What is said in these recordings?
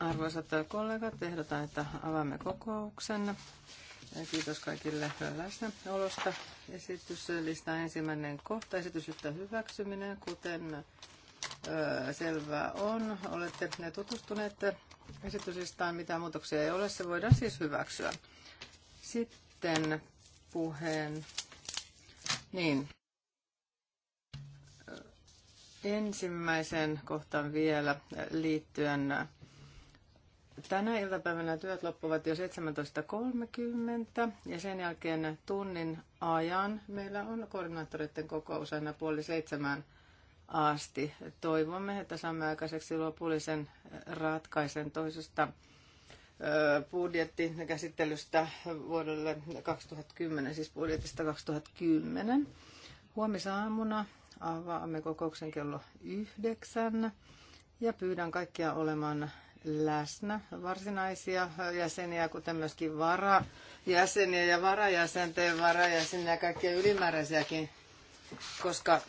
Arvoisat kollegat, ehdotan, että avaamme kokouksen. Kiitos kaikille läsnäolosta. Esityslista ensimmäinen kohta, esityslistan hyväksyminen, kuten selvää on. Olette ne tutustuneet esityslistaan, mitä muutoksia ei ole, se voidaan siis hyväksyä. Sitten puheen. Niin, ensimmäisen kohtaan vielä liittyen. Tänä iltapäivänä työt loppuvat jo 17.30 ja sen jälkeen tunnin ajan meillä on koordinaattoreiden kokous aina puoli seitsemään asti. Toivomme, että saamme aikaiseksi lopullisen äh, ratkaisen toisesta äh, budjettikäsittelystä vuodelle 2010, siis budjetista 2010. Huomisaamuna avaamme kokouksen kello yhdeksän ja pyydän kaikkia olemaan läsnä varsinaisia jäseniä, kuten myöskin varajäseniä ja varajäsenten varajäseniä ja kaikkia ylimääräisiäkin, koska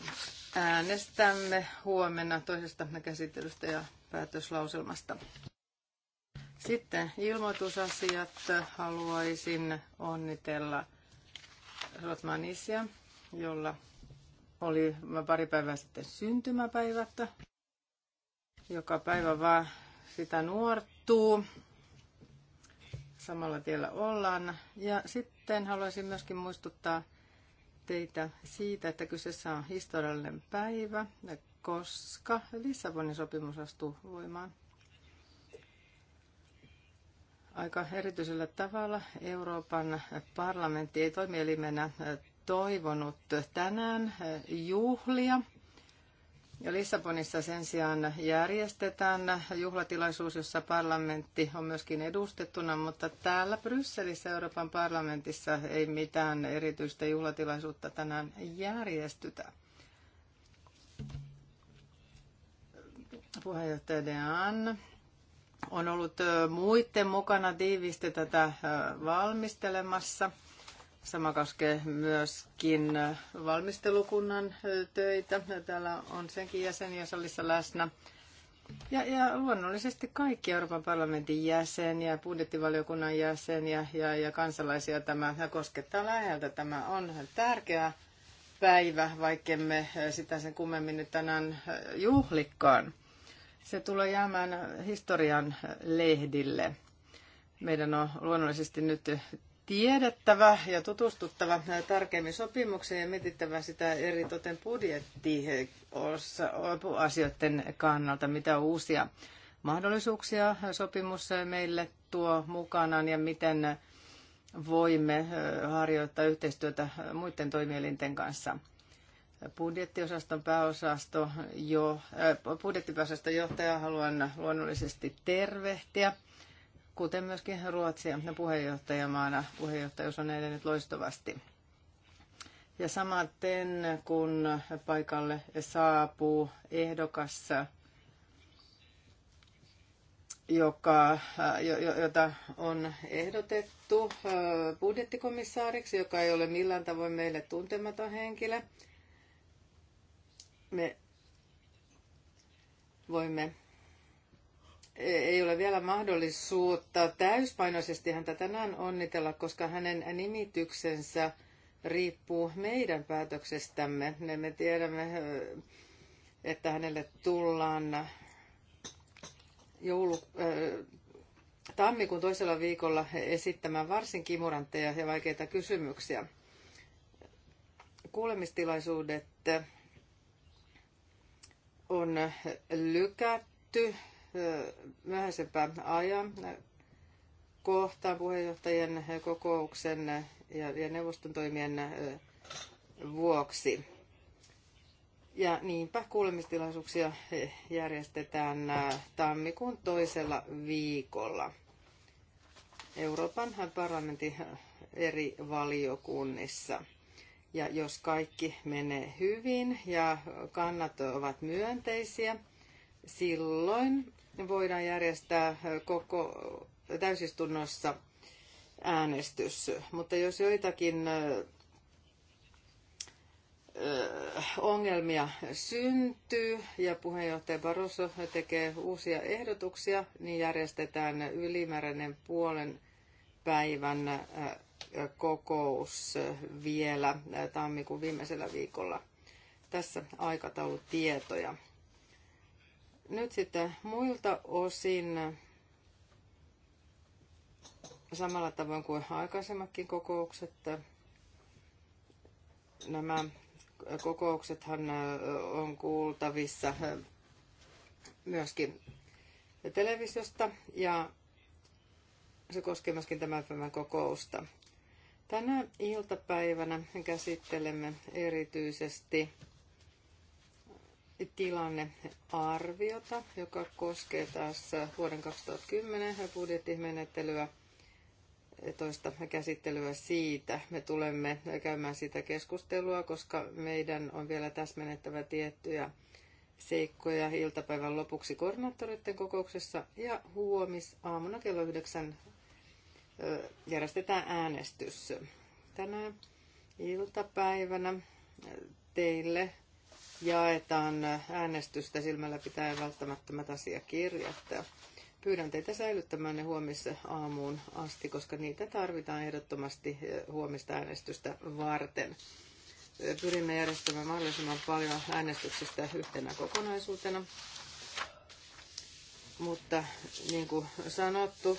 äänestämme huomenna toisesta käsittelystä ja päätöslauselmasta. Sitten ilmoitusasiat. Haluaisin onnitella Rotmanisia, jolla oli pari päivää sitten syntymäpäivättä. Joka päivä vaan sitä nuortuu. Samalla tiellä ollaan. Ja sitten haluaisin myöskin muistuttaa teitä siitä, että kyseessä on historiallinen päivä, koska Lissabonin sopimus astuu voimaan aika erityisellä tavalla. Euroopan parlamentti ei toimielimenä toivonut tänään eh, juhlia. Ja Lissabonissa sen sijaan järjestetään juhlatilaisuus, jossa parlamentti on myöskin edustettuna, mutta täällä Brysselissä Euroopan parlamentissa ei mitään erityistä juhlatilaisuutta tänään järjestytä. Puheenjohtaja Dean on ollut eh, muiden mukana tiivisti tätä eh, valmistelemassa – Sama koskee myöskin valmistelukunnan töitä. Täällä on senkin jäseniä salissa läsnä. Ja, ja luonnollisesti kaikki Euroopan parlamentin jäseniä, budjettivaliokunnan jäseniä ja, ja kansalaisia tämä koskettaa läheltä. Tämä on tärkeä päivä, vaikkemme sitä sen kummemmin nyt tänään juhlikkaan. Se tulee jäämään historian lehdille. Meidän on luonnollisesti nyt tiedettävä ja tutustuttava tarkemmin sopimukseen ja mietittävä sitä eri toten budjettiasioiden kannalta, mitä uusia mahdollisuuksia sopimus meille tuo mukanaan ja miten voimme harjoittaa yhteistyötä muiden toimielinten kanssa. Budjettiosaston pääosasto jo, budjettipääosaston johtaja haluan luonnollisesti tervehtiä kuten myöskin Ruotsia puheenjohtajamaana. Puheenjohtajuus on edennyt loistavasti. Ja samaten kun paikalle saapuu ehdokas, joka, jota on ehdotettu budjettikomissaariksi, joka ei ole millään tavoin meille tuntematon henkilö. Me voimme ei ole vielä mahdollisuutta täyspainoisesti häntä tänään onnitella, koska hänen nimityksensä riippuu meidän päätöksestämme. Me tiedämme, että hänelle tullaan joulu, tammikuun toisella viikolla esittämään varsin kimuranteja ja vaikeita kysymyksiä. Kuulemistilaisuudet on lykätty myöhäisempään ajan kohtaan puheenjohtajien kokouksen ja neuvoston toimien vuoksi. Ja niinpä kuulemistilaisuuksia järjestetään tammikuun toisella viikolla Euroopan parlamentin eri valiokunnissa. Ja jos kaikki menee hyvin ja kannat ovat myönteisiä, silloin voidaan järjestää koko täysistunnossa äänestys. Mutta jos joitakin ongelmia syntyy ja puheenjohtaja Barroso tekee uusia ehdotuksia, niin järjestetään ylimääräinen puolen päivän kokous vielä tammikuun viimeisellä viikolla. Tässä aikataulutietoja. Nyt sitten muilta osin samalla tavoin kuin aikaisemmatkin kokoukset. Nämä kokouksethan on kuultavissa myöskin televisiosta ja se koskee myöskin tämän päivän kokousta. Tänä iltapäivänä käsittelemme erityisesti tilannearviota, joka koskee taas vuoden 2010 budjettimenettelyä toista käsittelyä siitä. Me tulemme käymään sitä keskustelua, koska meidän on vielä täsmennettävä tiettyjä seikkoja iltapäivän lopuksi koordinaattoreiden kokouksessa ja huomis aamuna kello 9 järjestetään äänestys. Tänään iltapäivänä teille jaetaan äänestystä silmällä pitää välttämättömät asiakirjat. Pyydän teitä säilyttämään ne huomissa aamuun asti, koska niitä tarvitaan ehdottomasti huomista äänestystä varten. Pyrimme järjestämään mahdollisimman paljon äänestyksestä yhtenä kokonaisuutena. Mutta niin kuin sanottu,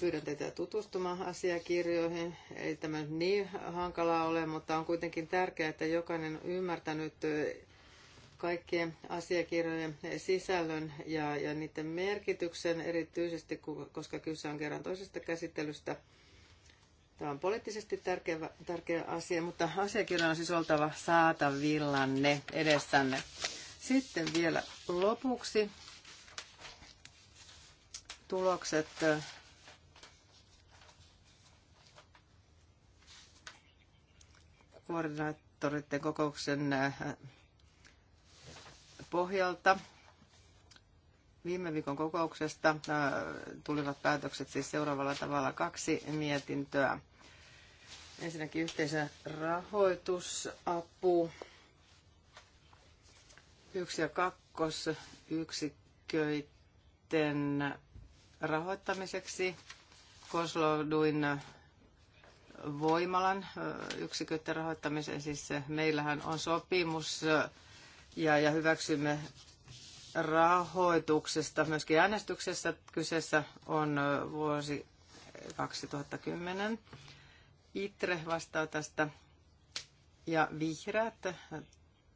Pyydän teitä tutustumaan asiakirjoihin. Ei tämä nyt niin hankalaa ole, mutta on kuitenkin tärkeää, että jokainen on ymmärtänyt kaikkien asiakirjojen sisällön ja, ja niiden merkityksen, erityisesti koska kyse on kerran toisesta käsittelystä. Tämä on poliittisesti tärkeä, tärkeä asia, mutta asiakirja on siis oltava saatavillanne edessänne. Sitten vielä lopuksi tulokset koordinaattoreiden kokouksen äh, pohjalta. Viime viikon kokouksesta äh, tulivat päätökset siis seuraavalla tavalla kaksi mietintöä. Ensinnäkin yhteisen rahoitusapu. Yksi ja yksiköiden rahoittamiseksi konsoloiduin voimalan yksiköiden rahoittamiseen. Siis meillähän on sopimus ja, ja hyväksymme rahoituksesta myöskin äänestyksessä. Kyseessä on vuosi 2010. ITRE vastaa tästä ja vihreät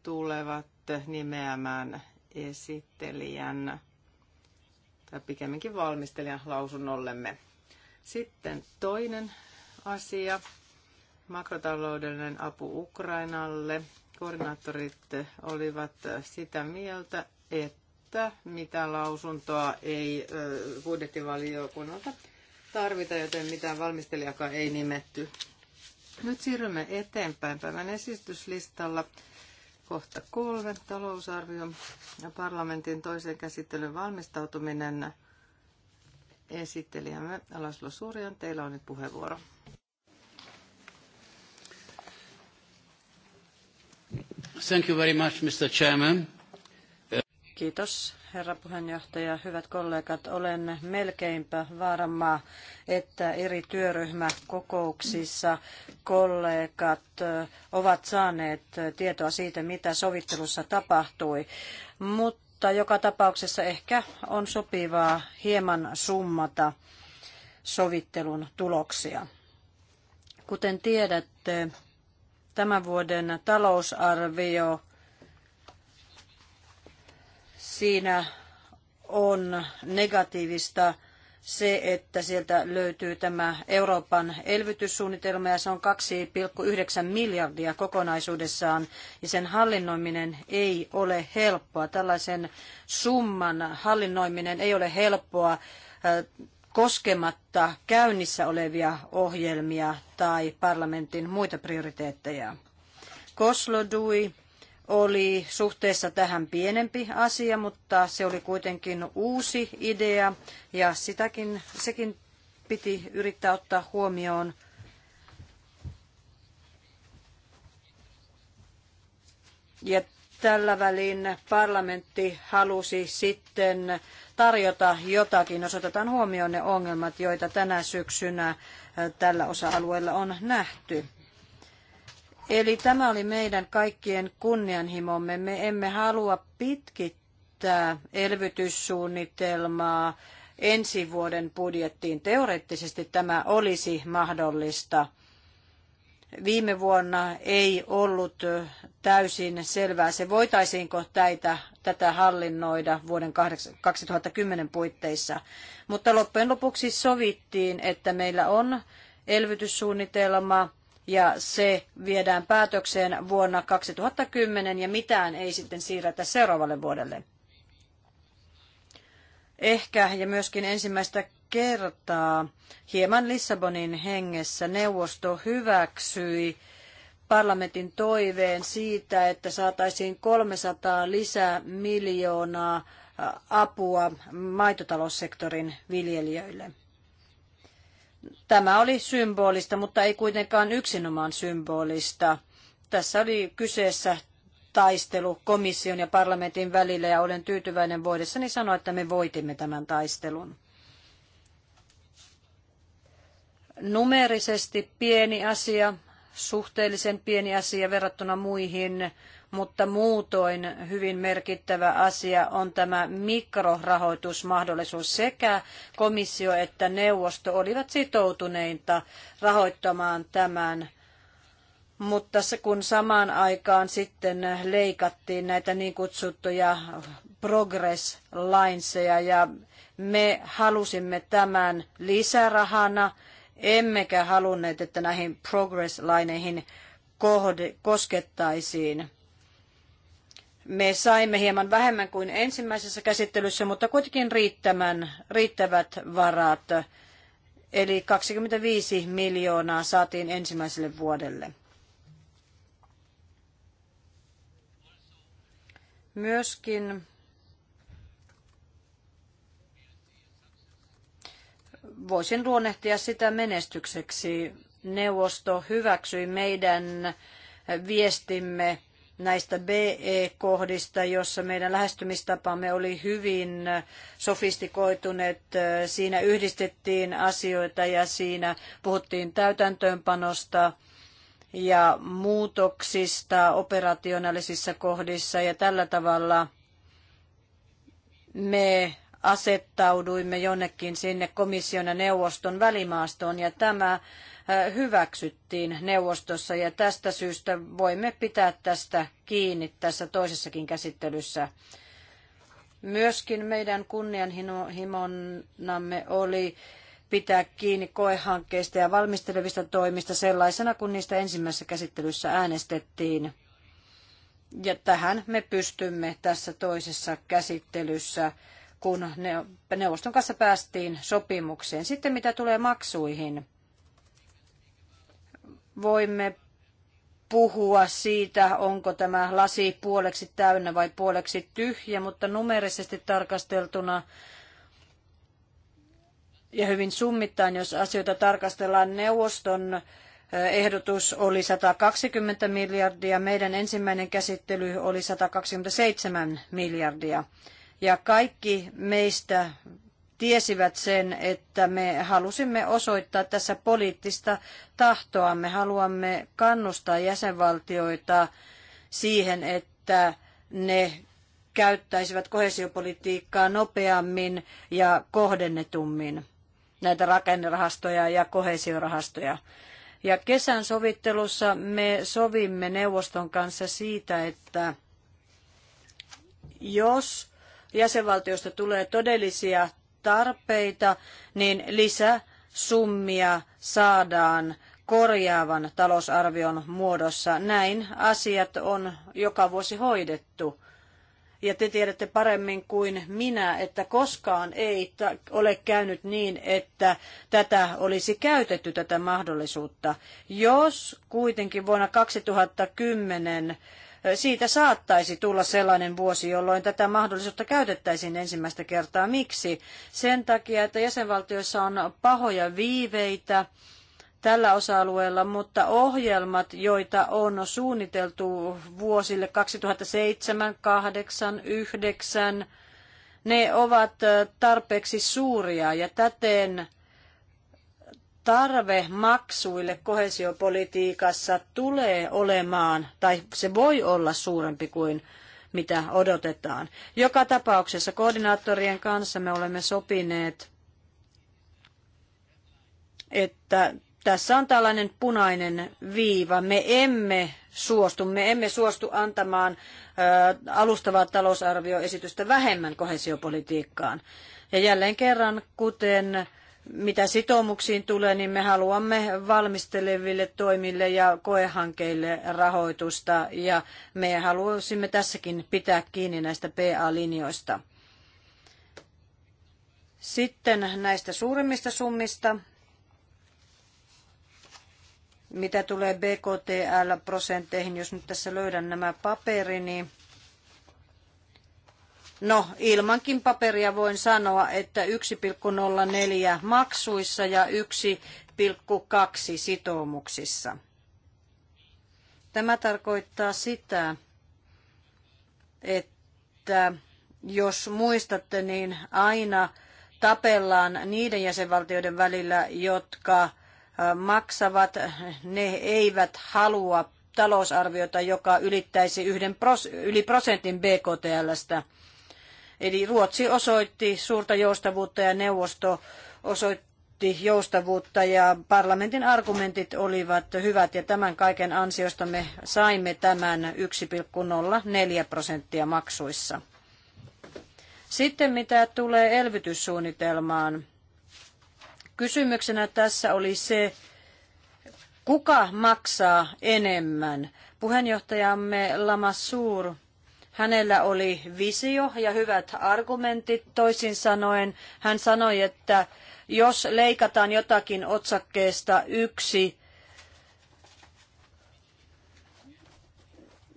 tulevat nimeämään esittelijän tai pikemminkin valmistelijan lausunnollemme. Sitten toinen asia, makrotaloudellinen apu Ukrainalle. Koordinaattorit olivat sitä mieltä, että mitä lausuntoa ei budjettivaliokunnalta tarvita, joten mitään valmistelijakaan ei nimetty. Nyt siirrymme eteenpäin päivän esityslistalla. Kohta kolme, talousarvio ja parlamentin toisen käsittelyn valmistautuminen. Esittelijämme Laslo Surjan, teillä on nyt puheenvuoro. Thank you very much, Mr. Chairman. Kiitos, herra puheenjohtaja. Hyvät kollegat, olen melkeinpä varma, että eri työryhmäkokouksissa kollegat ovat saaneet tietoa siitä, mitä sovittelussa tapahtui. Mutta joka tapauksessa ehkä on sopivaa hieman summata sovittelun tuloksia. Kuten tiedätte, tämän vuoden talousarvio, siinä on negatiivista se, että sieltä löytyy tämä Euroopan elvytyssuunnitelma ja se on 2,9 miljardia kokonaisuudessaan ja sen hallinnoiminen ei ole helppoa. Tällaisen summan hallinnoiminen ei ole helppoa koskematta käynnissä olevia ohjelmia tai parlamentin muita prioriteetteja. Koslodui oli suhteessa tähän pienempi asia, mutta se oli kuitenkin uusi idea ja sitäkin, sekin piti yrittää ottaa huomioon. Ja tällä välin parlamentti halusi sitten tarjota jotakin, jos otetaan huomioon ne ongelmat, joita tänä syksynä tällä osa-alueella on nähty. Eli tämä oli meidän kaikkien kunnianhimomme. Me emme halua pitkittää elvytyssuunnitelmaa ensi vuoden budjettiin. Teoreettisesti tämä olisi mahdollista. Viime vuonna ei ollut täysin selvää se, voitaisiinko täitä, tätä hallinnoida vuoden 2010 puitteissa. Mutta loppujen lopuksi sovittiin, että meillä on elvytyssuunnitelma ja se viedään päätökseen vuonna 2010 ja mitään ei sitten siirretä seuraavalle vuodelle. Ehkä ja myöskin ensimmäistä kertaa hieman Lissabonin hengessä neuvosto hyväksyi parlamentin toiveen siitä, että saataisiin 300 lisää miljoonaa apua maitotaloussektorin viljelijöille. Tämä oli symbolista, mutta ei kuitenkaan yksinomaan symbolista. Tässä oli kyseessä taistelu komission ja parlamentin välillä ja olen tyytyväinen voidessani sanoa, että me voitimme tämän taistelun. Numerisesti pieni asia, suhteellisen pieni asia verrattuna muihin, mutta muutoin hyvin merkittävä asia on tämä mikrorahoitusmahdollisuus. Sekä komissio että neuvosto olivat sitoutuneita rahoittamaan tämän mutta kun samaan aikaan sitten leikattiin näitä niin kutsuttuja progress-lainseja ja me halusimme tämän lisärahana emmekä halunneet, että näihin progress-laineihin koskettaisiin. Me saimme hieman vähemmän kuin ensimmäisessä käsittelyssä, mutta kuitenkin riittämän, riittävät varat. Eli 25 miljoonaa saatiin ensimmäiselle vuodelle. Myöskin voisin luonnehtia sitä menestykseksi. Neuvosto hyväksyi meidän viestimme näistä BE-kohdista, jossa meidän lähestymistapamme oli hyvin sofistikoituneet. Siinä yhdistettiin asioita ja siinä puhuttiin täytäntöönpanosta ja muutoksista operationaalisissa kohdissa ja tällä tavalla me asettauduimme jonnekin sinne komission ja neuvoston välimaastoon ja tämä äh, hyväksyttiin neuvostossa ja tästä syystä voimme pitää tästä kiinni tässä toisessakin käsittelyssä. Myöskin meidän kunnianhimonamme oli pitää kiinni koehankkeista ja valmistelevista toimista sellaisena, kun niistä ensimmäisessä käsittelyssä äänestettiin. Ja tähän me pystymme tässä toisessa käsittelyssä kun neuvoston kanssa päästiin sopimukseen. Sitten mitä tulee maksuihin, voimme puhua siitä, onko tämä lasi puoleksi täynnä vai puoleksi tyhjä, mutta numerisesti tarkasteltuna ja hyvin summittain, jos asioita tarkastellaan, neuvoston eh, ehdotus oli 120 miljardia, meidän ensimmäinen käsittely oli 127 miljardia. Ja kaikki meistä tiesivät sen, että me halusimme osoittaa tässä poliittista tahtoa. Me haluamme kannustaa jäsenvaltioita siihen, että ne käyttäisivät kohesiopolitiikkaa nopeammin ja kohdennetummin näitä rakennerahastoja ja kohesiorahastoja. Ja kesän sovittelussa me sovimme neuvoston kanssa siitä, että jos jäsenvaltioista tulee todellisia tarpeita, niin lisäsummia saadaan korjaavan talousarvion muodossa. Näin asiat on joka vuosi hoidettu. Ja te tiedätte paremmin kuin minä, että koskaan ei ole käynyt niin, että tätä olisi käytetty tätä mahdollisuutta. Jos kuitenkin vuonna 2010 siitä saattaisi tulla sellainen vuosi, jolloin tätä mahdollisuutta käytettäisiin ensimmäistä kertaa. Miksi? Sen takia, että jäsenvaltioissa on pahoja viiveitä tällä osa-alueella, mutta ohjelmat, joita on suunniteltu vuosille 2007, 8, 9, ne ovat tarpeeksi suuria ja täten tarve maksuille kohesiopolitiikassa tulee olemaan, tai se voi olla suurempi kuin mitä odotetaan. Joka tapauksessa koordinaattorien kanssa me olemme sopineet, että tässä on tällainen punainen viiva. Me emme suostu, me emme suostu antamaan alustavaa talousarvioesitystä vähemmän kohesiopolitiikkaan. Ja jälleen kerran, kuten mitä sitoumuksiin tulee, niin me haluamme valmisteleville toimille ja koehankkeille rahoitusta ja me haluaisimme tässäkin pitää kiinni näistä PA-linjoista. Sitten näistä suuremmista summista, mitä tulee BKTL-prosentteihin, jos nyt tässä löydän nämä paperini, No, ilmankin paperia voin sanoa, että 1,04 maksuissa ja 1,2 sitoumuksissa. Tämä tarkoittaa sitä, että jos muistatte, niin aina tapellaan niiden jäsenvaltioiden välillä, jotka maksavat, ne eivät halua talousarviota, joka ylittäisi yhden pros, yli prosentin BKTLstä. Eli Ruotsi osoitti suurta joustavuutta ja neuvosto osoitti joustavuutta ja parlamentin argumentit olivat hyvät ja tämän kaiken ansiosta me saimme tämän 1,04 prosenttia maksuissa. Sitten mitä tulee elvytyssuunnitelmaan, kysymyksenä tässä oli se, kuka maksaa enemmän. Puheenjohtajamme Lama Suur Hänellä oli visio ja hyvät argumentit. Toisin sanoen hän sanoi, että jos leikataan jotakin otsakkeesta yksi,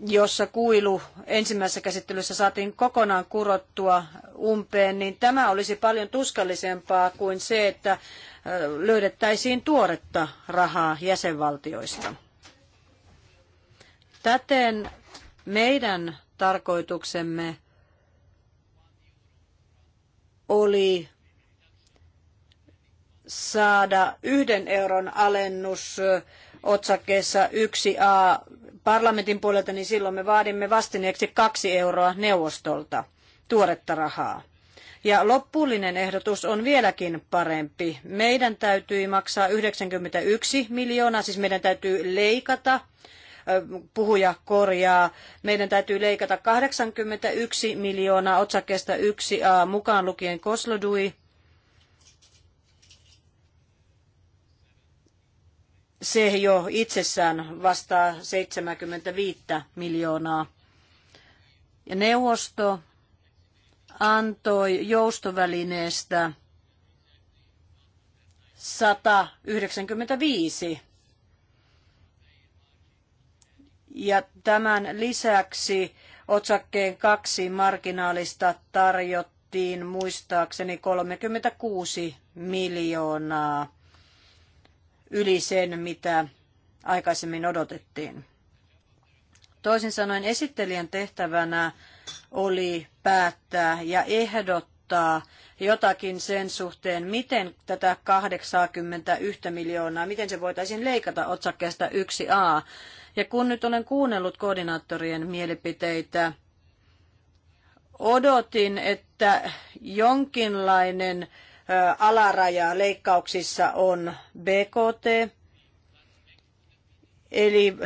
jossa kuilu ensimmäisessä käsittelyssä saatiin kokonaan kurottua umpeen, niin tämä olisi paljon tuskallisempaa kuin se, että löydettäisiin tuoretta rahaa jäsenvaltioista. Täten meidän tarkoituksemme oli saada yhden euron alennus otsakkeessa 1a parlamentin puolelta, niin silloin me vaadimme vastineeksi kaksi euroa neuvostolta tuoretta rahaa. Ja loppullinen ehdotus on vieläkin parempi. Meidän täytyy maksaa 91 miljoonaa, siis meidän täytyy leikata puhuja korjaa. Meidän täytyy leikata 81 miljoonaa otsakkeesta 1a mukaan lukien Koslodui. Se jo itsessään vastaa 75 miljoonaa. Ja neuvosto antoi joustovälineestä 195 ja tämän lisäksi otsakkeen kaksi marginaalista tarjottiin muistaakseni 36 miljoonaa yli sen, mitä aikaisemmin odotettiin. Toisin sanoen esittelijän tehtävänä oli päättää ja ehdottaa jotakin sen suhteen, miten tätä 81 miljoonaa, miten se voitaisiin leikata otsakkeesta 1a. Ja kun nyt olen kuunnellut koordinaattorien mielipiteitä, odotin, että jonkinlainen alaraja leikkauksissa on BKT, eli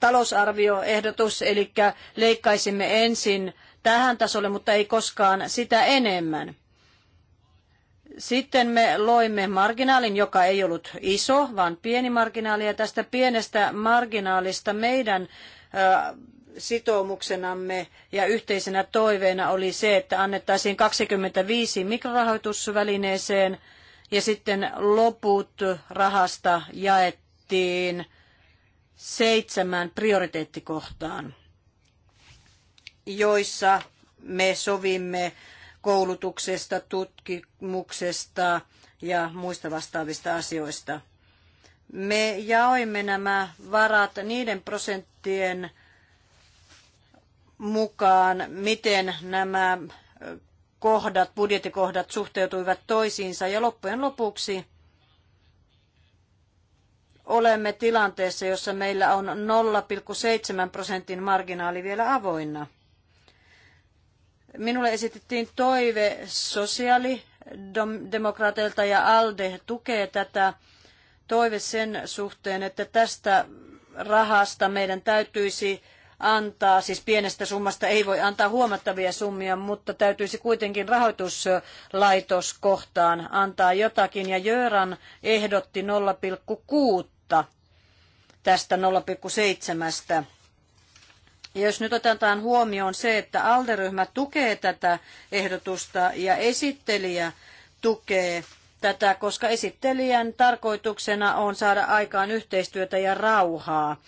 talousarvioehdotus, eli leikkaisimme ensin tähän tasolle, mutta ei koskaan sitä enemmän. Sitten me loimme marginaalin, joka ei ollut iso, vaan pieni marginaali. Ja tästä pienestä marginaalista meidän sitoumuksenamme ja yhteisenä toiveena oli se, että annettaisiin 25 mikrorahoitusvälineeseen ja sitten loput rahasta jaettiin seitsemän prioriteettikohtaan, joissa me sovimme koulutuksesta, tutkimuksesta ja muista vastaavista asioista. Me jaoimme nämä varat niiden prosenttien mukaan, miten nämä kohdat, budjettikohdat suhteutuivat toisiinsa ja loppujen lopuksi olemme tilanteessa, jossa meillä on 0,7 prosentin marginaali vielä avoinna. Minulle esitettiin toive sosiaalidemokraateilta ja ALDE tukee tätä toive sen suhteen, että tästä rahasta meidän täytyisi antaa, siis pienestä summasta ei voi antaa huomattavia summia, mutta täytyisi kuitenkin rahoituslaitoskohtaan antaa jotakin. Ja Jöran ehdotti 0,6 tästä 0,7. Jos nyt otetaan huomioon se, että alderyhmä tukee tätä ehdotusta ja esittelijä tukee tätä, koska esittelijän tarkoituksena on saada aikaan yhteistyötä ja rauhaa.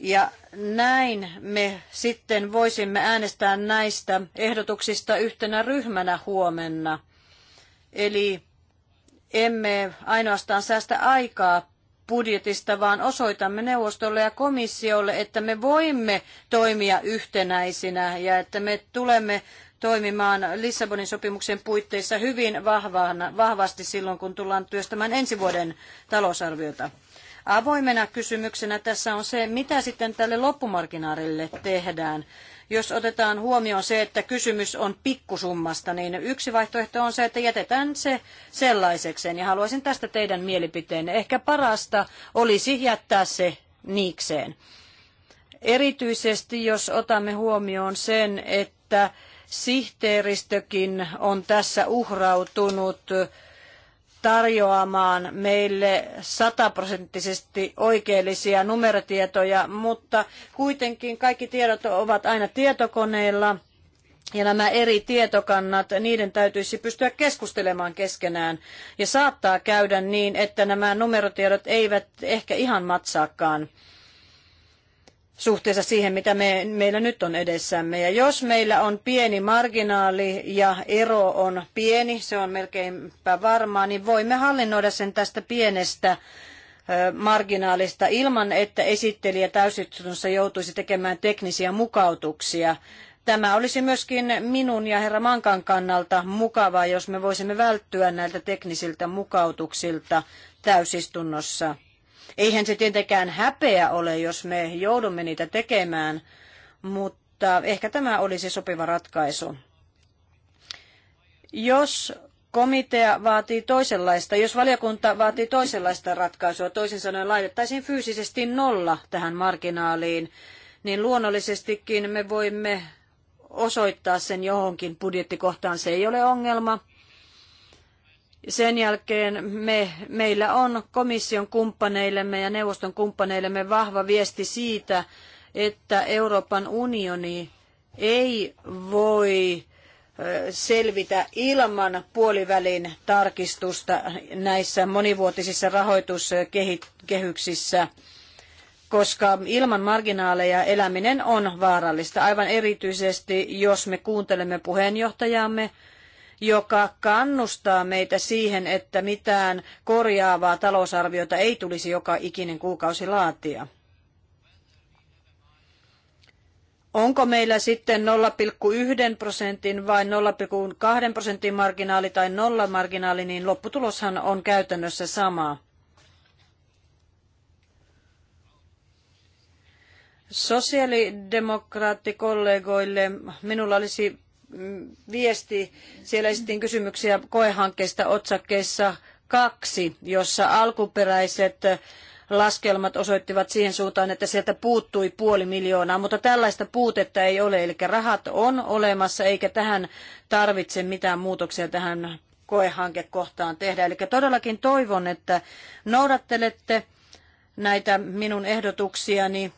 Ja näin me sitten voisimme äänestää näistä ehdotuksista yhtenä ryhmänä huomenna. Eli emme ainoastaan säästä aikaa budjetista, vaan osoitamme neuvostolle ja komissiolle, että me voimme toimia yhtenäisinä ja että me tulemme toimimaan Lissabonin sopimuksen puitteissa hyvin vahvana, vahvasti silloin, kun tullaan työstämään ensi vuoden talousarviota. Avoimena kysymyksenä tässä on se, mitä sitten tälle loppumarkkinaarille tehdään. Jos otetaan huomioon se, että kysymys on pikkusummasta, niin yksi vaihtoehto on se, että jätetään se sellaisekseen. Ja haluaisin tästä teidän mielipiteenne. Ehkä parasta olisi jättää se niikseen. Erityisesti jos otamme huomioon sen, että sihteeristökin on tässä uhrautunut tarjoamaan meille sataprosenttisesti oikeellisia numerotietoja, mutta kuitenkin kaikki tiedot ovat aina tietokoneilla ja nämä eri tietokannat, niiden täytyisi pystyä keskustelemaan keskenään. Ja saattaa käydä niin, että nämä numerotiedot eivät ehkä ihan matsaakaan suhteessa siihen, mitä me, meillä nyt on edessämme. Ja jos meillä on pieni marginaali ja ero on pieni, se on melkeinpä varmaa, niin voimme hallinnoida sen tästä pienestä marginaalista ilman, että esittelijä täysistunnossa joutuisi tekemään teknisiä mukautuksia. Tämä olisi myöskin minun ja herra Mankan kannalta mukavaa, jos me voisimme välttyä näiltä teknisiltä mukautuksilta täysistunnossa. Eihän se tietenkään häpeä ole, jos me joudumme niitä tekemään, mutta ehkä tämä olisi sopiva ratkaisu. Jos komitea vaatii toisenlaista, jos valiokunta vaatii toisenlaista ratkaisua, toisin sanoen laitettaisiin fyysisesti nolla tähän marginaaliin, niin luonnollisestikin me voimme osoittaa sen johonkin budjettikohtaan. Se ei ole ongelma. Sen jälkeen me, meillä on komission kumppaneillemme ja neuvoston kumppaneillemme vahva viesti siitä, että Euroopan unioni ei voi selvitä ilman puolivälin tarkistusta näissä monivuotisissa rahoituskehyksissä, koska ilman marginaaleja eläminen on vaarallista, aivan erityisesti jos me kuuntelemme puheenjohtajaamme joka kannustaa meitä siihen, että mitään korjaavaa talousarviota ei tulisi joka ikinen kuukausi laatia. Onko meillä sitten 0,1 prosentin vai 0,2 prosentin marginaali tai nolla marginaali, niin lopputuloshan on käytännössä sama. Sosiaalidemokraattikollegoille minulla olisi viesti. Siellä esitin kysymyksiä koehankkeesta otsakkeessa kaksi, jossa alkuperäiset laskelmat osoittivat siihen suuntaan, että sieltä puuttui puoli miljoonaa, mutta tällaista puutetta ei ole, eli rahat on olemassa, eikä tähän tarvitse mitään muutoksia tähän koehankekohtaan tehdä. Eli todellakin toivon, että noudattelette näitä minun ehdotuksiani,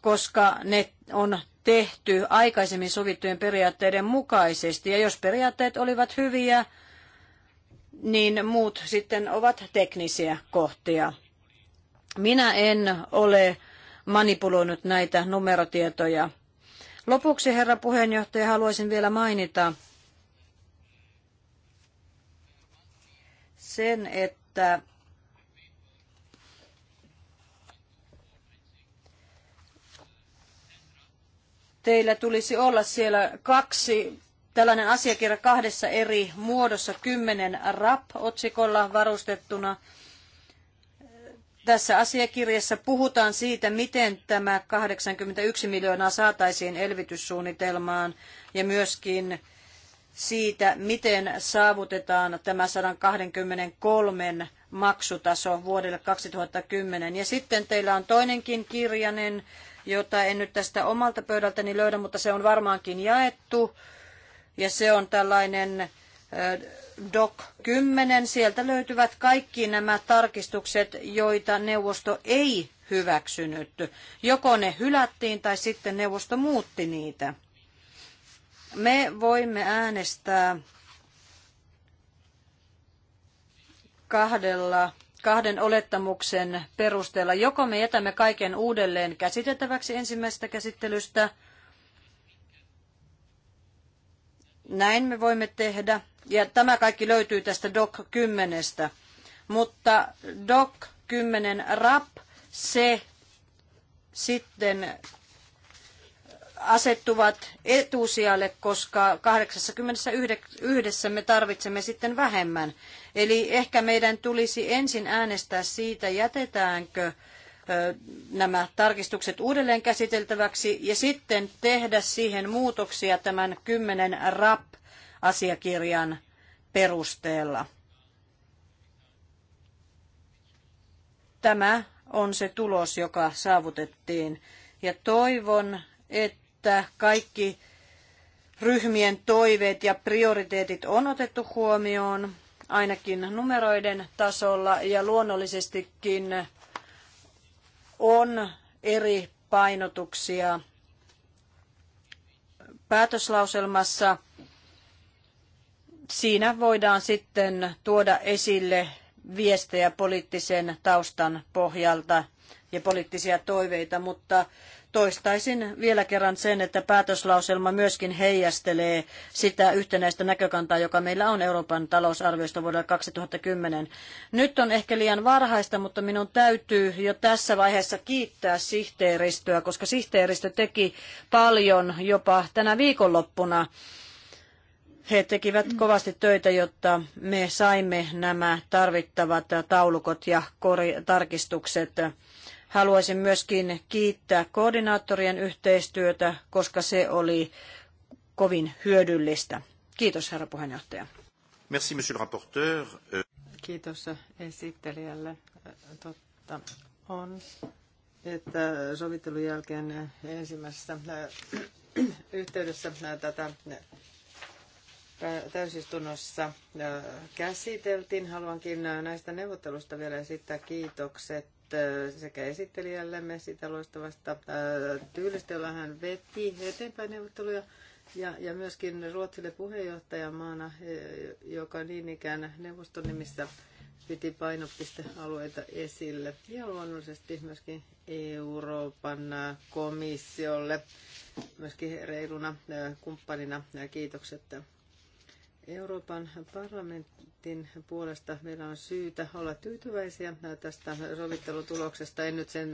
koska ne on tehty aikaisemmin sovittujen periaatteiden mukaisesti. Ja jos periaatteet olivat hyviä, niin muut sitten ovat teknisiä kohtia. Minä en ole manipuloinut näitä numerotietoja. Lopuksi, herra puheenjohtaja, haluaisin vielä mainita sen, että teillä tulisi olla siellä kaksi tällainen asiakirja kahdessa eri muodossa, kymmenen RAP-otsikolla varustettuna. Tässä asiakirjassa puhutaan siitä, miten tämä 81 miljoonaa saataisiin elvytyssuunnitelmaan ja myöskin siitä, miten saavutetaan tämä 123 maksutaso vuodelle 2010. Ja sitten teillä on toinenkin kirjainen jota en nyt tästä omalta pöydältäni löydä, mutta se on varmaankin jaettu. Ja se on tällainen DOC 10. Sieltä löytyvät kaikki nämä tarkistukset, joita neuvosto ei hyväksynyt. Joko ne hylättiin tai sitten neuvosto muutti niitä. Me voimme äänestää kahdella kahden olettamuksen perusteella. Joko me jätämme kaiken uudelleen käsiteltäväksi ensimmäisestä käsittelystä, näin me voimme tehdä, ja tämä kaikki löytyy tästä DOC 10. Mutta DOC 10 RAP, se sitten asettuvat etusijalle, koska 81 me tarvitsemme sitten vähemmän. Eli ehkä meidän tulisi ensin äänestää siitä, jätetäänkö nämä tarkistukset uudelleen käsiteltäväksi ja sitten tehdä siihen muutoksia tämän kymmenen RAP-asiakirjan perusteella. Tämä on se tulos, joka saavutettiin. Ja toivon, että kaikki ryhmien toiveet ja prioriteetit on otettu huomioon ainakin numeroiden tasolla ja luonnollisestikin on eri painotuksia päätöslauselmassa. Siinä voidaan sitten tuoda esille viestejä poliittisen taustan pohjalta ja poliittisia toiveita, mutta Toistaisin vielä kerran sen, että päätöslauselma myöskin heijastelee sitä yhtenäistä näkökantaa, joka meillä on Euroopan talousarviosta vuodelle 2010. Nyt on ehkä liian varhaista, mutta minun täytyy jo tässä vaiheessa kiittää sihteeristöä, koska sihteeristö teki paljon jopa tänä viikonloppuna he tekivät kovasti töitä, jotta me saimme nämä tarvittavat taulukot ja tarkistukset Haluaisin myöskin kiittää koordinaattorien yhteistyötä, koska se oli kovin hyödyllistä. Kiitos, herra puheenjohtaja. Merci, monsieur le rapporteur. Euh, Kiitos esittelijälle. Totta on, että sovittelun jälkeen ensimmäisessä äh, yhteydessä äh, tätä äh, täysistunnossa käsiteltiin. Haluankin näistä neuvottelusta vielä esittää kiitokset sekä esittelijällemme sitä loistavasta äh, tyylistä, jolla hän veti eteenpäin neuvotteluja, ja, ja myöskin Ruotsille puheenjohtajamaana, eh, joka niin ikään neuvoston nimissä piti painopistealueita esille. Ja luonnollisesti myöskin Euroopan äh, komissiolle myöskin reiluna äh, kumppanina ja kiitokset Euroopan parlamentin puolesta meillä on syytä olla tyytyväisiä tästä sovittelutuloksesta. En nyt sen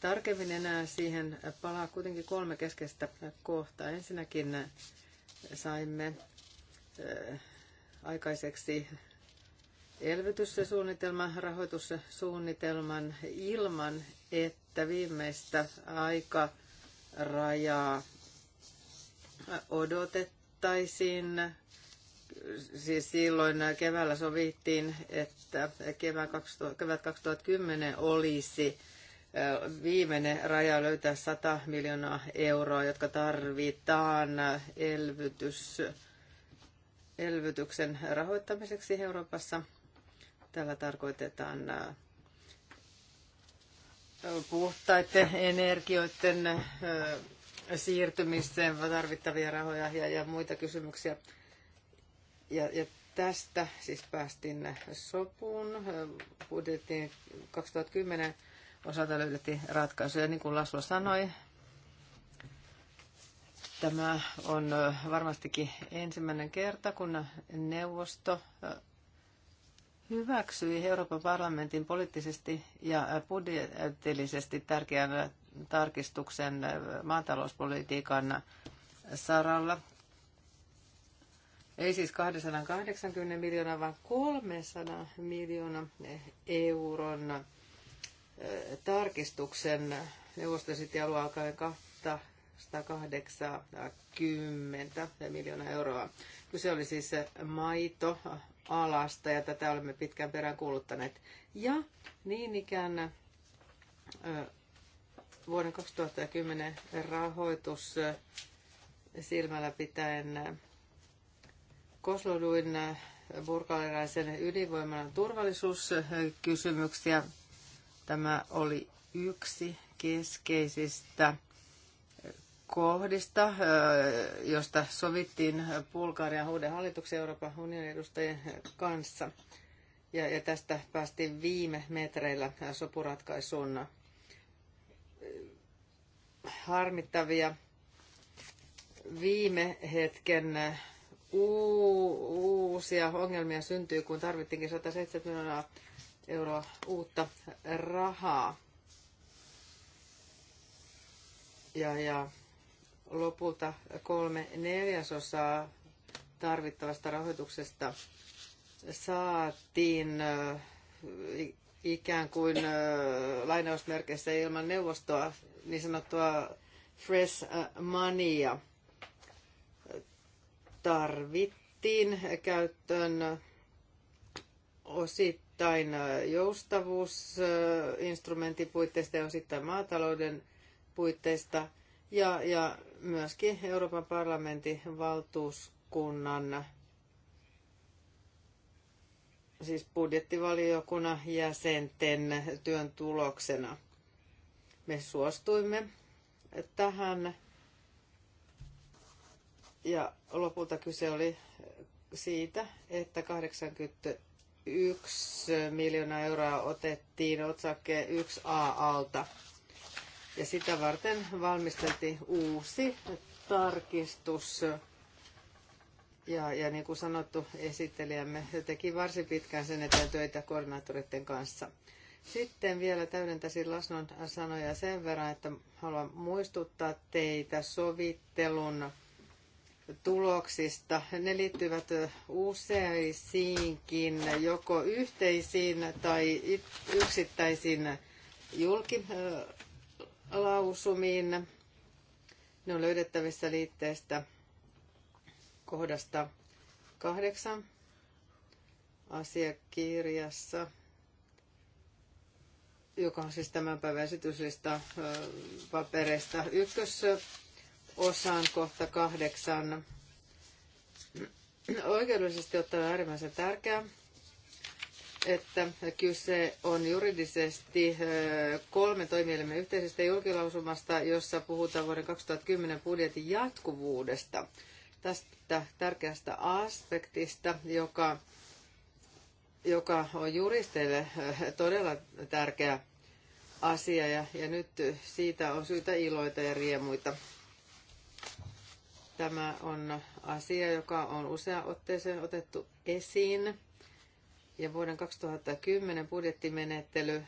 tarkemmin enää siihen palaa kuitenkin kolme keskeistä kohtaa. Ensinnäkin saimme aikaiseksi elvytyssuunnitelman, rahoitussuunnitelman ilman, että viimeistä aikarajaa odotettaisiin siis silloin keväällä sovittiin, että kevät 2010 olisi viimeinen raja löytää 100 miljoonaa euroa, jotka tarvitaan elvytys, elvytyksen rahoittamiseksi Euroopassa. Tällä tarkoitetaan puhtaiden energioiden siirtymiseen tarvittavia rahoja ja, ja muita kysymyksiä ja, ja tästä siis päästiin sopuun. budjettiin 2010 osalta löydettiin ratkaisuja. Niin kuin Laslo sanoi, tämä on varmastikin ensimmäinen kerta, kun neuvosto hyväksyi Euroopan parlamentin poliittisesti ja budjetillisesti tärkeän tarkistuksen maatalouspolitiikan saralla. Ei siis 280 miljoonaa, vaan 300 miljoonaa eh, euron eh, tarkistuksen neuvosto sitten alue alkaen 280 miljoonaa euroa. Kyse oli siis maito alasta ja tätä olemme pitkään perään kuuluttaneet. Ja niin ikään eh, vuoden 2010 rahoitus silmällä pitäen Kosloduin eh, burkalilaisen ydinvoimalan turvallisuuskysymyksiä. Tämä oli yksi keskeisistä kohdista, eh, josta sovittiin Bulgarian uuden hallituksen Euroopan unionin edustajien kanssa. Ja, ja tästä päästiin viime metreillä sopuratkaisuun harmittavia viime hetken eh, uusia ongelmia syntyy, kun tarvittiinkin 170 miljoonaa euroa uutta rahaa. Ja, ja lopulta kolme neljäsosaa tarvittavasta rahoituksesta saatiin ikään kuin lainausmerkeissä ilman neuvostoa niin sanottua fresh moneya tarvittiin käyttöön osittain joustavuusinstrumentin puitteista ja osittain maatalouden puitteista ja, ja myöskin Euroopan parlamentin valtuuskunnan siis budjettivaliokunnan jäsenten työn tuloksena. Me suostuimme tähän ja lopulta kyse oli siitä, että 81 miljoonaa euroa otettiin otsakkeen 1A alta. Ja sitä varten valmisteltiin uusi tarkistus. Ja, ja niin kuin sanottu, esittelijämme teki varsin pitkään sen eteen töitä koordinaattoreiden kanssa. Sitten vielä täydentäisin Lasnon sanoja sen verran, että haluan muistuttaa teitä sovittelun tuloksista. Ne liittyvät useisiinkin joko yhteisiin tai yksittäisiin julkilausumiin. Ne on löydettävissä liitteestä kohdasta kahdeksan asiakirjassa, joka on siis tämän päivän esityslista papereista ykkös osaan kohta kahdeksan. Oikeudellisesti ottaen äärimmäisen tärkeää, että kyse on juridisesti kolmen toimielimen yhteisestä julkilausumasta, jossa puhutaan vuoden 2010 budjetin jatkuvuudesta. Tästä tärkeästä aspektista, joka, joka on juristeille todella tärkeä asia ja, ja nyt siitä on syytä iloita ja riemuita. Tämä on asia, joka on usea otteeseen otettu esiin. Ja vuoden 2010 budjettimenettely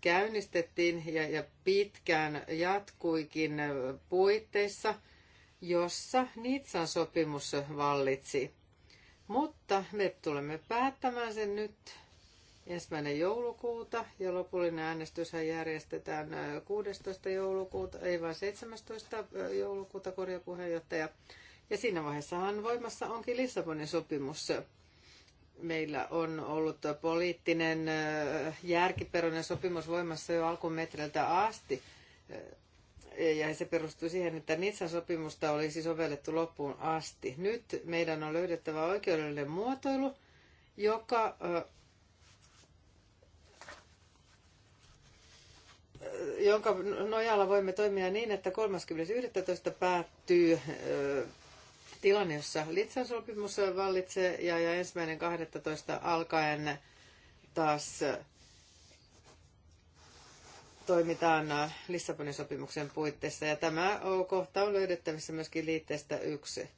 käynnistettiin ja, ja pitkään jatkuikin puitteissa, jossa Nitsan sopimus vallitsi. Mutta me tulemme päättämään sen nyt ensimmäinen joulukuuta ja lopullinen äänestys järjestetään 16. joulukuuta, ei vaan 17. joulukuuta korjapuheenjohtaja. Ja siinä vaiheessahan voimassa onkin Lissabonin sopimus. Meillä on ollut poliittinen järkiperäinen sopimus voimassa jo alkumetreiltä asti. Ja se perustui siihen, että Nitsan sopimusta olisi sovellettu loppuun asti. Nyt meidän on löydettävä oikeudellinen muotoilu, joka jonka nojalla voimme toimia niin, että 30.11. päättyy tilanne, jossa Litsan sopimus vallitsee ja, ja ensimmäinen 12. alkaen taas toimitaan Lissabonin sopimuksen puitteissa ja tämä kohta on löydettävissä myöskin liitteestä yksi.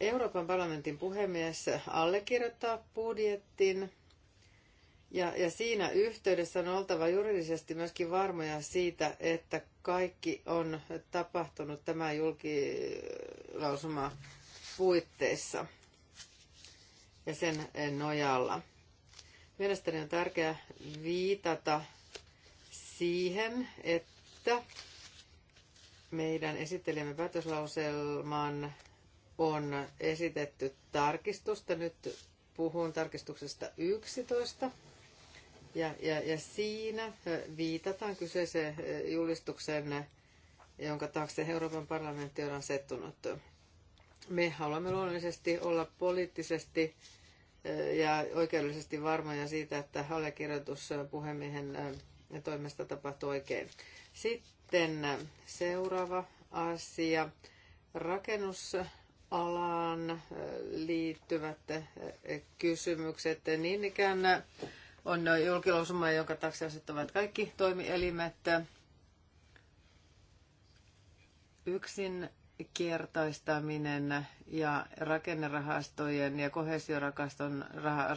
Euroopan parlamentin puhemies allekirjoittaa budjettin ja, ja siinä yhteydessä on oltava juridisesti myöskin varmoja siitä, että kaikki on tapahtunut tämä julkilausuma puitteissa ja sen nojalla. Mielestäni on tärkeää viitata siihen, että meidän esittelijämme päätöslauselman on esitetty tarkistusta. Nyt puhun tarkistuksesta 11 ja, ja, ja siinä viitataan kyseiseen julistukseen, jonka taakse Euroopan parlamentti on asettunut. Me haluamme luonnollisesti olla poliittisesti ja oikeudellisesti varmoja siitä, että allekirjoitus puhemiehen toimesta tapahtuu oikein. Sitten seuraava asia. Rakennusalaan liittyvät kysymykset. Niin ikään on julkilausuma, jonka taakse asettavat kaikki toimielimet. Yksinkertaistaminen ja rakennerahastojen ja kohesiorahaston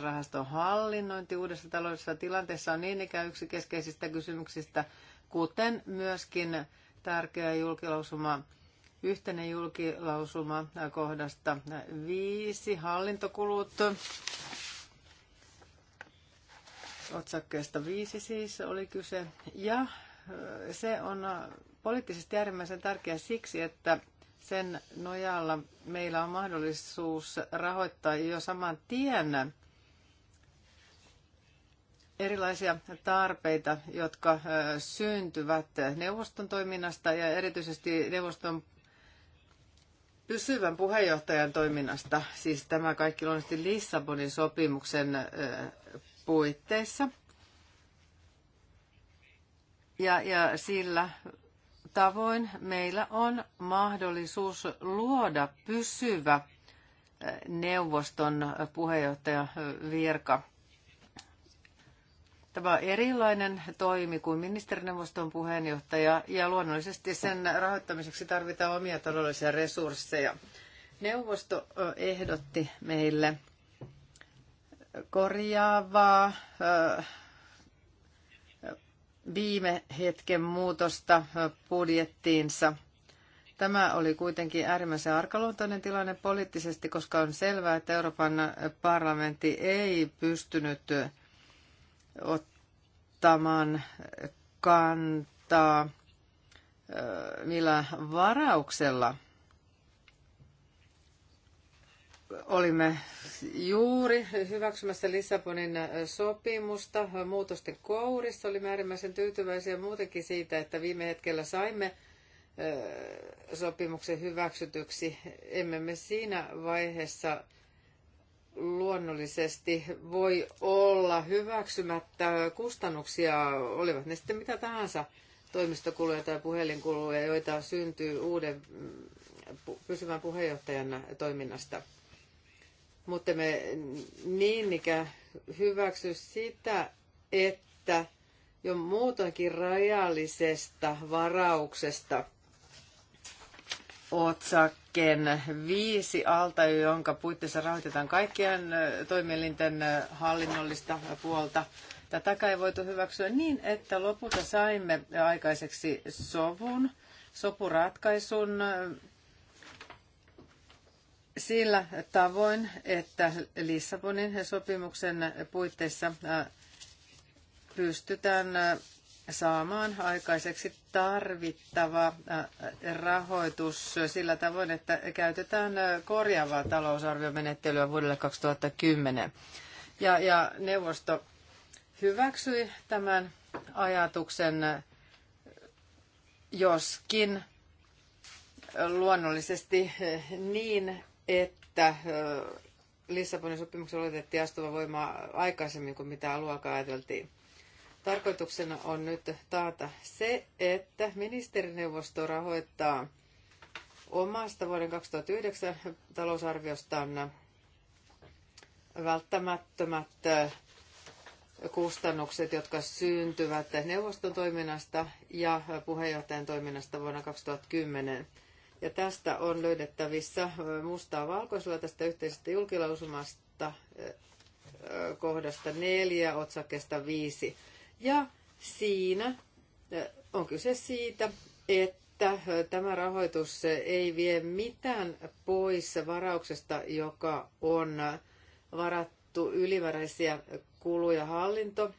rahaston hallinnointi uudessa taloudellisessa tilanteessa on niin ikään yksi keskeisistä kysymyksistä, kuten myöskin tärkeä julkilausuma yhteinen julkilausuma kohdasta viisi hallintokulut otsakkeesta viisi siis oli kyse. Ja se on poliittisesti äärimmäisen tärkeä siksi, että sen nojalla meillä on mahdollisuus rahoittaa jo saman tien erilaisia tarpeita, jotka syntyvät neuvoston toiminnasta ja erityisesti neuvoston pysyvän puheenjohtajan toiminnasta. Siis tämä kaikki luonnollisesti Lissabonin sopimuksen puitteissa. Ja, ja sillä tavoin meillä on mahdollisuus luoda pysyvä eh, neuvoston puheenjohtaja virka. Tämä on erilainen toimi kuin ministerineuvoston puheenjohtaja ja luonnollisesti sen rahoittamiseksi tarvitaan omia taloudellisia resursseja. Neuvosto eh, ehdotti meille korjaavaa viime hetken muutosta budjettiinsa. Tämä oli kuitenkin äärimmäisen arkaluontoinen tilanne poliittisesti, koska on selvää, että Euroopan parlamentti ei pystynyt ottamaan kantaa millä varauksella olimme juuri hyväksymässä Lissabonin äh, sopimusta muutosten kourissa. Olimme äärimmäisen tyytyväisiä muutenkin siitä, että viime hetkellä saimme äh, sopimuksen hyväksytyksi. Emme me siinä vaiheessa luonnollisesti voi olla hyväksymättä kustannuksia, olivat ne sitten mitä tahansa toimistokuluja tai puhelinkuluja, joita syntyy uuden mm, pysyvän puheenjohtajan toiminnasta – mutta me niin ikään hyväksy sitä, että jo muutenkin rajallisesta varauksesta otsakkeen viisi alta, jonka puitteissa rahoitetaan kaikkien toimielinten hallinnollista puolta. Tätäkään ei voitu hyväksyä niin, että lopulta saimme aikaiseksi sovun, sopuratkaisun sillä tavoin, että Lissabonin sopimuksen puitteissa pystytään saamaan aikaiseksi tarvittava rahoitus sillä tavoin, että käytetään korjaavaa talousarviomenettelyä vuodelle 2010. Ja, ja neuvosto hyväksyi tämän ajatuksen, joskin luonnollisesti niin, että Lissabonin sopimuksen oletettiin astuva voimaa aikaisemmin kuin mitä alueella ajateltiin. Tarkoituksena on nyt taata se, että ministerineuvosto rahoittaa omasta vuoden 2009 talousarviostaan välttämättömät kustannukset, jotka syntyvät neuvoston toiminnasta ja puheenjohtajan toiminnasta vuonna 2010. Ja tästä on löydettävissä mustaa valkoisella tästä yhteisestä julkilausumasta kohdasta neljä otsakesta viisi. Ja siinä on kyse siitä, että tämä rahoitus ei vie mitään pois varauksesta, joka on varattu ylimääräisiä kuluja hallinto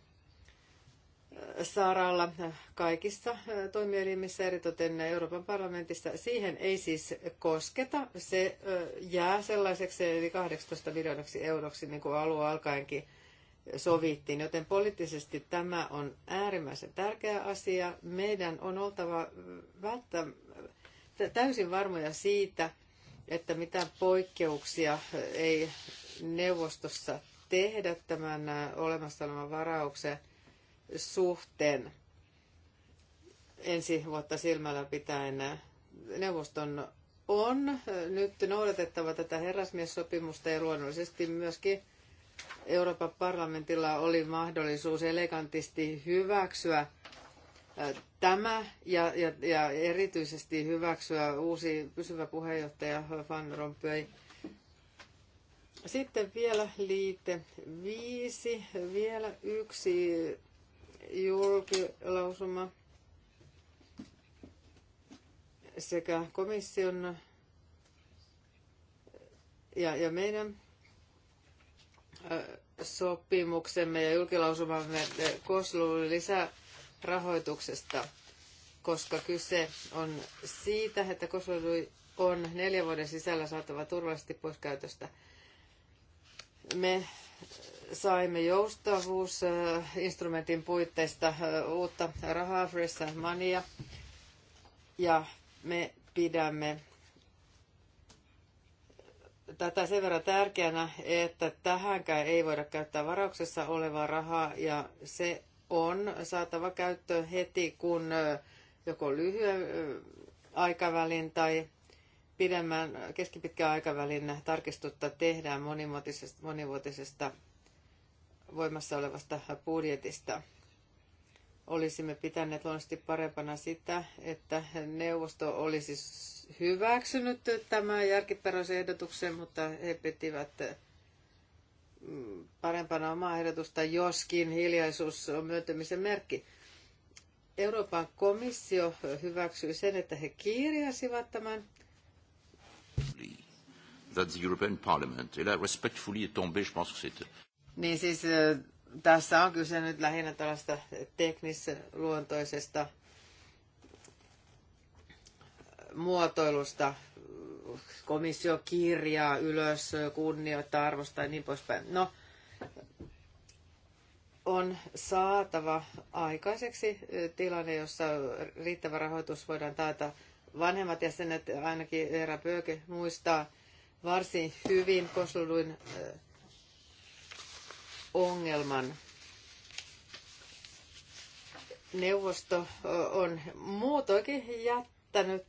saralla kaikissa toimielimissä, eritoten Euroopan parlamentissa. Siihen ei siis kosketa. Se jää sellaiseksi eli 18 miljoonaksi euroksi, niin kuin alun alkaenkin sovittiin. Joten poliittisesti tämä on äärimmäisen tärkeä asia. Meidän on oltava välttä, täysin varmoja siitä, että mitä poikkeuksia ei neuvostossa tehdä tämän olemassa olevan varauksen suhteen ensi vuotta silmällä pitäen neuvoston on nyt noudatettava tätä herrasmiessopimusta ja luonnollisesti myöskin Euroopan parlamentilla oli mahdollisuus elegantisti hyväksyä tämä ja, ja, ja erityisesti hyväksyä uusi pysyvä puheenjohtaja Van Rompuy. Sitten vielä liite viisi, vielä yksi julkilausuma sekä komission ja, ja meidän sopimuksemme ja julkilausumamme Koslun lisärahoituksesta, koska kyse on siitä, että Koslun on neljän vuoden sisällä saatava turvallisesti pois käytöstä. Me saimme joustavuusinstrumentin puitteista uutta rahaa, fresh moneya, ja me pidämme tätä sen verran tärkeänä, että tähänkään ei voida käyttää varauksessa olevaa rahaa, ja se on saatava käyttöön heti, kun joko lyhyen aikavälin tai pidemmän keskipitkän aikavälin tarkistusta tehdään monivuotisesta, monivuotisesta voimassa olevasta budjetista. Olisimme pitäneet luonnollisesti parempana sitä, että neuvosto olisi hyväksynyt tämän järkiperäisen ehdotuksen, mutta he pitivät mm, parempana omaa ehdotusta, joskin hiljaisuus on myöntämisen merkki. Euroopan komissio hyväksyi sen, että he kirjasivat tämän. That the European Parliament, et là respectfully est tombé, je pense que c'est niin siis tässä on kyse nyt lähinnä tällaista teknisluontoisesta muotoilusta, komissio kirjaa ylös, kunnioittaa, arvostaa ja niin poispäin. No, on saatava aikaiseksi tilanne, jossa riittävä rahoitus voidaan taata. Vanhemmat jäsenet, ainakin Eera Pööke, muistaa varsin hyvin Kosluduin äh, ongelman. Neuvosto on muutoinkin jättänyt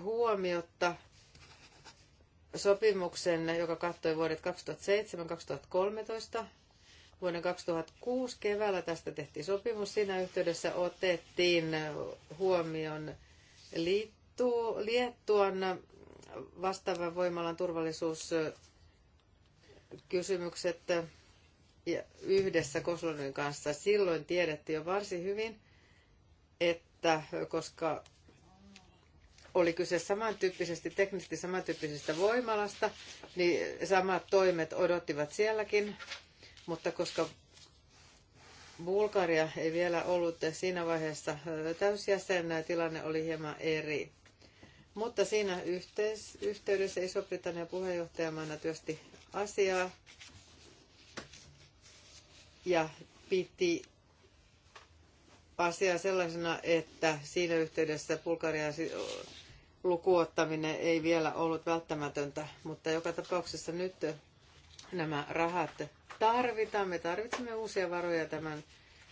huomiota sopimuksen, joka kattoi vuodet 2007-2013. Vuoden 2006 keväällä tästä tehtiin sopimus. Siinä yhteydessä otettiin huomioon Liittu, Liettuan vastaavan voimalan turvallisuuskysymykset yhdessä Koslonen kanssa. Silloin tiedettiin jo varsin hyvin, että koska oli kyse samantyyppisesti, teknisesti samantyyppisestä voimalasta, niin samat toimet odottivat sielläkin, mutta koska Bulgaria ei vielä ollut siinä vaiheessa täysjäsen, tilanne oli hieman eri. Mutta siinä yhteys, yhteydessä iso britannian puheenjohtajamaana työsti asiaa ja piti asiaa sellaisena, että siinä yhteydessä Bulgarian lukuottaminen ei vielä ollut välttämätöntä, mutta joka tapauksessa nyt nämä rahat tarvitaan. Me tarvitsemme uusia varoja tämän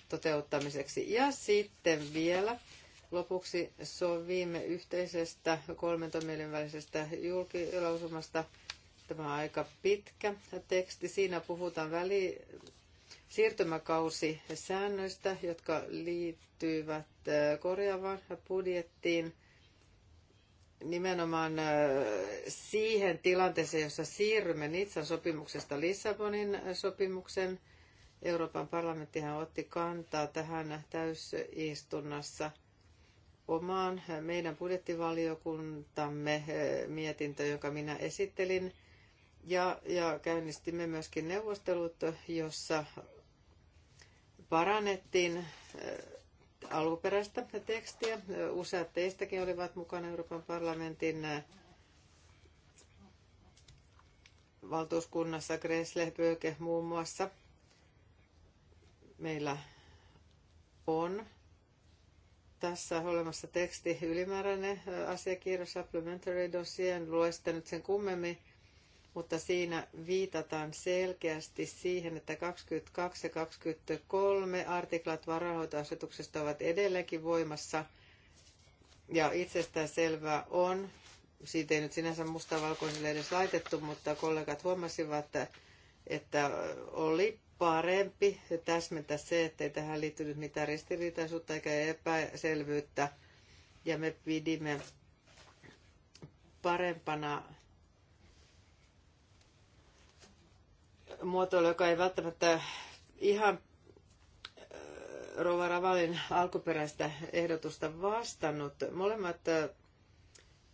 toteuttamiseksi. Ja sitten vielä lopuksi sovimme yhteisestä kolmen toimielin välisestä julkilausumasta. Tämä on aika pitkä teksti. Siinä puhutaan väli, siirtymäkausi säännöistä, jotka liittyvät äh, korjaavaan budjettiin nimenomaan äh, siihen tilanteeseen, jossa siirrymme Nitsan sopimuksesta Lissabonin äh, sopimuksen. Euroopan parlamenttihan otti kantaa tähän täysistunnossa omaan meidän budjettivaliokuntamme mietintö, jonka minä esittelin. Ja, ja käynnistimme myöskin neuvostelut, jossa parannettiin äh, alkuperäistä tekstiä. Useat teistäkin olivat mukana Euroopan parlamentin äh, valtuuskunnassa, Gressle, Böke muun muassa. Meillä on tässä olemassa teksti ylimääräinen äh, asiakirja, supplementary dossier, en lue sitä nyt sen kummemmin, mutta siinä viitataan selkeästi siihen, että 22 ja 23 artiklat varainhoitoasetuksesta ovat edelleenkin voimassa. Ja itsestään selvää on, siitä ei nyt sinänsä mustavalkoiselle edes laitettu, mutta kollegat huomasivat, että oli parempi täsmentää se, ettei tähän liittynyt mitään ristiriitaisuutta eikä epäselvyyttä. Ja me pidimme parempana muotoilu, joka ei välttämättä ihan äh, Rova Ravalin alkuperäistä ehdotusta vastannut. Molemmat, äh,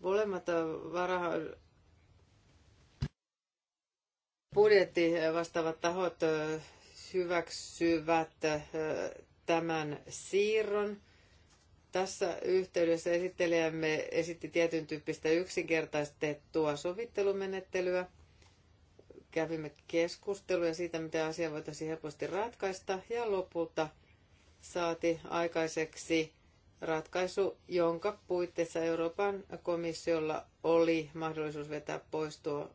molemmat äh, varaha, budjetti vastaavat tahot hyväksyvät tämän siirron. Tässä yhteydessä esittelijämme esitti tietyn tyyppistä yksinkertaistettua sovittelumenettelyä – kävimme keskusteluja siitä, mitä asia voitaisiin helposti ratkaista, ja lopulta saati aikaiseksi ratkaisu, jonka puitteissa Euroopan komissiolla oli mahdollisuus vetää pois tuo,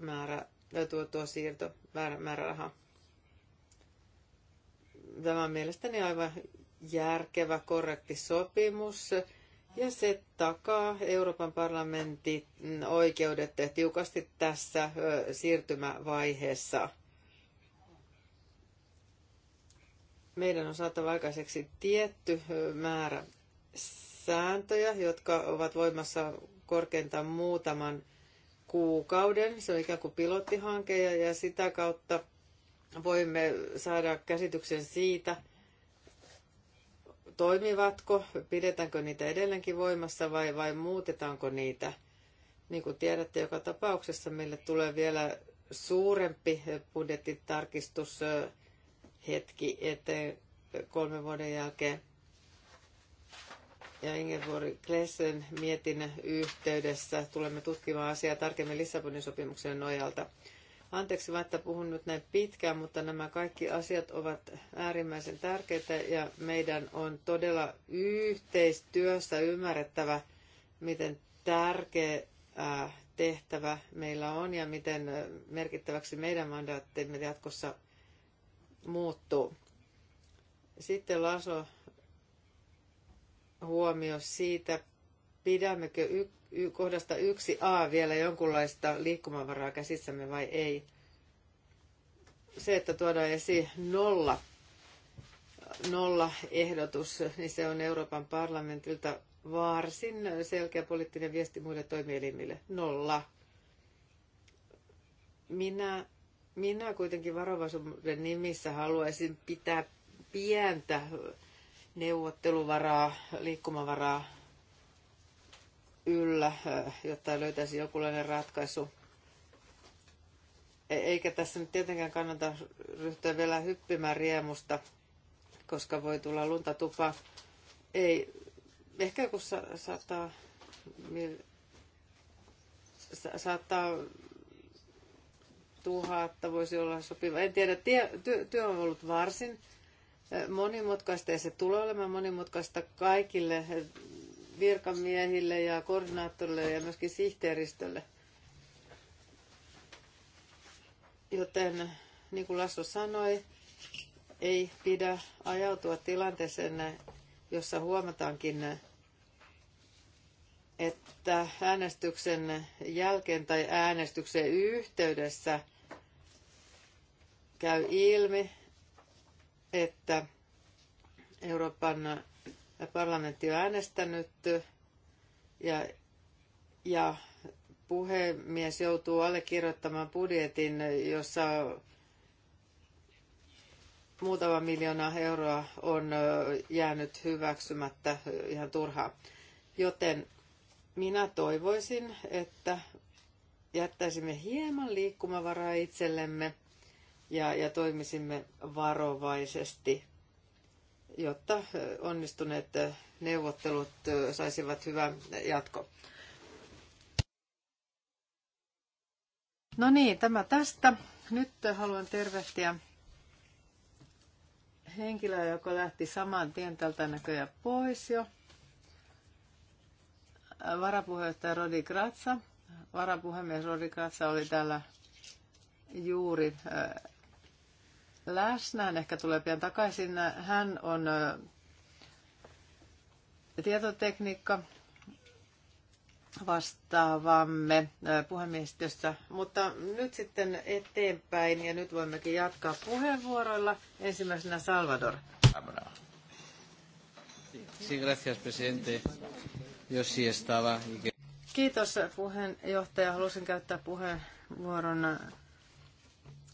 määrä, tuo, tuo siirto, määräraha. Tämä on mielestäni aivan järkevä, korrekti sopimus. Ja se takaa Euroopan parlamentin oikeudet tiukasti tässä siirtymävaiheessa. Meidän on saatava aikaiseksi tietty määrä sääntöjä, jotka ovat voimassa korkeintaan muutaman kuukauden. Se on ikään kuin pilottihanke ja sitä kautta voimme saada käsityksen siitä – toimivatko, pidetäänkö niitä edelleenkin voimassa vai, vai muutetaanko niitä. Niin kuin tiedätte, joka tapauksessa meille tulee vielä suurempi budjettitarkistushetki hetki eteen kolmen vuoden jälkeen. Ja Ingeborg Klessen mietin yhteydessä tulemme tutkimaan asiaa tarkemmin Lissabonin sopimuksen nojalta. Anteeksi että puhun nyt näin pitkään, mutta nämä kaikki asiat ovat äärimmäisen tärkeitä ja meidän on todella yhteistyössä ymmärrettävä, miten tärkeä äh, tehtävä meillä on ja miten äh, merkittäväksi meidän mandaattimme jatkossa muuttuu. Sitten Laso huomio siitä, pidämmekö kohdasta 1a vielä jonkunlaista liikkumavaraa käsissämme vai ei. Se, että tuodaan esiin nolla, nolla ehdotus, niin se on Euroopan parlamentilta varsin selkeä poliittinen viesti muille toimielimille. Nolla. Minä, minä kuitenkin varovaisuuden nimissä haluaisin pitää pientä neuvotteluvaraa, liikkumavaraa yllä, jotta löytäisi jokinlainen ratkaisu. E- eikä tässä nyt tietenkään kannata ryhtyä vielä hyppimään riemusta, koska voi tulla lunta tupa. Ei, ehkä kun sa- saattaa, sa- saattaa tuhatta voisi olla sopiva. En tiedä, tie, työ, työ on ollut varsin monimutkaista ja se tulee olemaan monimutkaista kaikille virkamiehille ja koordinaattorille ja myöskin sihteeristölle. Joten niin kuin Lasso sanoi, ei pidä ajautua tilanteeseen, jossa huomataankin, että äänestyksen jälkeen tai äänestyksen yhteydessä käy ilmi, että Euroopan parlamentti on äänestänyt ja, ja puhemies joutuu allekirjoittamaan budjetin, jossa muutama miljoona euroa on jäänyt hyväksymättä ihan turhaa. Joten minä toivoisin, että jättäisimme hieman liikkumavaraa itsellemme ja, ja toimisimme varovaisesti – jotta onnistuneet neuvottelut saisivat hyvän jatko. No niin, tämä tästä. Nyt haluan tervehtiä henkilöä, joka lähti saman tien tältä näköjään pois jo. Varapuheenjohtaja Rodi Kratsa. Varapuhemies Rodi Kratsa oli täällä juuri läsnä, hän ehkä tulee pian takaisin. Hän on tietotekniikka vastaavamme puhemiehistössä. Mutta nyt sitten eteenpäin ja nyt voimmekin jatkaa puheenvuoroilla. Ensimmäisenä Salvador. Kiitos puheenjohtaja. Halusin käyttää puheenvuoron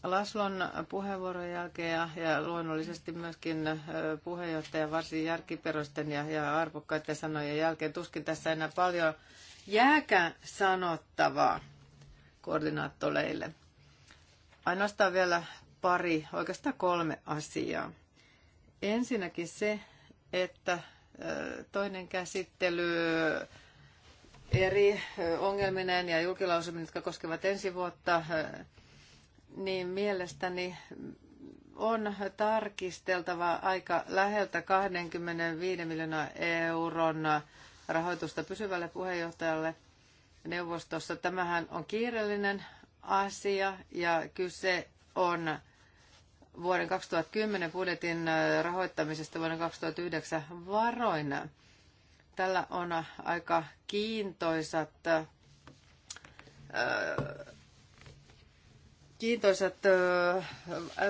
Laslon puheenvuoron jälkeen ja, ja luonnollisesti myöskin puheenjohtajan varsin järkiperusten ja, ja arvokkaiden sanojen jälkeen tuskin tässä enää paljon jääkä sanottavaa koordinaattoreille. Ainoastaan vielä pari, oikeastaan kolme asiaa. Ensinnäkin se, että toinen käsittely eri ongelminen ja julkilausuminen, jotka koskevat ensi vuotta, niin mielestäni on tarkisteltava aika läheltä 25 miljoonaa euron rahoitusta pysyvälle puheenjohtajalle neuvostossa. Tämähän on kiireellinen asia ja kyse on vuoden 2010 budjetin rahoittamisesta vuoden 2009 varoina. Tällä on aika kiintoisat kiintoisat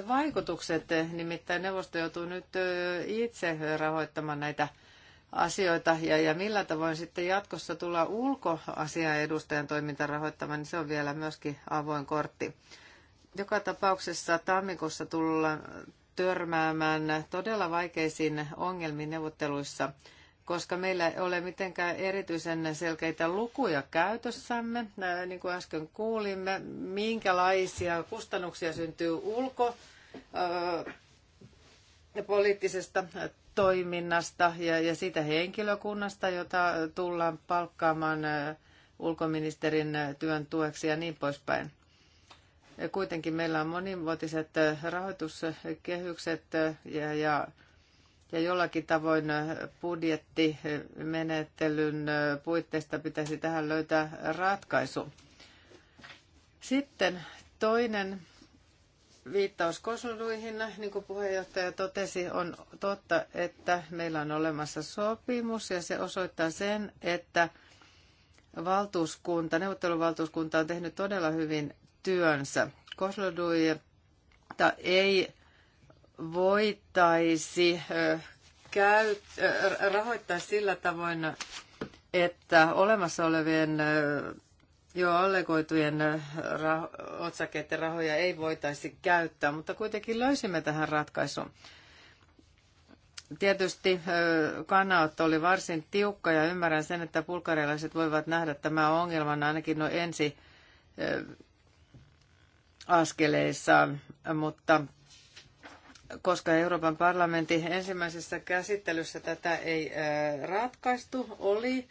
vaikutukset, nimittäin neuvosto joutuu nyt itse rahoittamaan näitä asioita ja, ja millä tavoin sitten jatkossa tulla ulkoasian edustajan toiminta rahoittamaan, niin se on vielä myöskin avoin kortti. Joka tapauksessa tammikuussa tullaan törmäämään todella vaikeisiin ongelmiin neuvotteluissa – koska meillä ei ole mitenkään erityisen selkeitä lukuja käytössämme, niin kuin äsken kuulimme, minkälaisia kustannuksia syntyy ulko poliittisesta toiminnasta ja, siitä henkilökunnasta, jota tullaan palkkaamaan ulkoministerin työn tueksi ja niin poispäin. Kuitenkin meillä on monivuotiset rahoituskehykset ja, ja ja jollakin tavoin äh, budjettimenettelyn äh, puitteista pitäisi tähän löytää ratkaisu. Sitten toinen viittaus kosluihin, niin kuin puheenjohtaja totesi, on totta, että meillä on olemassa sopimus ja se osoittaa sen, että valtuuskunta, neuvotteluvaltuuskunta on tehnyt todella hyvin työnsä. Kosloduita ei voitaisi käyt, rahoittaa sillä tavoin, että olemassa olevien jo allegoitujen rah- rahoja ei voitaisi käyttää, mutta kuitenkin löysimme tähän ratkaisun. Tietysti kannanotto oli varsin tiukka ja ymmärrän sen, että bulgarialaiset voivat nähdä tämä ongelman ainakin no ensi askeleissa, mutta koska Euroopan parlamentin ensimmäisessä käsittelyssä tätä ei äh, ratkaistu, oli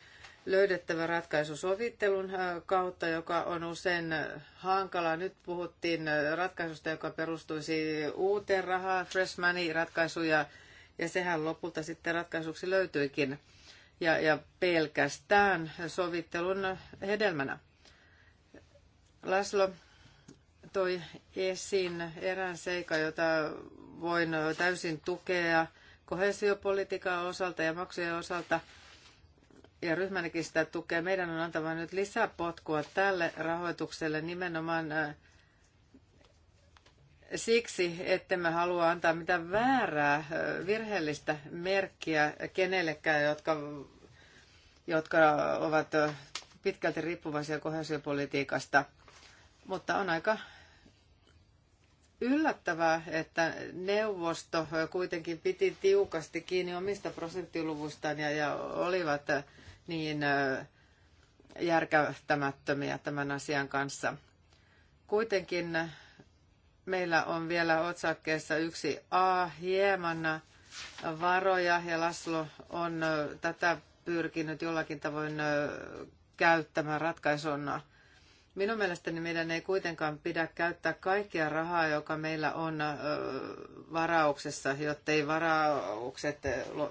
löydettävä ratkaisu sovittelun äh, kautta, joka on usein äh, hankala. Nyt puhuttiin ratkaisusta, joka perustuisi uuteen rahaan, fresh money ratkaisuja, ja sehän lopulta sitten ratkaisuksi löytyikin. Ja, ja pelkästään sovittelun hedelmänä. Laslo toi esiin erään seikan, jota voin täysin tukea kohesiopolitiikan osalta ja maksujen osalta, ja ryhmänäkin sitä tukee. Meidän on antava nyt lisäpotkua tälle rahoitukselle nimenomaan äh, siksi, että me halua antaa mitään väärää, äh, virheellistä merkkiä kenellekään, jotka, jotka ovat äh, pitkälti riippuvaisia kohesiopolitiikasta. Mutta on aika yllättävää, että neuvosto kuitenkin piti tiukasti kiinni omista prosenttiluvustaan ja, ja olivat niin järkähtämättömiä tämän asian kanssa. Kuitenkin meillä on vielä otsakkeessa yksi A hieman varoja ja Laslo on tätä pyrkinyt jollakin tavoin käyttämään ratkaisuna Minun mielestäni meidän ei kuitenkaan pidä käyttää kaikkea rahaa, joka meillä on varauksessa, ei varaukset,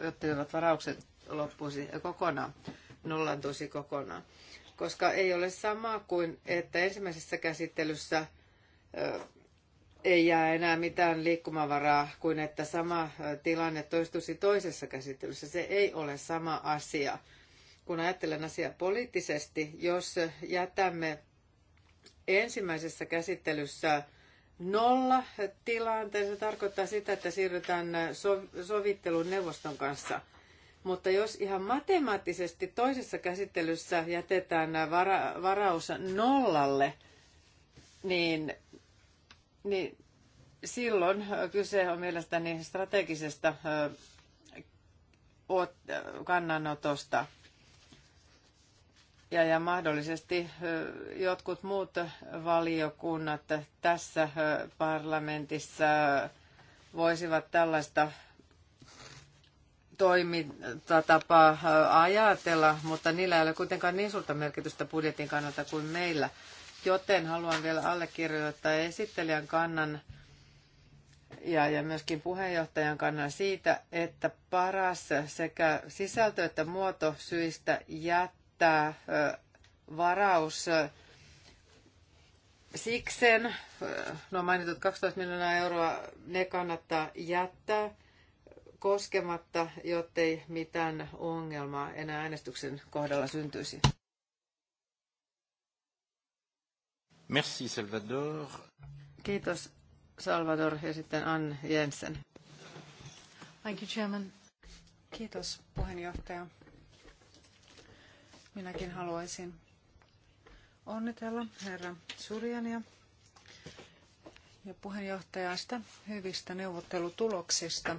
jotteivät varaukset loppuisi kokonaan, nollantuisi kokonaan. Koska ei ole sama kuin, että ensimmäisessä käsittelyssä ei jää enää mitään liikkumavaraa kuin että sama tilanne toistuisi toisessa käsittelyssä. Se ei ole sama asia. Kun ajattelen asiaa poliittisesti, jos jätämme ensimmäisessä käsittelyssä nolla tilanteessa tarkoittaa sitä, että siirrytään sovittelun neuvoston kanssa. Mutta jos ihan matemaattisesti toisessa käsittelyssä jätetään vara, varaus nollalle, niin, niin silloin kyse on mielestäni strategisesta kannanotosta ja, ja mahdollisesti jotkut muut valiokunnat tässä parlamentissa voisivat tällaista toimintatapaa ajatella, mutta niillä ei ole kuitenkaan niin suurta merkitystä budjetin kannalta kuin meillä. Joten haluan vielä allekirjoittaa esittelijän kannan ja, ja myöskin puheenjohtajan kannan siitä, että paras sekä sisältö- että muotosyistä jättää jättää varaus siksen, no mainitut 12 miljoonaa euroa, ne kannattaa jättää koskematta, jottei mitään ongelmaa enää äänestyksen kohdalla syntyisi. Merci Salvador. Kiitos Salvador ja sitten Ann Jensen. Thank you, Chairman. Kiitos puheenjohtaja. Minäkin haluaisin onnitella herra Surjania ja puheenjohtajasta hyvistä neuvottelutuloksista.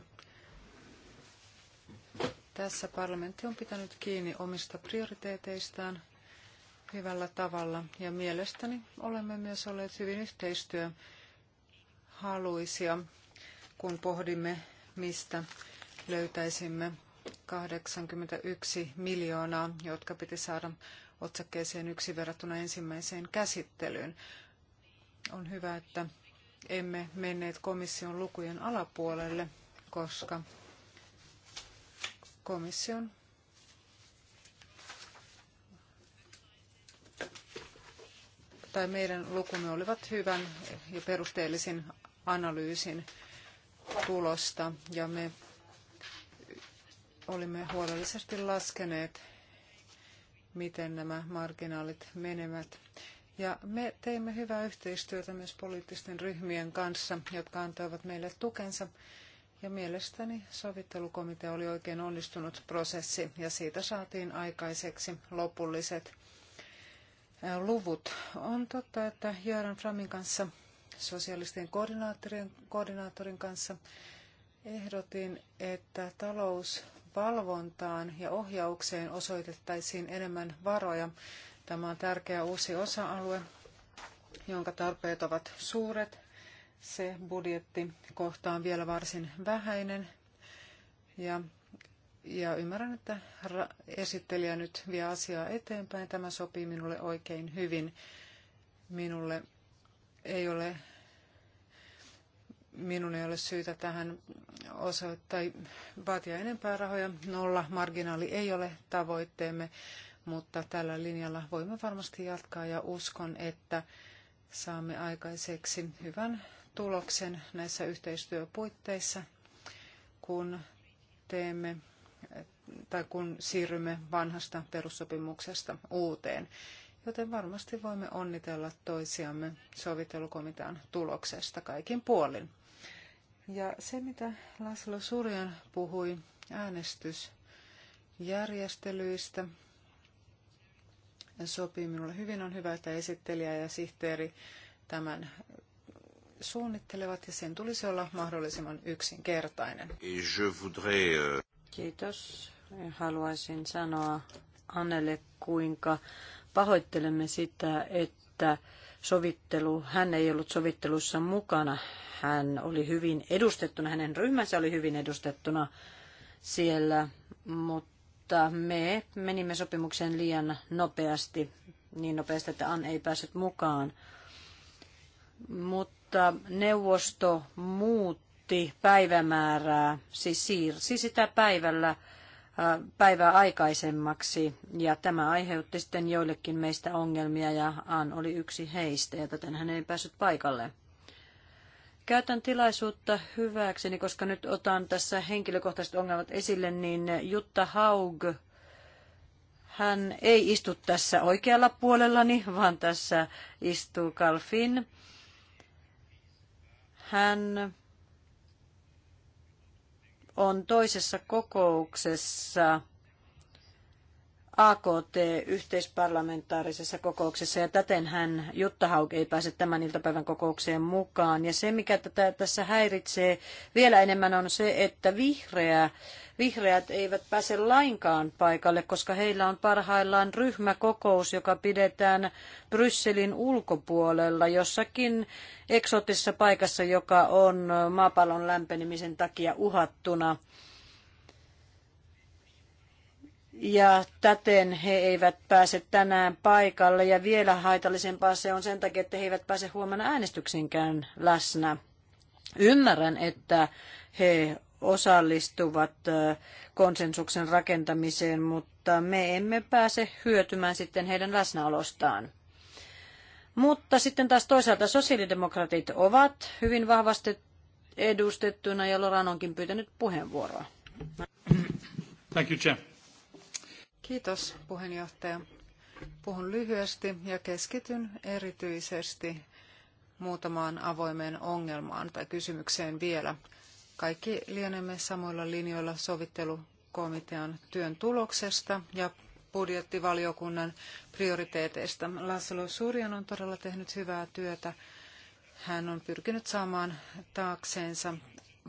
Tässä parlamentti on pitänyt kiinni omista prioriteeteistaan hyvällä tavalla ja mielestäni olemme myös olleet hyvin yhteistyöhaluisia, kun pohdimme, mistä löytäisimme 81 miljoonaa, jotka piti saada otsakkeeseen yksi verrattuna ensimmäiseen käsittelyyn. On hyvä, että emme menneet komission lukujen alapuolelle, koska komission tai meidän lukumme olivat hyvän ja perusteellisen analyysin tulosta ja me olimme huolellisesti laskeneet, miten nämä marginaalit menevät. Ja me teimme hyvää yhteistyötä myös poliittisten ryhmien kanssa, jotka antoivat meille tukensa. Ja mielestäni sovittelukomitea oli oikein onnistunut prosessi ja siitä saatiin aikaiseksi lopulliset luvut. On totta, että Jöran Framin kanssa, sosiaalisten koordinaattorin, koordinaattorin kanssa, ehdotin, että talous valvontaan ja ohjaukseen osoitettaisiin enemmän varoja. Tämä on tärkeä uusi osa-alue, jonka tarpeet ovat suuret. Se budjetti kohta on vielä varsin vähäinen. Ja, ja ymmärrän, että esittelijä nyt vie asiaa eteenpäin. Tämä sopii minulle oikein hyvin. Minulle ei ole minun ei ole syytä tähän osoittaa vaatia enempää rahoja. Nolla marginaali ei ole tavoitteemme, mutta tällä linjalla voimme varmasti jatkaa ja uskon, että saamme aikaiseksi hyvän tuloksen näissä yhteistyöpuitteissa, kun teemme tai kun siirrymme vanhasta perussopimuksesta uuteen. Joten varmasti voimme onnitella toisiamme sovittelukomitean tuloksesta kaikin puolin. Ja se, mitä Laslo Surjan puhui äänestysjärjestelyistä, sopii minulle hyvin. On hyvä, että esittelijä ja sihteeri tämän suunnittelevat ja sen tulisi olla mahdollisimman yksinkertainen. Euh, Kiitos. Haluaisin sanoa Annelle, kuinka pahoittelemme sitä, että sovittelu, hän ei ollut sovittelussa mukana. Hän oli hyvin edustettuna, hänen ryhmänsä oli hyvin edustettuna siellä, mutta me menimme sopimukseen liian nopeasti, niin nopeasti, että An ei päässyt mukaan. Mutta neuvosto muutti päivämäärää, siis siirsi siis sitä päivällä päivää aikaisemmaksi ja tämä aiheutti sitten joillekin meistä ongelmia ja Aan oli yksi heistä ja täten hän ei päässyt paikalle. Käytän tilaisuutta hyväkseni, koska nyt otan tässä henkilökohtaiset ongelmat esille, niin Jutta Haug, hän ei istu tässä oikealla puolellani, vaan tässä istuu Kalfin. Hän on toisessa kokouksessa AKT-yhteisparlamentaarisessa kokouksessa ja täten hän Jutta Haug ei pääse tämän iltapäivän kokoukseen mukaan. Ja se, mikä tätä tässä häiritsee vielä enemmän on se, että vihreä, vihreät eivät pääse lainkaan paikalle, koska heillä on parhaillaan ryhmäkokous, joka pidetään Brysselin ulkopuolella jossakin eksotisessa paikassa, joka on maapallon lämpenemisen takia uhattuna ja täten he eivät pääse tänään paikalle. Ja vielä haitallisempaa se on sen takia, että he eivät pääse huomenna äänestyksinkään läsnä. Ymmärrän, että he osallistuvat konsensuksen rakentamiseen, mutta me emme pääse hyötymään sitten heidän läsnäolostaan. Mutta sitten taas toisaalta sosiaalidemokraatit ovat hyvin vahvasti edustettuna ja Loran onkin pyytänyt puheenvuoroa. Thank you, Chair. Kiitos puheenjohtaja. Puhun lyhyesti ja keskityn erityisesti muutamaan avoimeen ongelmaan tai kysymykseen vielä. Kaikki lienemme samoilla linjoilla sovittelukomitean työn tuloksesta ja budjettivaliokunnan prioriteeteista. Laszlo Surjan on todella tehnyt hyvää työtä. Hän on pyrkinyt saamaan taakseensa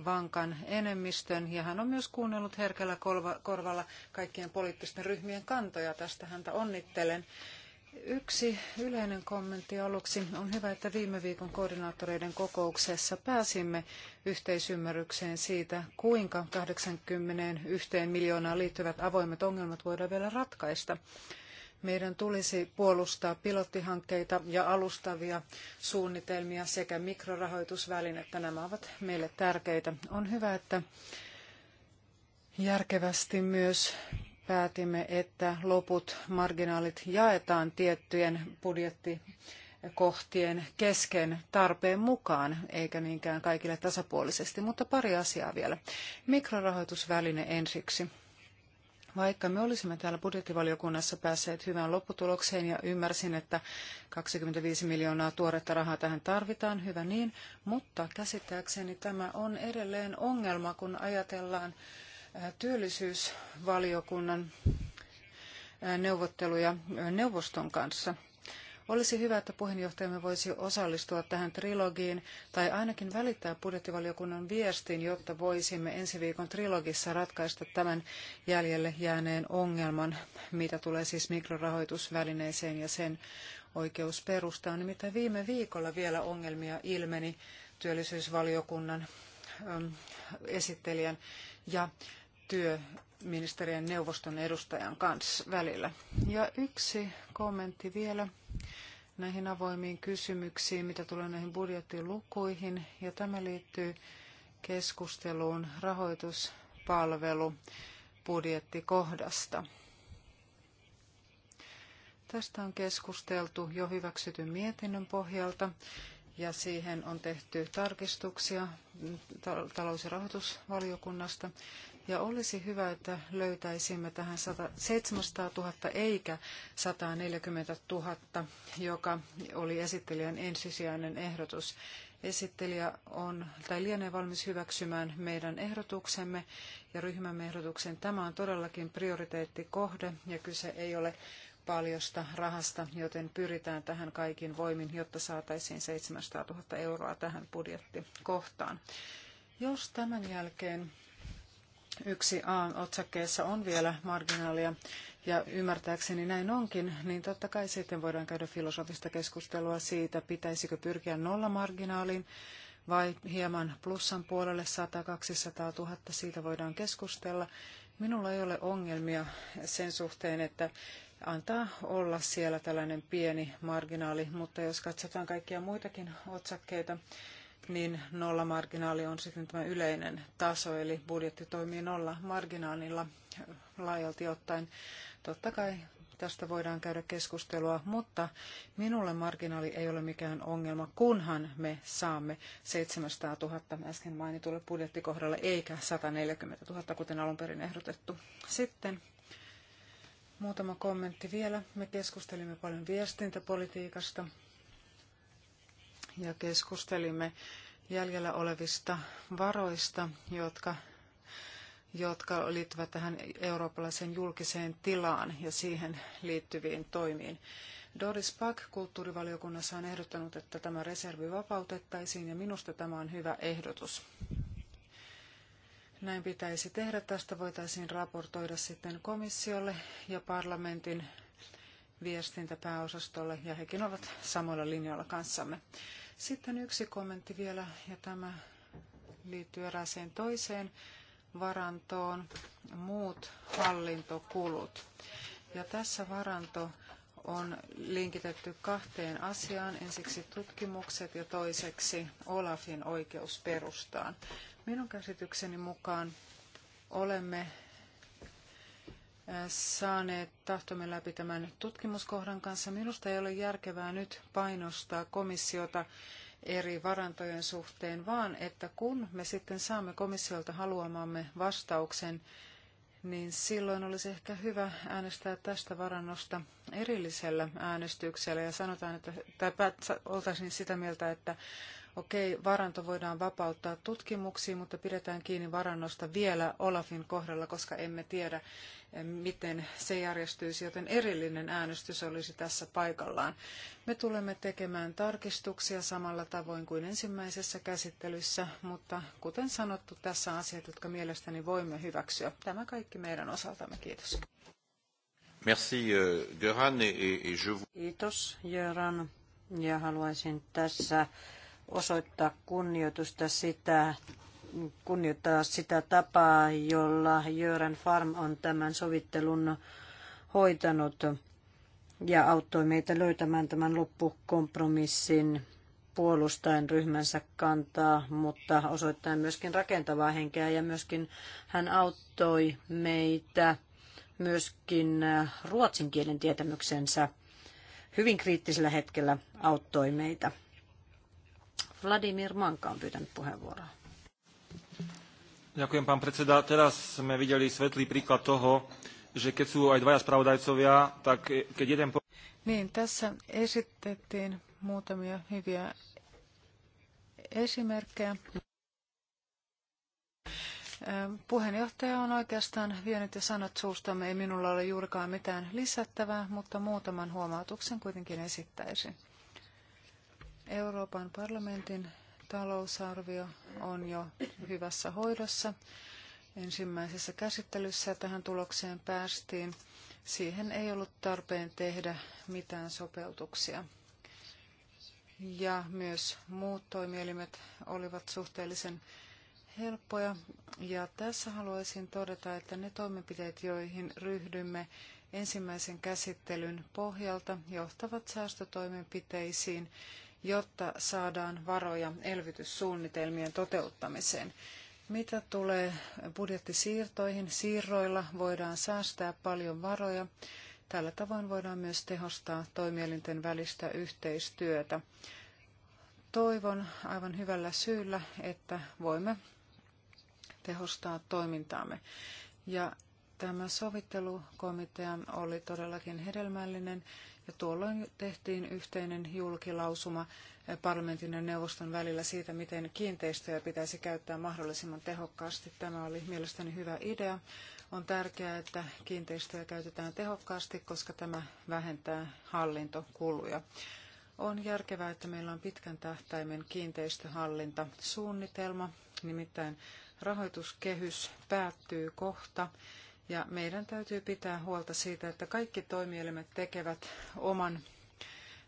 vankan enemmistön ja hän on myös kuunnellut herkällä korvalla kaikkien poliittisten ryhmien kantoja. Tästä häntä onnittelen. Yksi yleinen kommentti aluksi. On hyvä, että viime viikon koordinaattoreiden kokouksessa pääsimme yhteisymmärrykseen siitä, kuinka 81 miljoonaan liittyvät avoimet ongelmat voidaan vielä ratkaista. Meidän tulisi puolustaa pilottihankkeita ja alustavia suunnitelmia sekä mikrorahoitusvälinettä. Nämä ovat meille tärkeitä. On hyvä, että järkevästi myös päätimme, että loput marginaalit jaetaan tiettyjen budjetti kohtien kesken tarpeen mukaan, eikä niinkään kaikille tasapuolisesti, mutta pari asiaa vielä. Mikrorahoitusväline ensiksi. Vaikka me olisimme täällä budjettivaliokunnassa päässeet hyvään lopputulokseen ja ymmärsin, että 25 miljoonaa tuoretta rahaa tähän tarvitaan, hyvä niin, mutta käsittääkseni tämä on edelleen ongelma, kun ajatellaan äh, työllisyysvaliokunnan äh, neuvotteluja äh, neuvoston kanssa. Olisi hyvä, että puheenjohtajamme voisi osallistua tähän trilogiin tai ainakin välittää budjettivaliokunnan viestin, jotta voisimme ensi viikon trilogissa ratkaista tämän jäljelle jääneen ongelman, mitä tulee siis mikrorahoitusvälineeseen ja sen oikeusperustaan. Nimittäin viime viikolla vielä ongelmia ilmeni työllisyysvaliokunnan esittelijän ja työ, ministerien neuvoston edustajan kanssa välillä. Ja yksi kommentti vielä näihin avoimiin kysymyksiin, mitä tulee näihin budjettilukuihin, ja tämä liittyy keskusteluun rahoituspalvelu budjettikohdasta. Tästä on keskusteltu jo hyväksytyn mietinnön pohjalta ja siihen on tehty tarkistuksia talous- ja rahoitusvaliokunnasta. Ja olisi hyvä, että löytäisimme tähän 700 000 eikä 140 000, joka oli esittelijän ensisijainen ehdotus. Esittelijä on tai lienee valmis hyväksymään meidän ehdotuksemme ja ryhmämme ehdotuksen. Tämä on todellakin prioriteettikohde ja kyse ei ole paljosta rahasta, joten pyritään tähän kaikin voimin, jotta saataisiin 700 000 euroa tähän budjettikohtaan. Jos tämän jälkeen yksi a otsakkeessa on vielä marginaalia, ja ymmärtääkseni näin onkin, niin totta kai sitten voidaan käydä filosofista keskustelua siitä, pitäisikö pyrkiä nollamarginaaliin vai hieman plussan puolelle 100 200 000, siitä voidaan keskustella. Minulla ei ole ongelmia sen suhteen, että antaa olla siellä tällainen pieni marginaali, mutta jos katsotaan kaikkia muitakin otsakkeita, niin nollamarginaali on sitten tämä yleinen taso, eli budjetti toimii nolla marginaalilla laajalti ottaen. Totta kai tästä voidaan käydä keskustelua, mutta minulle marginaali ei ole mikään ongelma, kunhan me saamme 700 000 äsken mainitulle budjettikohdalle, eikä 140 000, kuten alun perin ehdotettu. Sitten muutama kommentti vielä. Me keskustelimme paljon viestintäpolitiikasta ja keskustelimme jäljellä olevista varoista, jotka, jotka liittyvät tähän eurooppalaiseen julkiseen tilaan ja siihen liittyviin toimiin. Doris Pack kulttuurivaliokunnassa on ehdottanut, että tämä reservi vapautettaisiin ja minusta tämä on hyvä ehdotus. Näin pitäisi tehdä. Tästä voitaisiin raportoida sitten komissiolle ja parlamentin viestintäpääosastolle ja hekin ovat samoilla linjoilla kanssamme. Sitten yksi kommentti vielä, ja tämä liittyy erääseen toiseen varantoon, muut hallintokulut. Ja tässä varanto on linkitetty kahteen asiaan, ensiksi tutkimukset ja toiseksi Olafin oikeusperustaan. Minun käsitykseni mukaan olemme saaneet tahtomme läpi tämän tutkimuskohdan kanssa. Minusta ei ole järkevää nyt painostaa komissiota eri varantojen suhteen, vaan että kun me sitten saamme komissiolta haluamamme vastauksen, niin silloin olisi ehkä hyvä äänestää tästä varannosta erillisellä äänestyksellä ja sanotaan, että tai oltaisiin sitä mieltä, että okei, varanto voidaan vapauttaa tutkimuksiin, mutta pidetään kiinni varannosta vielä Olafin kohdalla, koska emme tiedä, miten se järjestyisi, joten erillinen äänestys olisi tässä paikallaan. Me tulemme tekemään tarkistuksia samalla tavoin kuin ensimmäisessä käsittelyssä, mutta kuten sanottu, tässä on asiat, jotka mielestäni voimme hyväksyä. Tämä kaikki meidän osaltamme. Kiitos. Merci, euh, Göran, et, je... Kiitos, Göran. Ja haluaisin tässä osoittaa kunnioitusta sitä kunnioittaa sitä tapaa, jolla Jörän Farm on tämän sovittelun hoitanut ja auttoi meitä löytämään tämän loppukompromissin puolustaen ryhmänsä kantaa, mutta osoittain myöskin rakentavaa henkeä ja myöskin hän auttoi meitä myöskin ruotsin kielen tietämyksensä hyvin kriittisellä hetkellä auttoi meitä. Vladimir Manka on pyytänyt puheenvuoroa. Ďakujem, pán predseda. Teraz sme videli svetlý príklad toho, že keď sú aj dvaja spravodajcovia, tak e, keď jeden... Po... Niin, tässä esitettiin muutamia hyviä esimerkkejä. Puheenjohtaja on oikeastaan vienyt ja sanat suustamme. Ei minulla ole juurikaan mitään lisättävää, mutta muutaman huomautuksen kuitenkin esittäisin. Euroopan parlamentin talousarvio on jo hyvässä hoidossa. Ensimmäisessä käsittelyssä tähän tulokseen päästiin. Siihen ei ollut tarpeen tehdä mitään sopeutuksia. Ja myös muut toimielimet olivat suhteellisen helppoja. Ja tässä haluaisin todeta, että ne toimenpiteet, joihin ryhdymme ensimmäisen käsittelyn pohjalta, johtavat säästötoimenpiteisiin, jotta saadaan varoja elvytyssuunnitelmien toteuttamiseen. Mitä tulee budjettisiirtoihin, siirroilla voidaan säästää paljon varoja. Tällä tavoin voidaan myös tehostaa toimielinten välistä yhteistyötä. Toivon aivan hyvällä syyllä, että voimme tehostaa toimintaamme. Ja tämä sovittelukomitea oli todellakin hedelmällinen ja tuolloin tehtiin yhteinen julkilausuma parlamentin ja neuvoston välillä siitä, miten kiinteistöjä pitäisi käyttää mahdollisimman tehokkaasti. Tämä oli mielestäni hyvä idea. On tärkeää, että kiinteistöjä käytetään tehokkaasti, koska tämä vähentää hallintokuluja. On järkevää, että meillä on pitkän tähtäimen kiinteistöhallintasuunnitelma, nimittäin rahoituskehys päättyy kohta ja meidän täytyy pitää huolta siitä, että kaikki toimielimet tekevät oman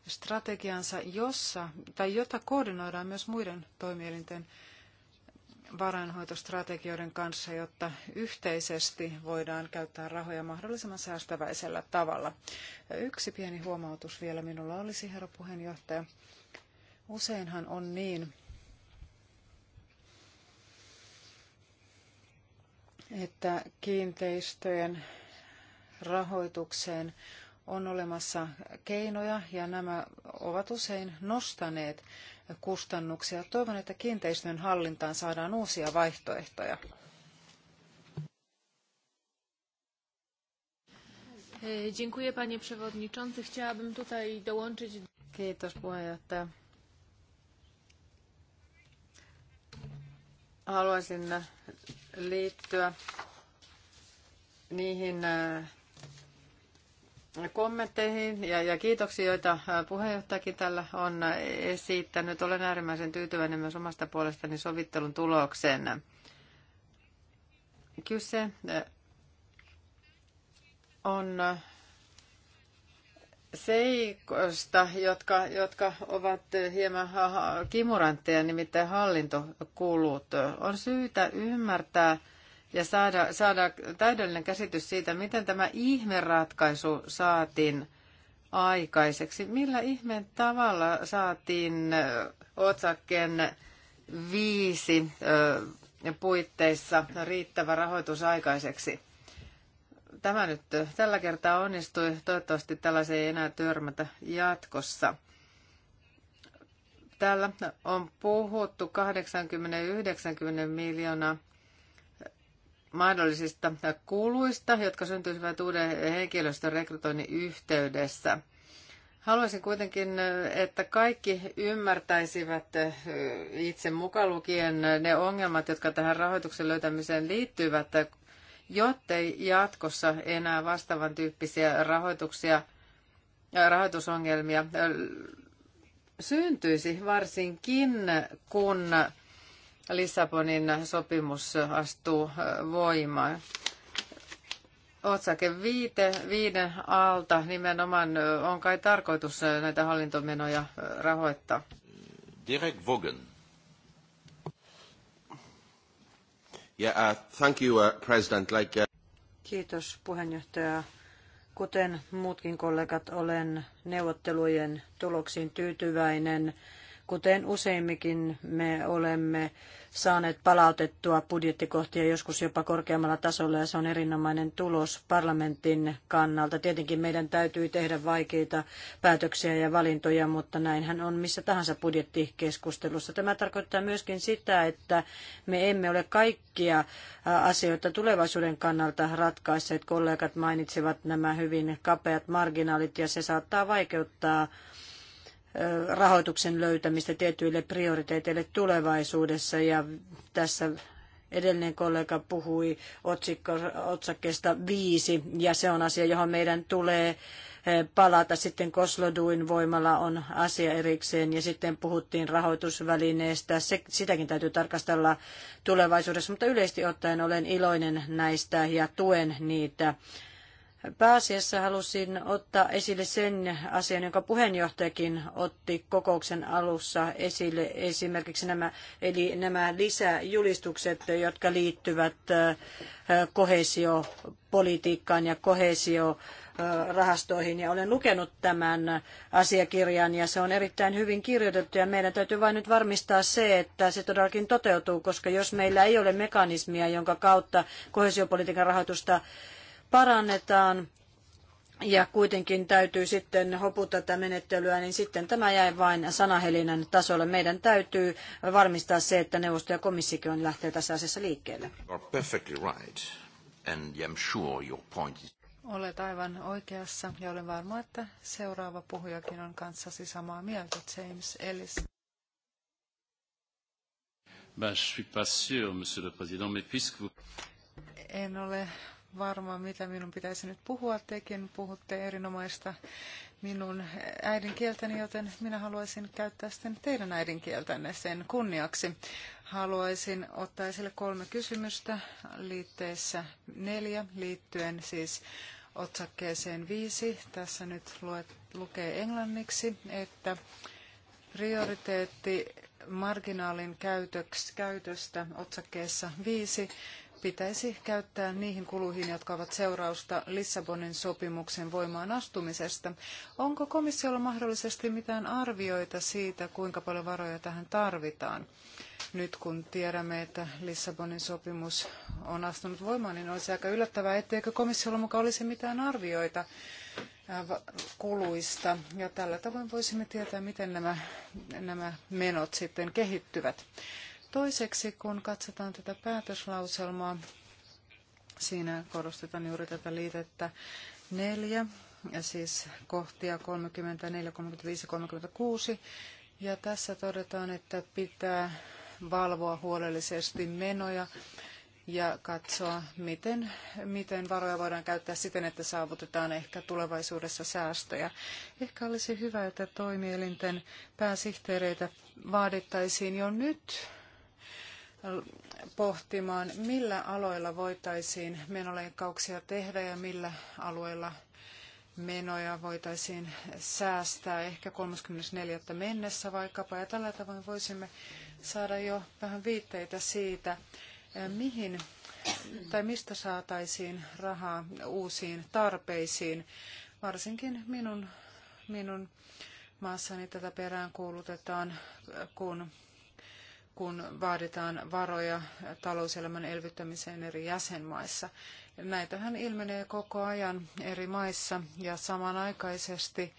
strategiansa, jossa, tai jota koordinoidaan myös muiden toimielinten varainhoitostrategioiden kanssa, jotta yhteisesti voidaan käyttää rahoja mahdollisimman säästäväisellä tavalla. Ja yksi pieni huomautus vielä minulla olisi, herra puheenjohtaja. Useinhan on niin, että kiinteistöjen rahoitukseen on olemassa keinoja ja nämä ovat usein nostaneet kustannuksia. Toivon, että kiinteistön hallintaan saadaan uusia vaihtoehtoja. E, dziękuję panie przewodniczący. Chciałabym tutaj dołączyć. Kiitos puheenjohtaja. Haluaisin liittyä niihin äh, kommentteihin ja, ja kiitoksia, joita äh, puheenjohtajakin tällä on esittänyt. Olen äärimmäisen tyytyväinen myös omasta puolestani sovittelun tulokseen. Kyse äh, on seikoista, jotka, jotka ovat hieman kimurantteja, nimittäin hallintokulut. On syytä ymmärtää ja saada, saada täydellinen käsitys siitä, miten tämä ihmeratkaisu saatiin aikaiseksi. Millä ihmeen tavalla saatiin otsakkeen viisi puitteissa riittävä rahoitus aikaiseksi? tämä nyt tällä kertaa onnistui. Toivottavasti tällaiseen ei enää törmätä jatkossa. Täällä on puhuttu 80-90 miljoonaa mahdollisista kuluista, jotka syntyisivät uuden henkilöstön rekrytoinnin yhteydessä. Haluaisin kuitenkin, että kaikki ymmärtäisivät itse mukaan lukien ne ongelmat, jotka tähän rahoituksen löytämiseen liittyvät, jottei jatkossa enää vastaavan tyyppisiä rahoituksia, äh, rahoitusongelmia äh, syntyisi, varsinkin kun Lissabonin sopimus astuu äh, voimaan. Otsake viite, viiden alta nimenomaan on kai tarkoitus näitä hallintomenoja rahoittaa. Derek Vogen. Uh, uh, uh, Kiitos puheenjohtaja. Kuten muutkin kollegat, olen neuvottelujen tuloksiin tyytyväinen. Kuten useimmekin me olemme saaneet palautettua budjettikohtia joskus jopa korkeammalla tasolla ja se on erinomainen tulos parlamentin kannalta. Tietenkin meidän täytyy tehdä vaikeita päätöksiä ja valintoja, mutta näinhän on missä tahansa budjettikeskustelussa. Tämä tarkoittaa myöskin sitä, että me emme ole kaikkia asioita tulevaisuuden kannalta ratkaisseet. Kollegat mainitsivat nämä hyvin kapeat marginaalit ja se saattaa vaikeuttaa rahoituksen löytämistä tietyille prioriteeteille tulevaisuudessa. Ja tässä edellinen kollega puhui otsikko, otsakkeesta viisi, ja se on asia, johon meidän tulee palata. Sitten Kosloduin voimalla on asia erikseen, ja sitten puhuttiin rahoitusvälineestä. Se, sitäkin täytyy tarkastella tulevaisuudessa, mutta yleisesti ottaen olen iloinen näistä ja tuen niitä Pääasiassa halusin ottaa esille sen asian, jonka puheenjohtajakin otti kokouksen alussa esille, esimerkiksi nämä, eli nämä lisäjulistukset, jotka liittyvät kohesiopolitiikkaan ja kohesio rahastoihin ja olen lukenut tämän asiakirjan ja se on erittäin hyvin kirjoitettu ja meidän täytyy vain nyt varmistaa se, että se todellakin toteutuu, koska jos meillä ei ole mekanismia, jonka kautta kohesiopolitiikan rahoitusta parannetaan ja kuitenkin täytyy sitten hoputa tätä menettelyä, niin sitten tämä jäi vain sanahelinän tasolle. Meidän täytyy varmistaa se, että neuvosto ja komissikin lähtee tässä asiassa liikkeelle. Olet aivan oikeassa ja olen varma, että seuraava puhujakin on kanssasi samaa mieltä, James Ellis. En ole varma, mitä minun pitäisi nyt puhua. Tekin puhutte erinomaista minun äidinkieltäni, joten minä haluaisin käyttää sitten teidän äidinkieltänne sen kunniaksi. Haluaisin ottaa esille kolme kysymystä liitteessä neljä liittyen siis otsakkeeseen viisi. Tässä nyt luet, lukee englanniksi, että prioriteetti marginaalin käytöks, käytöstä otsakkeessa viisi pitäisi käyttää niihin kuluihin, jotka ovat seurausta Lissabonin sopimuksen voimaan astumisesta. Onko komissiolla mahdollisesti mitään arvioita siitä, kuinka paljon varoja tähän tarvitaan? Nyt kun tiedämme, että Lissabonin sopimus on astunut voimaan, niin olisi aika yllättävää, etteikö komissiolla mukaan olisi mitään arvioita äh, kuluista. Ja tällä tavoin voisimme tietää, miten nämä, nämä menot sitten kehittyvät. Toiseksi, kun katsotaan tätä päätöslauselmaa, siinä korostetaan juuri tätä liitettä neljä, ja siis kohtia 34, 35, 36. Ja tässä todetaan, että pitää valvoa huolellisesti menoja ja katsoa, miten, miten varoja voidaan käyttää siten, että saavutetaan ehkä tulevaisuudessa säästöjä. Ehkä olisi hyvä, että toimielinten pääsihteereitä vaadittaisiin jo nyt pohtimaan, millä aloilla voitaisiin menoleikkauksia tehdä ja millä alueilla menoja voitaisiin säästää ehkä 34. mennessä vaikkapa. Ja tällä tavoin voisimme saada jo vähän viitteitä siitä, eh, mihin tai mistä saataisiin rahaa uusiin tarpeisiin. Varsinkin minun, minun maassani tätä perään kuulutetaan, kun kun vaaditaan varoja talouselämän elvyttämiseen eri jäsenmaissa. Näitähän ilmenee koko ajan eri maissa ja samanaikaisesti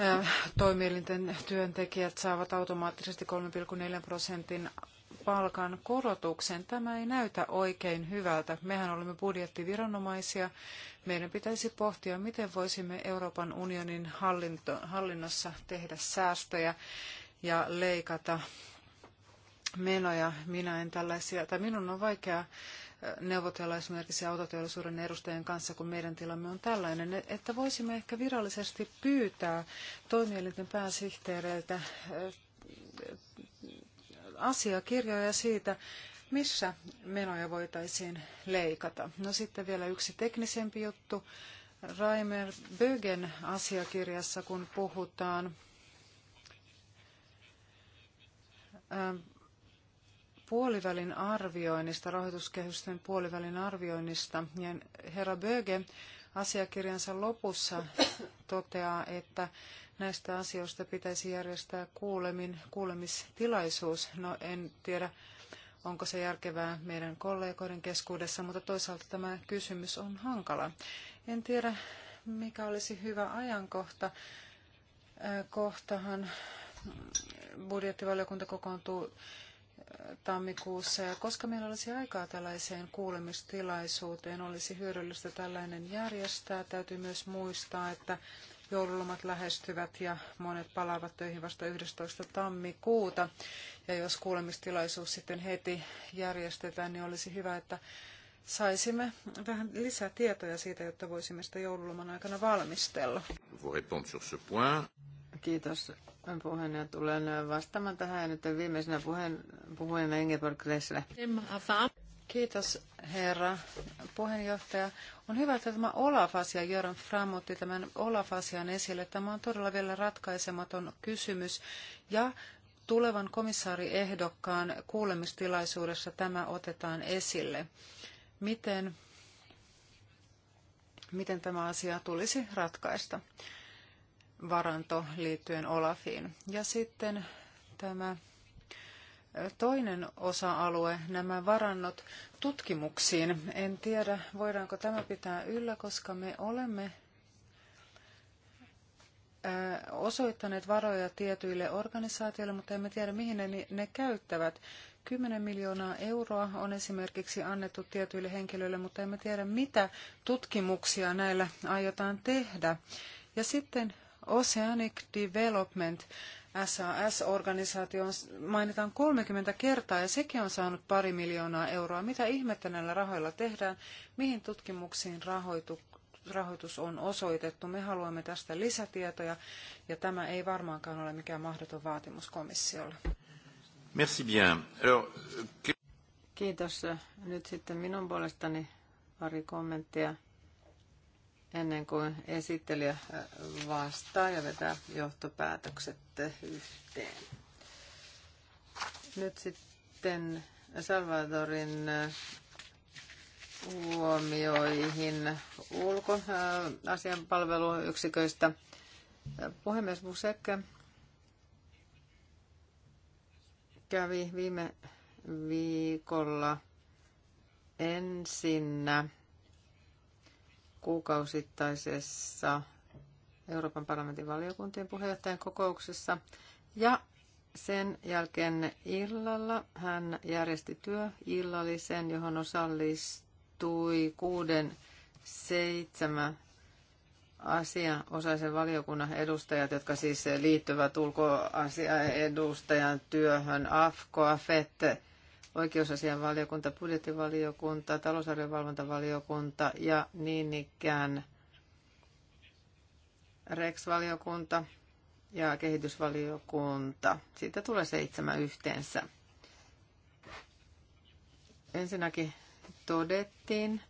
äh, toimielinten työntekijät saavat automaattisesti 3,4 prosentin palkan korotuksen. Tämä ei näytä oikein hyvältä. Mehän olemme budjettiviranomaisia. Meidän pitäisi pohtia, miten voisimme Euroopan unionin hallinnossa tehdä säästöjä ja leikata menoja. Minä en tällaisia, tai minun on vaikea äh, neuvotella esimerkiksi autoteollisuuden edustajien kanssa, kun meidän tilamme on tällainen, e- että voisimme ehkä virallisesti pyytää toimielinten pääsihteereiltä äh, asiakirjoja siitä, missä menoja voitaisiin leikata. No sitten vielä yksi teknisempi juttu. Raimer Bögen asiakirjassa, kun puhutaan ähm, puolivälin arvioinnista, rahoituskehysten puolivälin arvioinnista. Ja herra Böge asiakirjansa lopussa toteaa, että näistä asioista pitäisi järjestää kuulemin, kuulemistilaisuus. No en tiedä, onko se järkevää meidän kollegoiden keskuudessa, mutta toisaalta tämä kysymys on hankala. En tiedä, mikä olisi hyvä ajankohta. Äh, kohtahan budjettivaliokunta kokoontuu tammikuussa. Ja koska meillä olisi aikaa tällaiseen kuulemistilaisuuteen, olisi hyödyllistä tällainen järjestää. Täytyy myös muistaa, että joululomat lähestyvät ja monet palaavat töihin vasta 11. tammikuuta. Ja jos kuulemistilaisuus sitten heti järjestetään, niin olisi hyvä, että saisimme vähän lisää tietoja siitä, jotta voisimme sitä joululoman aikana valmistella. Kiitos ja Tulen vastaamaan tähän ja nyt viimeisenä puheen, puhujana Ingeborg Gressle. Kiitos herra puheenjohtaja. On hyvä, että tämä Olaf-asia, Jöran Fram otti tämän Olaf-asian esille. Tämä on todella vielä ratkaisematon kysymys ja tulevan komissaariehdokkaan kuulemistilaisuudessa tämä otetaan esille. Miten, miten tämä asia tulisi ratkaista? varanto liittyen Olafiin. Ja sitten tämä toinen osa-alue, nämä varannot tutkimuksiin. En tiedä, voidaanko tämä pitää yllä, koska me olemme osoittaneet varoja tietyille organisaatioille, mutta emme tiedä, mihin ne, ne käyttävät. 10 miljoonaa euroa on esimerkiksi annettu tietyille henkilöille, mutta emme tiedä, mitä tutkimuksia näillä aiotaan tehdä. Ja sitten Oceanic Development sas organisaation mainitaan 30 kertaa ja sekin on saanut pari miljoonaa euroa. Mitä ihmettä näillä rahoilla tehdään? Mihin tutkimuksiin rahoitu, rahoitus on osoitettu? Me haluamme tästä lisätietoja ja tämä ei varmaankaan ole mikään mahdoton vaatimus komissiolle. Merci bien. Alors, Kiitos. Nyt sitten minun puolestani pari kommenttia ennen kuin esittelijä äh, vastaa ja vetää johtopäätökset yhteen. Nyt sitten Salvadorin äh, huomioihin ulkoasianpalveluyksiköistä. Äh, puhemies Busek kävi viime viikolla ensinnä kuukausittaisessa Euroopan parlamentin valiokuntien puheenjohtajan kokouksessa. Ja sen jälkeen illalla hän järjesti työillallisen, johon osallistui kuuden seitsemän asianosaisen valiokunnan edustajat, jotka siis liittyvät ulkoasiaedustajan työhön, AFKO, AFET, oikeusasianvaliokunta, budjettivaliokunta, valvontavaliokunta ja niin ikään Rex-valiokunta ja kehitysvaliokunta. Siitä tulee seitsemän yhteensä. Ensinnäkin todettiin,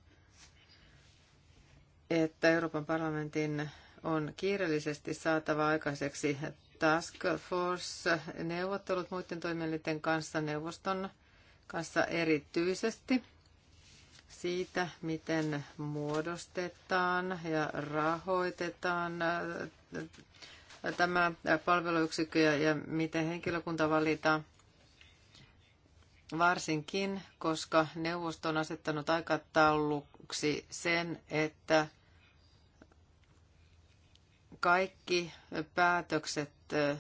että Euroopan parlamentin on kiireellisesti saatava aikaiseksi Task Force-neuvottelut muiden toimielinten kanssa neuvoston kanssa erityisesti siitä, miten muodostetaan ja rahoitetaan äh, tämä palveluyksikkö ja miten henkilökunta valitaan. Varsinkin, koska neuvosto on asettanut aikatauluksi sen, että kaikki päätökset äh,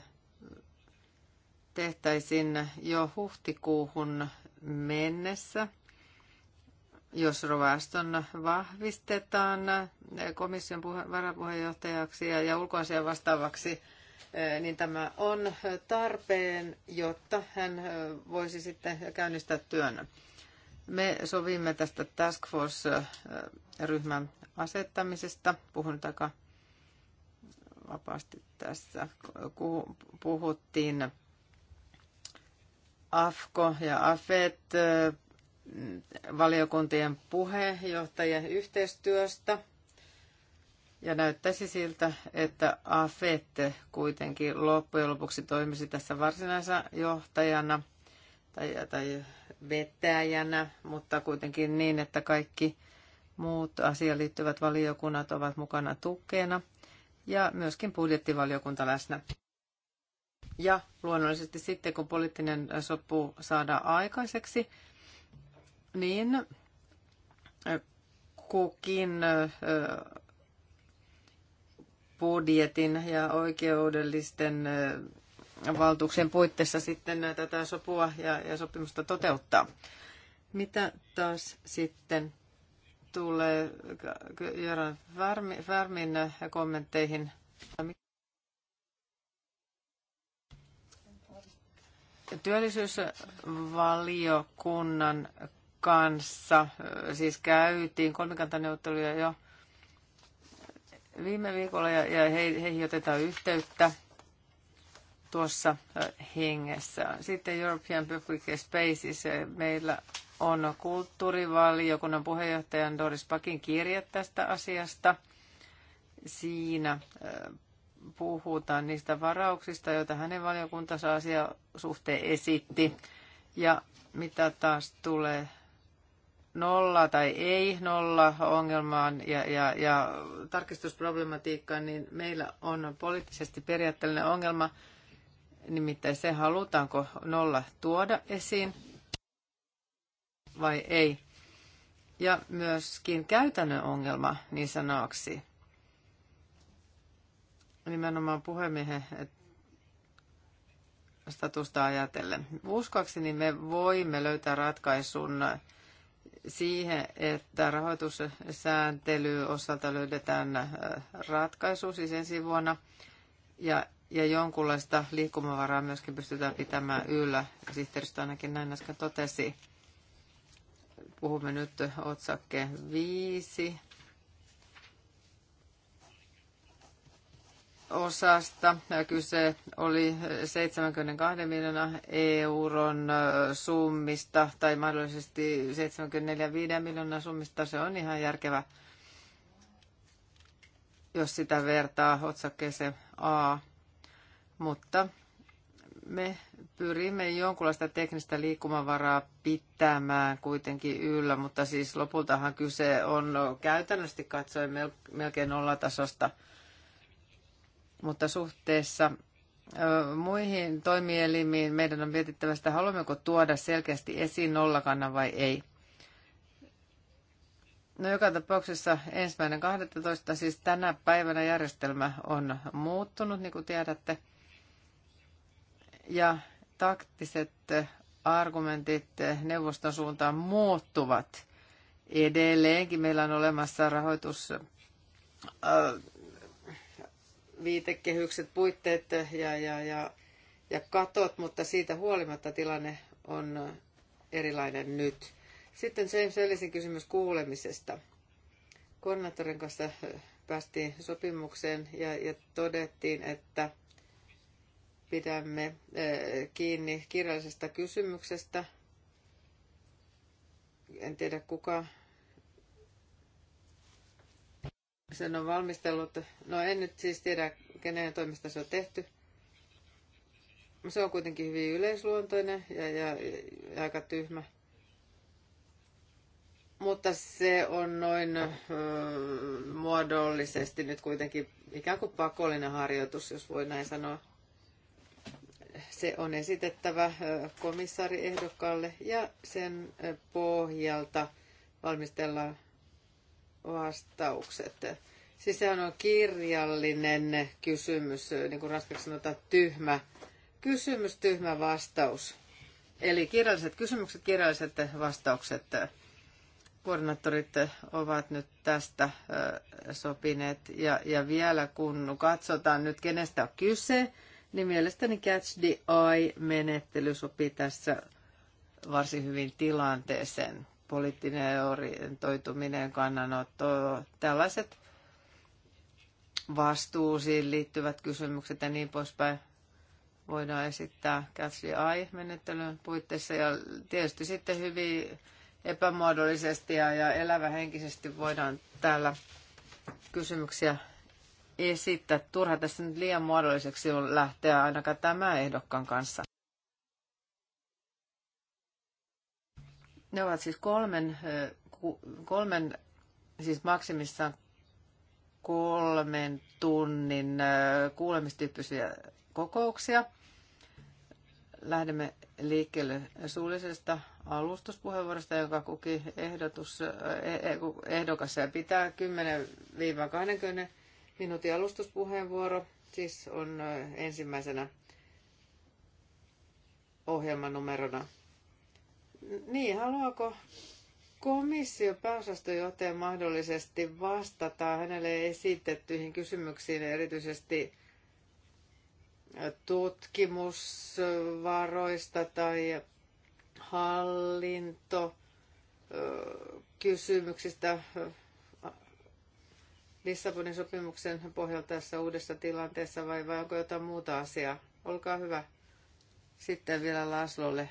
tehtäisiin jo huhtikuuhun mennessä. Jos Rovaston vahvistetaan komission varapuheenjohtajaksi ja ulkoasian vastaavaksi, eh, niin tämä on tarpeen, jotta hän eh, voisi sitten käynnistää työn. Me sovimme tästä Task Force-ryhmän eh, asettamisesta. Puhun nyt aika vapaasti tässä. Puhuttiin AFKO ja AFET valiokuntien puheenjohtajien yhteistyöstä. Ja näyttäisi siltä, että AFET kuitenkin loppujen lopuksi toimisi tässä varsinaisena johtajana tai, tai vetäjänä, mutta kuitenkin niin, että kaikki muut asiaan liittyvät valiokunnat ovat mukana tukena ja myöskin budjettivaliokunta läsnä. Ja luonnollisesti sitten, kun poliittinen sopu saadaan aikaiseksi, niin kukin budjetin ja oikeudellisten valtuuksien puitteissa sitten tätä sopua ja, ja sopimusta toteuttaa. Mitä taas sitten tulee Jöran Värmin kommentteihin? Työllisyysvaliokunnan kanssa siis käytiin kolmikantaneuvotteluja jo viime viikolla ja, ja he, heihin otetaan yhteyttä tuossa hengessä. Sitten European Public Spaces. Meillä on kulttuurivaliokunnan puheenjohtajan Doris Pakin kirje tästä asiasta. Siinä puhutaan niistä varauksista, joita hänen valiokuntansa asia suhteen esitti. Ja mitä taas tulee nolla tai ei nolla ongelmaan ja, ja, ja tarkistusproblematiikkaan, niin meillä on poliittisesti periaatteellinen ongelma, nimittäin se halutaanko nolla tuoda esiin vai ei. Ja myöskin käytännön ongelma niin sanoaksi nimenomaan puhemiehen eh, statusta ajatellen. Uskoakseni me voimme löytää ratkaisun siihen, että rahoitussääntely osalta löydetään eh, ratkaisu siis ensi vuonna ja, ja jonkunlaista liikkumavaraa myöskin pystytään pitämään yllä. Sihteeristö ainakin näin äsken totesi. Puhumme nyt otsakkeen viisi osasta. Kyse oli 72 miljoonaa euron summista tai mahdollisesti 74 miljoonaa summista. Se on ihan järkevä, jos sitä vertaa otsakkeeseen A. Mutta me pyrimme jonkunlaista teknistä liikkumavaraa pitämään kuitenkin yllä, mutta siis lopultahan kyse on käytännössä katsoen melkein nollatasosta mutta suhteessa muihin toimielimiin meidän on mietittävä sitä, haluammeko tuoda selkeästi esiin nollakannan vai ei. No joka tapauksessa ensimmäinen 12. siis tänä päivänä järjestelmä on muuttunut, niin kuin tiedätte. Ja taktiset argumentit neuvoston suuntaan muuttuvat. Edelleenkin meillä on olemassa rahoitus viitekehykset, puitteet ja, ja, ja, ja katot, mutta siitä huolimatta tilanne on erilainen nyt. Sitten se kysymys kuulemisesta. Koordinaattorin kanssa eh, päästiin sopimukseen ja, ja todettiin, että pidämme eh, kiinni kirjallisesta kysymyksestä. En tiedä kuka sen on valmistellut, no en nyt siis tiedä kenen toimesta se on tehty, se on kuitenkin hyvin yleisluontoinen ja, ja, ja aika tyhmä. Mutta se on noin ö, muodollisesti nyt kuitenkin ikään kuin pakollinen harjoitus, jos voi näin sanoa. Se on esitettävä komissaariehdokkaalle ja sen pohjalta valmistellaan vastaukset. Siis sehän on kirjallinen kysymys, niin kuin raskaksi sanotaan, tyhmä kysymys, tyhmä vastaus. Eli kirjalliset kysymykset, kirjalliset vastaukset. Koordinaattorit ovat nyt tästä sopineet. Ja, ja vielä kun katsotaan nyt, kenestä on kyse, niin mielestäni catch the eye-menettely sopii tässä varsin hyvin tilanteeseen poliittinen orientoituminen, kannanotto, tällaiset vastuusiin liittyvät kysymykset ja niin poispäin voidaan esittää catch the menettelyn puitteissa ja tietysti sitten hyvin epämuodollisesti ja, ja elävähenkisesti voidaan täällä kysymyksiä esittää. Turha tässä nyt liian muodolliseksi on lähteä ainakaan tämä ehdokkaan kanssa. Ne ovat siis kolmen, kolmen siis maksimissaan kolmen tunnin kuulemistyyppisiä kokouksia. Lähdemme liikkeelle suullisesta alustuspuheenvuorosta, jonka kuki ehdotus, e, e, ehdokas pitää 10-20 minuutin alustuspuheenvuoro. Siis on ensimmäisenä ohjelman numerona niin, haluaako komissio pääosastojohtaja mahdollisesti vastata hänelle esitettyihin kysymyksiin, erityisesti tutkimusvaroista tai hallinto kysymyksistä Lissabonin sopimuksen pohjalta tässä uudessa tilanteessa vai, vai onko jotain muuta asiaa? Olkaa hyvä. Sitten vielä Laslolle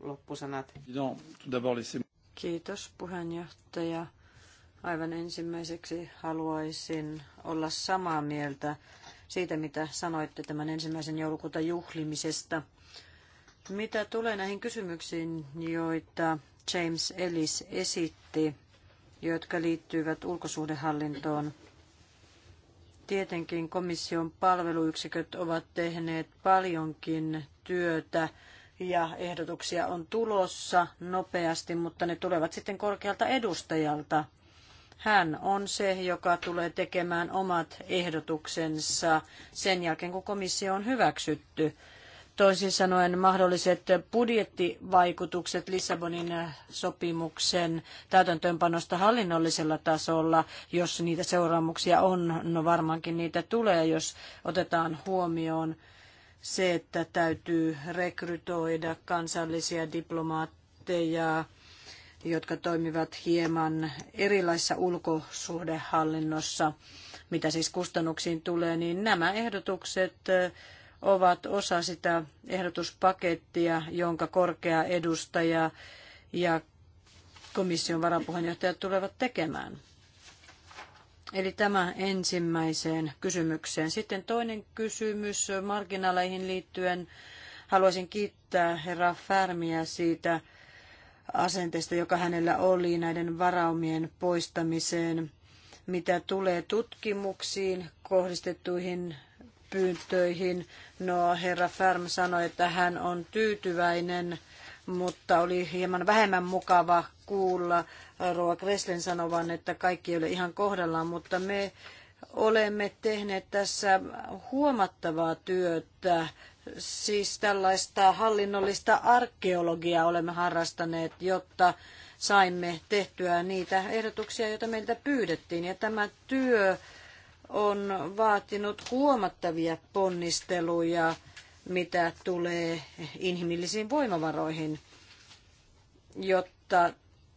loppusanat. Kiitos puheenjohtaja. Aivan ensimmäiseksi haluaisin olla samaa mieltä siitä, mitä sanoitte tämän ensimmäisen joulukuuta juhlimisesta. Mitä tulee näihin kysymyksiin, joita James Ellis esitti, jotka liittyvät ulkosuhdehallintoon, tietenkin komission palveluyksiköt ovat tehneet paljonkin työtä ja ehdotuksia on tulossa nopeasti, mutta ne tulevat sitten korkealta edustajalta. Hän on se, joka tulee tekemään omat ehdotuksensa sen jälkeen, kun komissio on hyväksytty. Toisin sanoen mahdolliset budjettivaikutukset Lissabonin sopimuksen täytäntöönpanosta hallinnollisella tasolla, jos niitä seuraamuksia on, no varmaankin niitä tulee, jos otetaan huomioon se, että täytyy rekrytoida kansallisia diplomaatteja, jotka toimivat hieman erilaisessa ulkosuhdehallinnossa, mitä siis kustannuksiin tulee, niin nämä ehdotukset ovat osa sitä ehdotuspakettia, jonka korkea edustaja ja komission varapuheenjohtajat tulevat tekemään. Eli tämä ensimmäiseen kysymykseen. Sitten toinen kysymys marginaaleihin liittyen. Haluaisin kiittää herra Färmiä siitä asenteesta, joka hänellä oli näiden varaumien poistamiseen. Mitä tulee tutkimuksiin kohdistettuihin pyyntöihin, no herra Färm sanoi, että hän on tyytyväinen mutta oli hieman vähemmän mukava kuulla Roa Kreslen sanovan, että kaikki ei ole ihan kohdallaan, mutta me olemme tehneet tässä huomattavaa työtä, siis tällaista hallinnollista arkeologiaa olemme harrastaneet, jotta saimme tehtyä niitä ehdotuksia, joita meiltä pyydettiin. Ja tämä työ on vaatinut huomattavia ponnisteluja, mitä tulee inhimillisiin voimavaroihin, jotta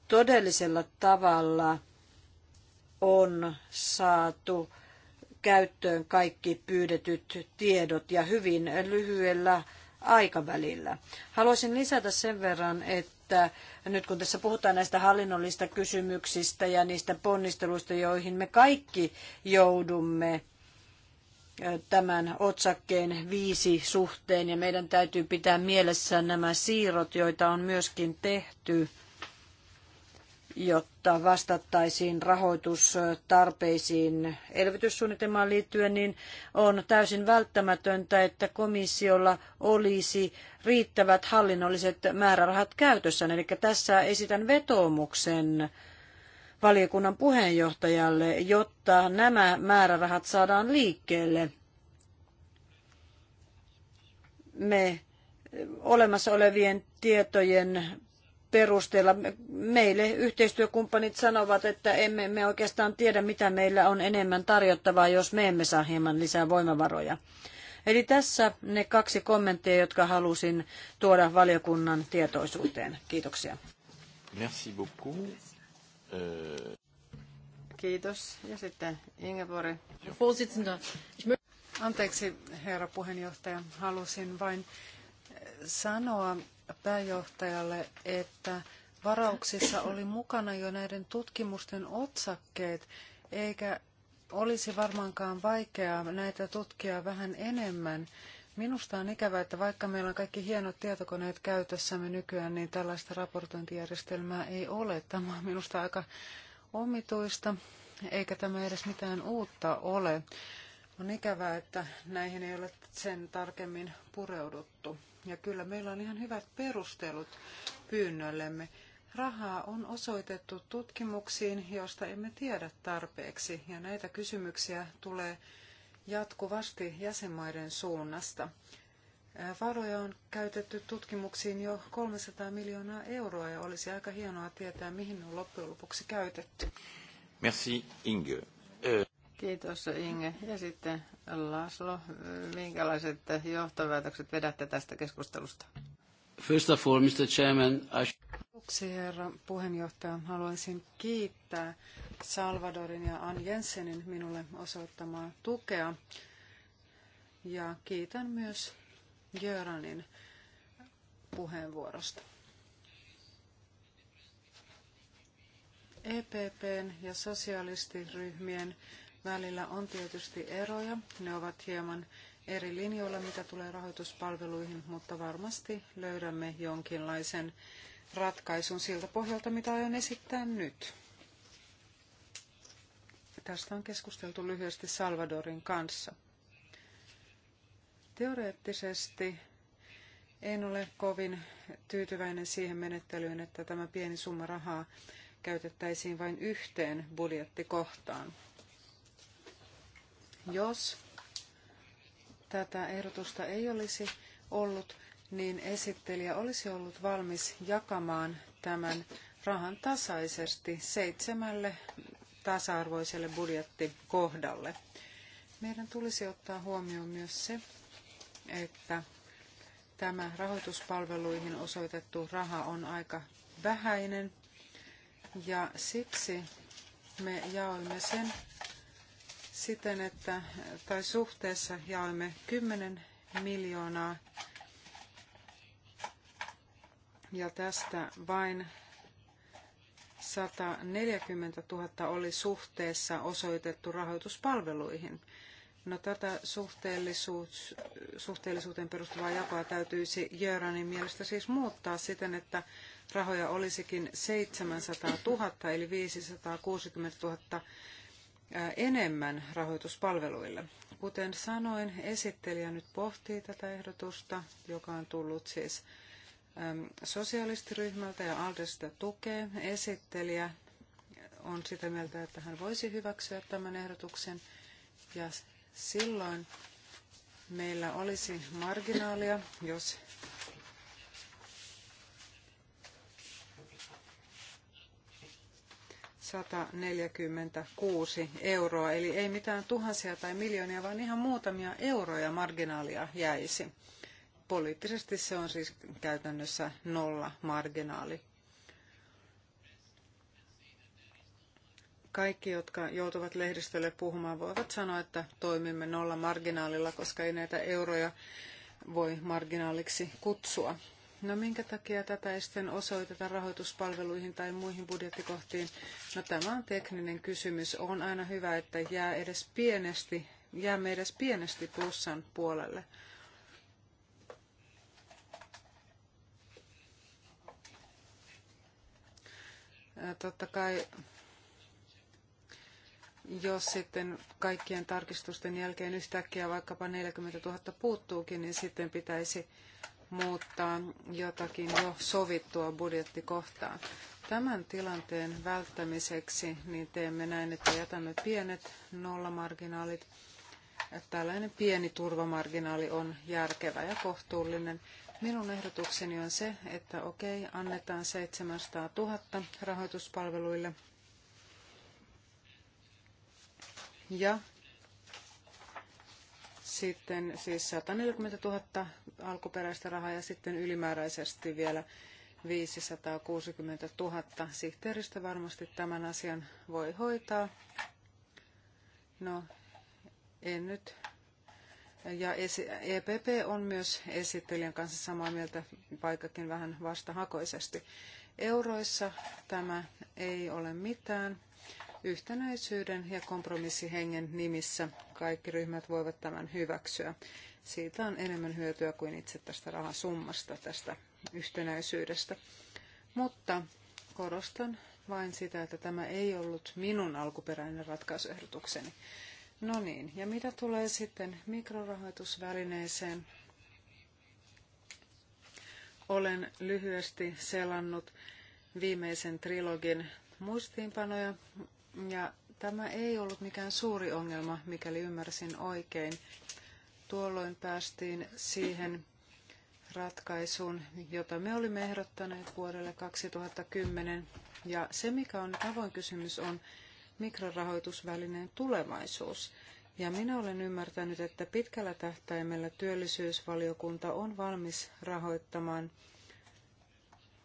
todellisella tavalla on saatu käyttöön kaikki pyydetyt tiedot ja hyvin lyhyellä aikavälillä. Haluaisin lisätä sen verran, että nyt kun tässä puhutaan näistä hallinnollista kysymyksistä ja niistä ponnisteluista, joihin me kaikki joudumme tämän otsakkeen viisi suhteen, ja meidän täytyy pitää mielessä nämä siirrot, joita on myöskin tehty jotta vastattaisiin rahoitustarpeisiin elvytyssuunnitelmaan liittyen, niin on täysin välttämätöntä, että komissiolla olisi riittävät hallinnolliset määrärahat käytössään. Eli tässä esitän vetoomuksen valiokunnan puheenjohtajalle, jotta nämä määrärahat saadaan liikkeelle. Me olemassa olevien tietojen perusteella. Meille yhteistyökumppanit sanovat, että emme me oikeastaan tiedä, mitä meillä on enemmän tarjottavaa, jos me emme saa hieman lisää voimavaroja. Eli tässä ne kaksi kommenttia, jotka halusin tuoda valiokunnan tietoisuuteen. Kiitoksia. Merci beaucoup. Euh, Kiitos. Ja sitten Ingeborg. Anteeksi, herra puheenjohtaja. Halusin vain sanoa, pääjohtajalle, että varauksissa oli mukana jo näiden tutkimusten otsakkeet, eikä olisi varmaankaan vaikeaa näitä tutkia vähän enemmän. Minusta on ikävää, että vaikka meillä on kaikki hienot tietokoneet käytössämme nykyään, niin tällaista raportointijärjestelmää ei ole. Tämä on minusta aika omituista, eikä tämä edes mitään uutta ole. On ikävää, että näihin ei ole sen tarkemmin pureuduttu. Ja kyllä meillä on ihan hyvät perustelut pyynnöllemme. Rahaa on osoitettu tutkimuksiin, joista emme tiedä tarpeeksi, ja näitä kysymyksiä tulee jatkuvasti jäsenmaiden suunnasta. Varoja on käytetty tutkimuksiin jo 300 miljoonaa euroa, ja olisi aika hienoa tietää, mihin ne on loppujen lopuksi käytetty. Merci, Inge. Euh, Kiitos Inge. Ja sitten Laslo, minkälaiset johtopäätökset vedätte tästä keskustelusta? First of all, Mr. Chairman, I... Lopuksi, herra puheenjohtaja, haluaisin kiittää Salvadorin ja Ann Jensenin minulle osoittamaa tukea. Ja kiitän myös Jöranin puheenvuorosta. EPPn ja sosialistiryhmien välillä on tietysti eroja. Ne ovat hieman eri linjoilla, mitä tulee rahoituspalveluihin, mutta varmasti löydämme jonkinlaisen ratkaisun siltä pohjalta, mitä aion esittää nyt. Tästä on keskusteltu lyhyesti Salvadorin kanssa. Teoreettisesti en ole kovin tyytyväinen siihen menettelyyn, että tämä pieni summa rahaa käytettäisiin vain yhteen budjettikohtaan. Jos tätä ehdotusta ei olisi ollut, niin esittelijä olisi ollut valmis jakamaan tämän rahan tasaisesti seitsemälle tasa-arvoiselle budjettikohdalle. Meidän tulisi ottaa huomioon myös se, että tämä rahoituspalveluihin osoitettu raha on aika vähäinen ja siksi me jaoimme sen siten, että tai suhteessa jaoimme 10 miljoonaa ja tästä vain 140 000 oli suhteessa osoitettu rahoituspalveluihin. No tätä suhteellisuus, suhteellisuuteen perustuvaa jakoa täytyisi Jöranin mielestä siis muuttaa siten, että rahoja olisikin 700 000 eli 560 000 enemmän rahoituspalveluille. Kuten sanoin, esittelijä nyt pohtii tätä ehdotusta, joka on tullut siis sosialistiryhmältä ja Aldesta tukee. Esittelijä on sitä mieltä, että hän voisi hyväksyä tämän ehdotuksen ja silloin meillä olisi marginaalia, jos 146 euroa, eli ei mitään tuhansia tai miljoonia, vaan ihan muutamia euroja marginaalia jäisi. Poliittisesti se on siis käytännössä nolla marginaali. Kaikki, jotka joutuvat lehdistölle puhumaan, voivat sanoa, että toimimme nolla marginaalilla, koska ei näitä euroja voi marginaaliksi kutsua. No minkä takia tätä ei sitten osoiteta rahoituspalveluihin tai muihin budjettikohtiin? No tämä on tekninen kysymys. On aina hyvä, että jää edes pienesti, jää edes pienesti plussan puolelle. Totta kai jos sitten kaikkien tarkistusten jälkeen yhtäkkiä vaikkapa 40 000 puuttuukin, niin sitten pitäisi muuttaa jotakin jo sovittua budjettikohtaa. Tämän tilanteen välttämiseksi niin teemme näin, että jätämme pienet nollamarginaalit. Tällainen pieni turvamarginaali on järkevä ja kohtuullinen. Minun ehdotukseni on se, että okei, annetaan 700 000 rahoituspalveluille. Ja sitten siis 140 000 alkuperäistä rahaa ja sitten ylimääräisesti vielä 560 000. Sihteeristö varmasti tämän asian voi hoitaa. No, en nyt. Ja EPP e on myös esittelijän kanssa samaa mieltä, vaikkakin vähän vastahakoisesti. Euroissa tämä ei ole mitään yhtenäisyyden ja kompromissihengen nimissä kaikki ryhmät voivat tämän hyväksyä. Siitä on enemmän hyötyä kuin itse tästä rahasummasta, tästä yhtenäisyydestä. Mutta korostan vain sitä, että tämä ei ollut minun alkuperäinen ratkaisuehdotukseni. No niin, ja mitä tulee sitten mikrorahoitusvälineeseen? Olen lyhyesti selannut viimeisen trilogin muistiinpanoja ja tämä ei ollut mikään suuri ongelma, mikäli ymmärsin oikein. Tuolloin päästiin siihen ratkaisuun, jota me olimme ehdottaneet vuodelle 2010. Ja se, mikä on avoin kysymys, on mikrorahoitusvälineen tulevaisuus. Ja minä olen ymmärtänyt, että pitkällä tähtäimellä työllisyysvaliokunta on valmis rahoittamaan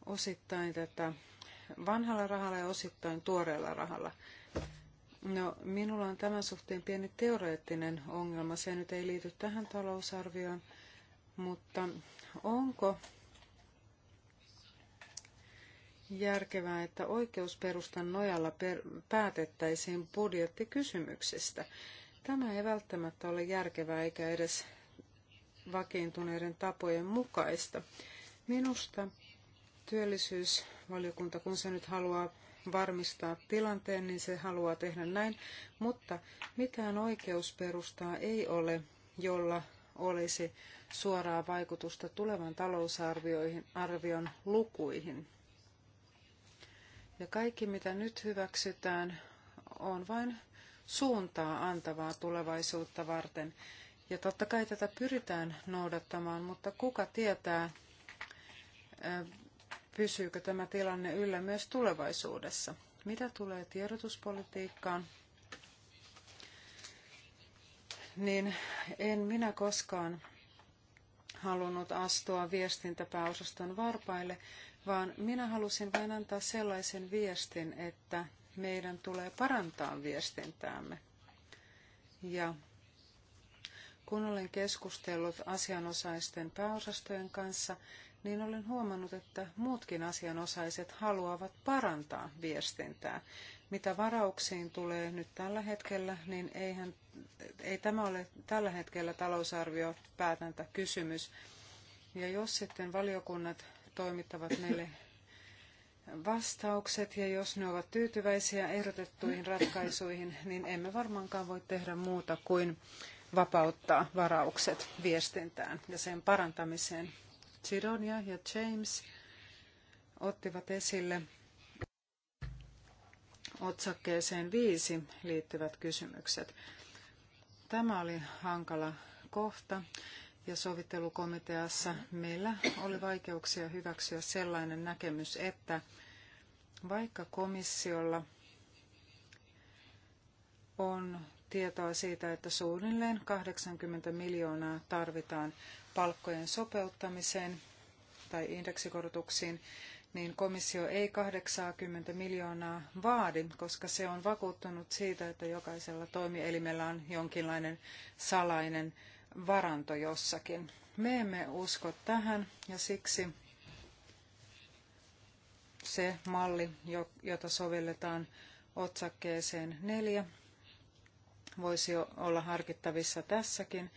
osittain tätä vanhalla rahalla ja osittain tuoreella rahalla. No, minulla on tämän suhteen pieni teoreettinen ongelma. Se nyt ei liity tähän talousarvioon, mutta onko järkevää, että oikeusperustan nojalla per- päätettäisiin budjettikysymyksistä? Tämä ei välttämättä ole järkevää eikä edes vakiintuneiden tapojen mukaista. Minusta työllisyys valiokunta, kun se nyt haluaa varmistaa tilanteen, niin se haluaa tehdä näin, mutta mitään oikeusperustaa ei ole, jolla olisi suoraa vaikutusta tulevan talousarvion lukuihin. Ja kaikki, mitä nyt hyväksytään, on vain suuntaa antavaa tulevaisuutta varten. Ja totta kai tätä pyritään noudattamaan, mutta kuka tietää, pysyykö tämä tilanne yllä myös tulevaisuudessa. Mitä tulee tiedotuspolitiikkaan, niin en minä koskaan halunnut astua viestintäpääosaston varpaille, vaan minä halusin vain antaa sellaisen viestin, että meidän tulee parantaa viestintäämme. Ja kun olen keskustellut asianosaisten pääosastojen kanssa, niin olen huomannut, että muutkin asianosaiset haluavat parantaa viestintää. Mitä varauksiin tulee nyt tällä hetkellä, niin eihän, ei tämä ole tällä hetkellä talousarvio päätäntä kysymys. Ja jos sitten valiokunnat toimittavat meille vastaukset ja jos ne ovat tyytyväisiä ehdotettuihin ratkaisuihin, niin emme varmaankaan voi tehdä muuta kuin vapauttaa varaukset viestintään ja sen parantamiseen. Sidonia ja James ottivat esille otsakkeeseen viisi liittyvät kysymykset. Tämä oli hankala kohta ja sovittelukomiteassa meillä oli vaikeuksia hyväksyä sellainen näkemys, että vaikka komissiolla on tietoa siitä, että suunnilleen 80 miljoonaa tarvitaan palkkojen sopeuttamiseen tai indeksikorotuksiin, niin komissio ei 80 miljoonaa vaadi, koska se on vakuuttunut siitä, että jokaisella toimielimellä on jonkinlainen salainen varanto jossakin. Me emme usko tähän ja siksi se malli, jota sovelletaan otsakkeeseen neljä, voisi olla harkittavissa tässäkin.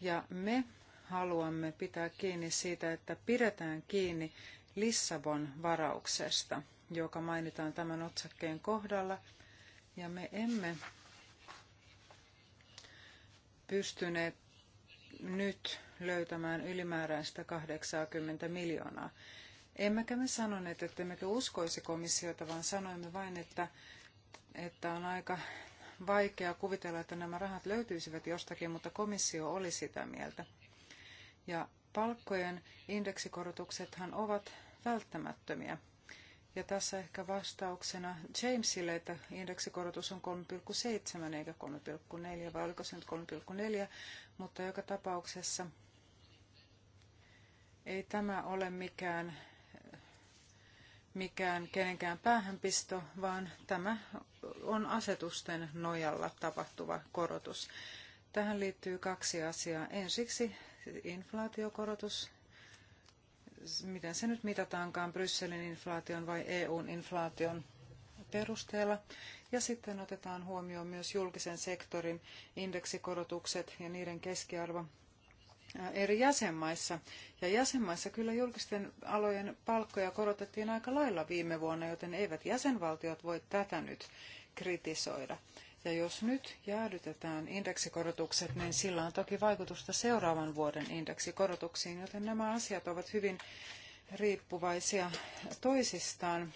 Ja me haluamme pitää kiinni siitä, että pidetään kiinni Lissabon varauksesta, joka mainitaan tämän otsakkeen kohdalla. Ja me emme pystyneet nyt löytämään ylimääräistä 80 miljoonaa. Emmekä me sanoneet, että emmekö uskoisi komissiota, vaan sanoimme vain, että, että on aika vaikea kuvitella, että nämä rahat löytyisivät jostakin, mutta komissio oli sitä mieltä. Ja palkkojen indeksikorotuksethan ovat välttämättömiä. Ja tässä ehkä vastauksena Jamesille, että indeksikorotus on 3,7 eikä 3,4, vai oliko se nyt 3,4, mutta joka tapauksessa ei tämä ole mikään, mikään kenenkään päähänpisto, vaan tämä on asetusten nojalla tapahtuva korotus. Tähän liittyy kaksi asiaa. Ensiksi inflaatiokorotus, miten se nyt mitataankaan, Brysselin inflaation vai EUn inflaation perusteella. Ja sitten otetaan huomioon myös julkisen sektorin indeksikorotukset ja niiden keskiarvo äh, eri jäsenmaissa. Ja jäsenmaissa kyllä julkisten alojen palkkoja korotettiin aika lailla viime vuonna, joten eivät jäsenvaltiot voi tätä nyt kritisoida. Ja jos nyt jäädytetään indeksikorotukset, niin sillä on toki vaikutusta seuraavan vuoden indeksikorotuksiin, joten nämä asiat ovat hyvin riippuvaisia toisistaan.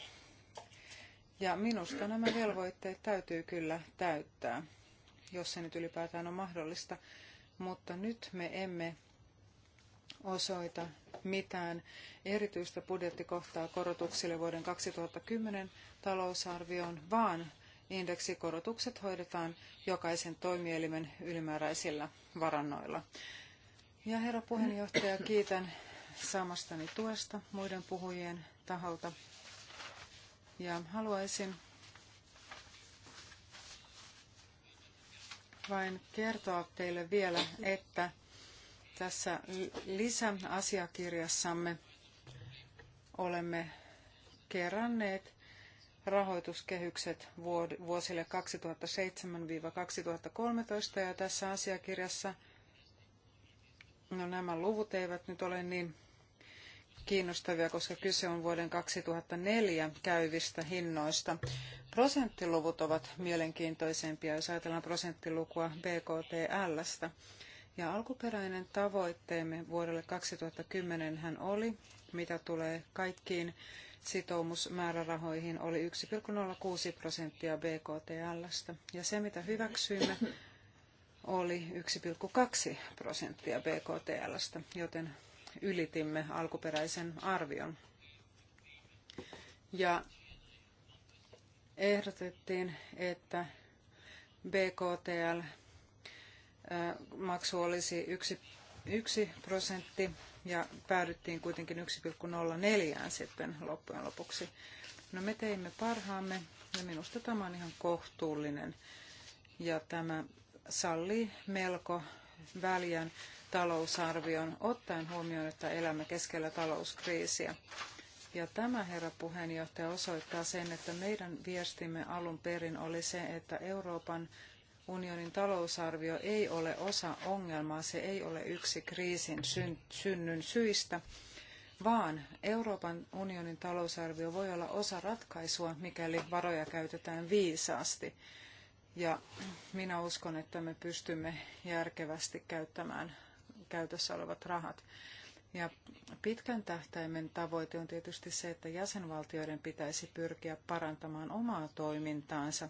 Ja minusta nämä velvoitteet täytyy kyllä täyttää, jos se nyt ylipäätään on mahdollista. Mutta nyt me emme osoita mitään erityistä budjettikohtaa korotuksille vuoden 2010 talousarvioon, vaan Indeksikorotukset hoidetaan jokaisen toimielimen ylimääräisillä varannoilla. Ja herra puheenjohtaja, kiitän saamastani tuesta muiden puhujien taholta. Ja haluaisin vain kertoa teille vielä, että tässä lisäasiakirjassamme olemme keränneet rahoituskehykset vuosille 2007-2013 ja tässä asiakirjassa no nämä luvut eivät nyt ole niin kiinnostavia, koska kyse on vuoden 2004 käyvistä hinnoista. Prosenttiluvut ovat mielenkiintoisempia, jos ajatellaan prosenttilukua BKTLstä. Ja alkuperäinen tavoitteemme vuodelle 2010 hän oli, mitä tulee kaikkiin sitoumusmäärärahoihin oli oli 1,06 prosenttia BKTLstä, ja se mitä hyväksyimme oli 1,2 prosenttia BKTLstä, joten ylitimme alkuperäisen arvion. Ja ehdotettiin, että BKTL maksu olisi 1, 1 prosentti ja päädyttiin kuitenkin 1,04 sitten loppujen lopuksi. No me teimme parhaamme ja minusta tämä on ihan kohtuullinen ja tämä sallii melko väljän talousarvion ottaen huomioon, että elämme keskellä talouskriisiä. Ja tämä, herra puheenjohtaja, osoittaa sen, että meidän viestimme alun perin oli se, että Euroopan unionin talousarvio ei ole osa ongelmaa, se ei ole yksi kriisin synnyn syistä, vaan Euroopan unionin talousarvio voi olla osa ratkaisua, mikäli varoja käytetään viisaasti. Ja minä uskon, että me pystymme järkevästi käyttämään käytössä olevat rahat. Ja pitkän tähtäimen tavoite on tietysti se, että jäsenvaltioiden pitäisi pyrkiä parantamaan omaa toimintaansa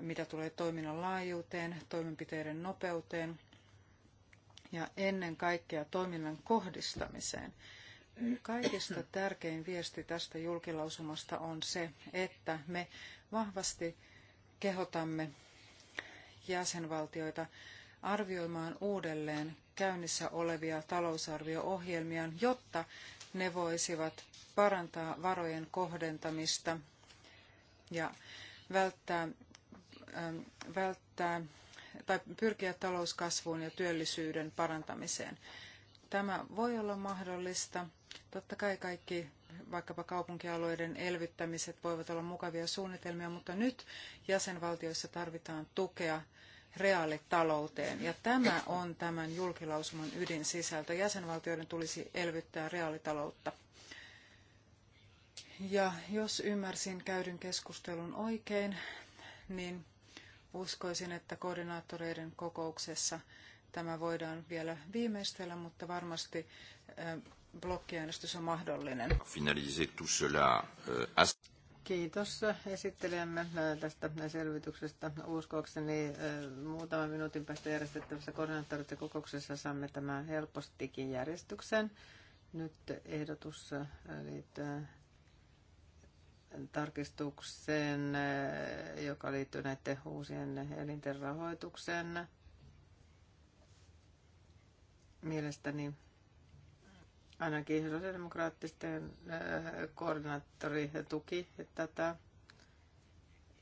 mitä tulee toiminnan laajuuteen, toimenpiteiden nopeuteen ja ennen kaikkea toiminnan kohdistamiseen. Kaikista tärkein viesti tästä julkilausumasta on se, että me vahvasti kehotamme jäsenvaltioita arvioimaan uudelleen käynnissä olevia talousarvio jotta ne voisivat parantaa varojen kohdentamista ja välttää Ähm, välttää tai pyrkiä talouskasvuun ja työllisyyden parantamiseen. Tämä voi olla mahdollista. Totta kai kaikki vaikkapa kaupunkialueiden elvyttämiset voivat olla mukavia suunnitelmia, mutta nyt jäsenvaltioissa tarvitaan tukea reaalitalouteen. Ja tämä on tämän julkilausuman ydinsisältö. Jäsenvaltioiden tulisi elvyttää reaalitaloutta. Ja jos ymmärsin käydyn keskustelun oikein, niin Uskoisin, että koordinaattoreiden kokouksessa tämä voidaan vielä viimeistellä, mutta varmasti blokkiäänestys on mahdollinen. Kiitos esittelemme tästä selvityksestä. Uskoakseni muutaman minuutin päästä järjestettävässä koordinaattoreiden kokouksessa saamme tämän helpostikin järjestyksen. Nyt ehdotus liittyen tarkistukseen, äh, joka liittyy näiden uusien elinten rahoitukseen. Mielestäni ainakin sosiaalidemokraattisten äh, koordinaattori tuki tätä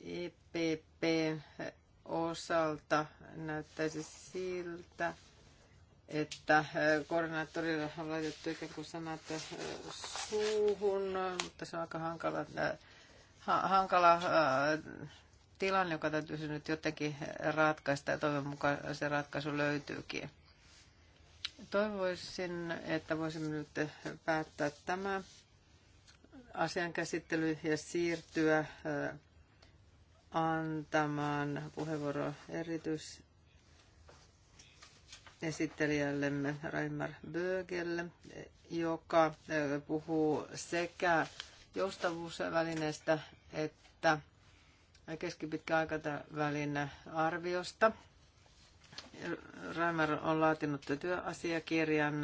EPP osalta näyttäisi siltä, että äh, koordinaattorilla on laitettu ikään kuin sanat äh, suuhun, mutta se on aika hankala, äh, hankala tilanne, joka täytyy nyt jotenkin ratkaista ja toivon mukaan se ratkaisu löytyykin. Toivoisin, että voisimme nyt päättää tämä asian käsittely ja siirtyä antamaan puheenvuoro erityis esittelijällemme Raimar Bögelle, joka puhuu sekä joustavuusvälineestä että keskipitkän aikavälin arviosta. Raimar on laatinut työasiakirjan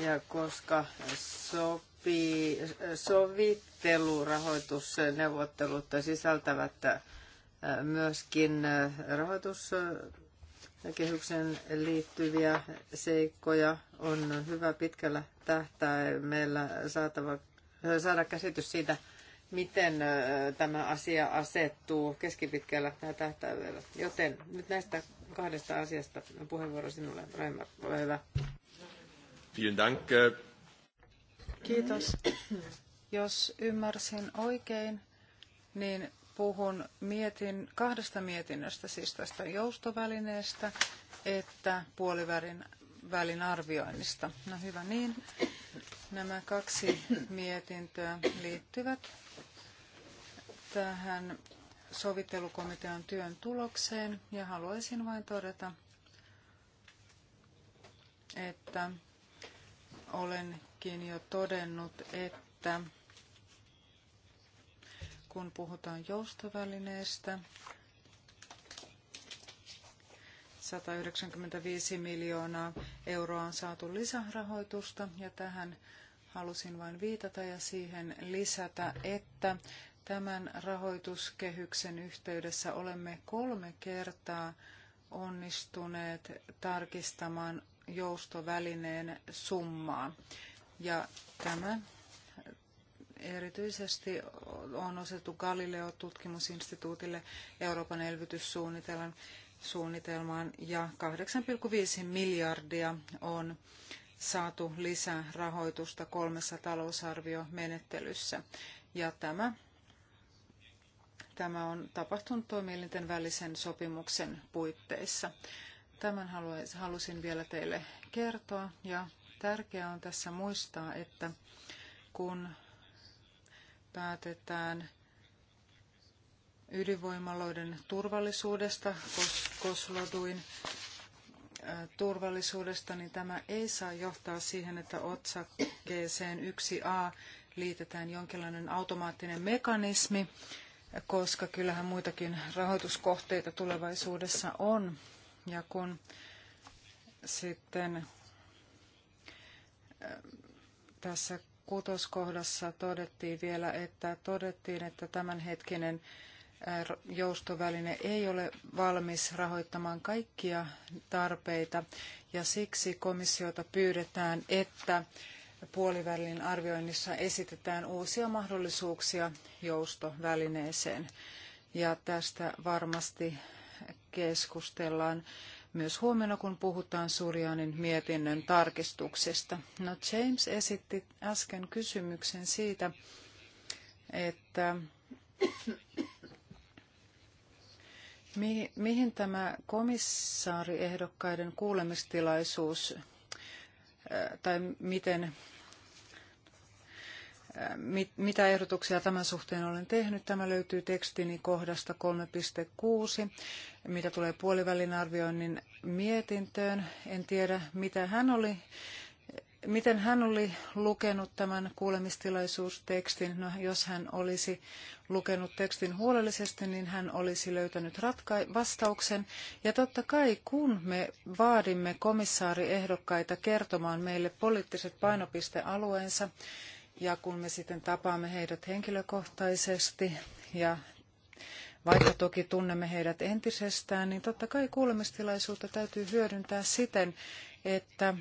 ja koska sopii, sovittelurahoitusneuvottelut sisältävät myöskin rahoituskehyksen liittyviä seikkoja. On hyvä pitkällä tähtäimellä saatava, saada käsitys siitä, miten tämä asia asettuu keskipitkällä tähtäimellä. Joten nyt näistä kahdesta asiasta puheenvuoro sinulle, Raima, ole hyvä. Vielen dank. Kiitos. Jos ymmärsin oikein, niin puhun mietin, kahdesta mietinnöstä, siis tästä joustovälineestä että puolivälin välin arvioinnista. No hyvä niin. Nämä kaksi mietintöä liittyvät tähän sovittelukomitean työn tulokseen ja haluaisin vain todeta, että olenkin jo todennut, että kun puhutaan joustovälineestä. 195 miljoonaa euroa on saatu lisärahoitusta ja tähän halusin vain viitata ja siihen lisätä, että tämän rahoituskehyksen yhteydessä olemme kolme kertaa onnistuneet tarkistamaan joustovälineen summaa. Ja tämä Erityisesti on osettu Galileo-tutkimusinstituutille Euroopan elvytyssuunnitelman suunnitelmaan ja 8,5 miljardia on saatu lisää rahoitusta kolmessa talousarviomenettelyssä. Ja tämä, tämä on tapahtunut toimielinten välisen sopimuksen puitteissa. Tämän halusin vielä teille kertoa ja tärkeää on tässä muistaa, että kun päätetään ydinvoimaloiden turvallisuudesta, kosloduin turvallisuudesta, niin tämä ei saa johtaa siihen, että otsakkeeseen 1a liitetään jonkinlainen automaattinen mekanismi, koska kyllähän muitakin rahoituskohteita tulevaisuudessa on. Ja kun sitten tässä kutoskohdassa todettiin vielä, että todettiin, että tämänhetkinen joustoväline ei ole valmis rahoittamaan kaikkia tarpeita ja siksi komissiota pyydetään, että puolivälin arvioinnissa esitetään uusia mahdollisuuksia joustovälineeseen. Ja tästä varmasti keskustellaan myös huomenna, kun puhutaan Surjaanin mietinnön tarkistuksesta. No James esitti äsken kysymyksen siitä, että mihin tämä komissaariehdokkaiden kuulemistilaisuus tai miten mitä ehdotuksia tämän suhteen olen tehnyt. Tämä löytyy tekstini kohdasta 3.6, mitä tulee puolivälin arvioinnin mietintöön. En tiedä, mitä hän oli, miten hän oli lukenut tämän kuulemistilaisuustekstin. No, jos hän olisi lukenut tekstin huolellisesti, niin hän olisi löytänyt ratka- vastauksen. Ja totta kai, kun me vaadimme komissaariehdokkaita kertomaan meille poliittiset painopistealueensa, ja kun me sitten tapaamme heidät henkilökohtaisesti ja vaikka toki tunnemme heidät entisestään, niin totta kai kuulemistilaisuutta täytyy hyödyntää siten, että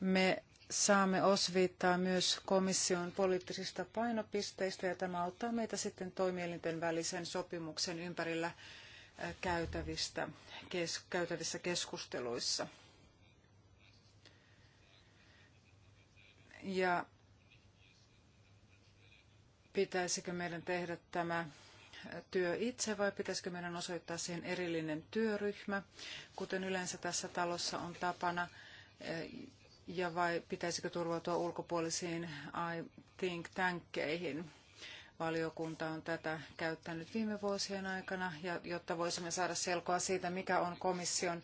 me saamme osviittaa myös komission poliittisista painopisteistä ja tämä auttaa meitä sitten toimielinten välisen sopimuksen ympärillä käytävistä, käytävissä keskusteluissa. Ja pitäisikö meidän tehdä tämä työ itse vai pitäisikö meidän osoittaa siihen erillinen työryhmä, kuten yleensä tässä talossa on tapana, e, ja vai pitäisikö turvautua ulkopuolisiin I think tankkeihin? Valiokunta on tätä käyttänyt viime vuosien aikana, ja jotta voisimme saada selkoa siitä, mikä on komission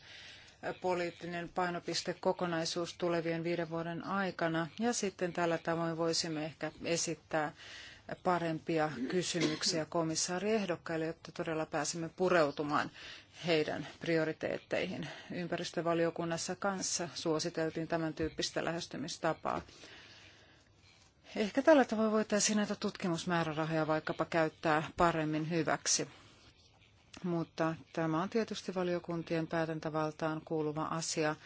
poliittinen painopiste kokonaisuus tulevien viiden vuoden aikana. Ja sitten tällä tavoin voisimme ehkä esittää parempia kysymyksiä komissaariehdokkaille, jotta todella pääsemme pureutumaan heidän prioriteetteihin. Ympäristövaliokunnassa kanssa suositeltiin tämän tyyppistä lähestymistapaa. Ehkä tällä tavoin voitaisiin näitä tutkimusmäärärahoja vaikkapa käyttää paremmin hyväksi mutta tämä on tietysti valiokuntien päätäntävaltaan kuuluva asia.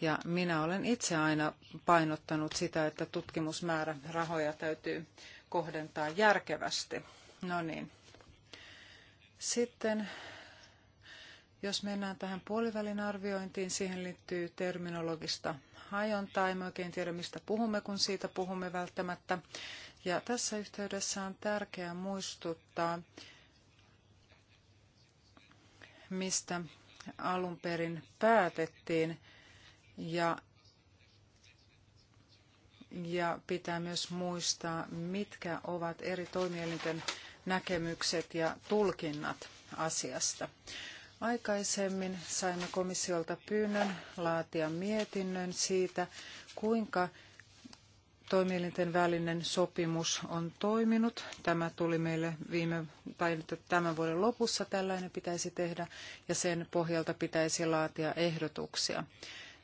Ja minä olen itse aina painottanut sitä, että tutkimusmäärä rahoja täytyy kohdentaa järkevästi. No niin. Sitten jos mennään tähän puolivälin arviointiin, siihen liittyy terminologista hajontaa. Emme oikein tiedä, mistä puhumme, kun siitä puhumme välttämättä. Ja tässä yhteydessä on tärkeää muistuttaa, mistä alun perin päätettiin ja, ja pitää myös muistaa, mitkä ovat eri toimielinten näkemykset ja tulkinnat asiasta. Aikaisemmin saimme komissiolta pyynnön laatia mietinnön siitä, kuinka toimielinten välinen sopimus on toiminut. Tämä tuli meille viime, tai tämän vuoden lopussa tällainen pitäisi tehdä ja sen pohjalta pitäisi laatia ehdotuksia.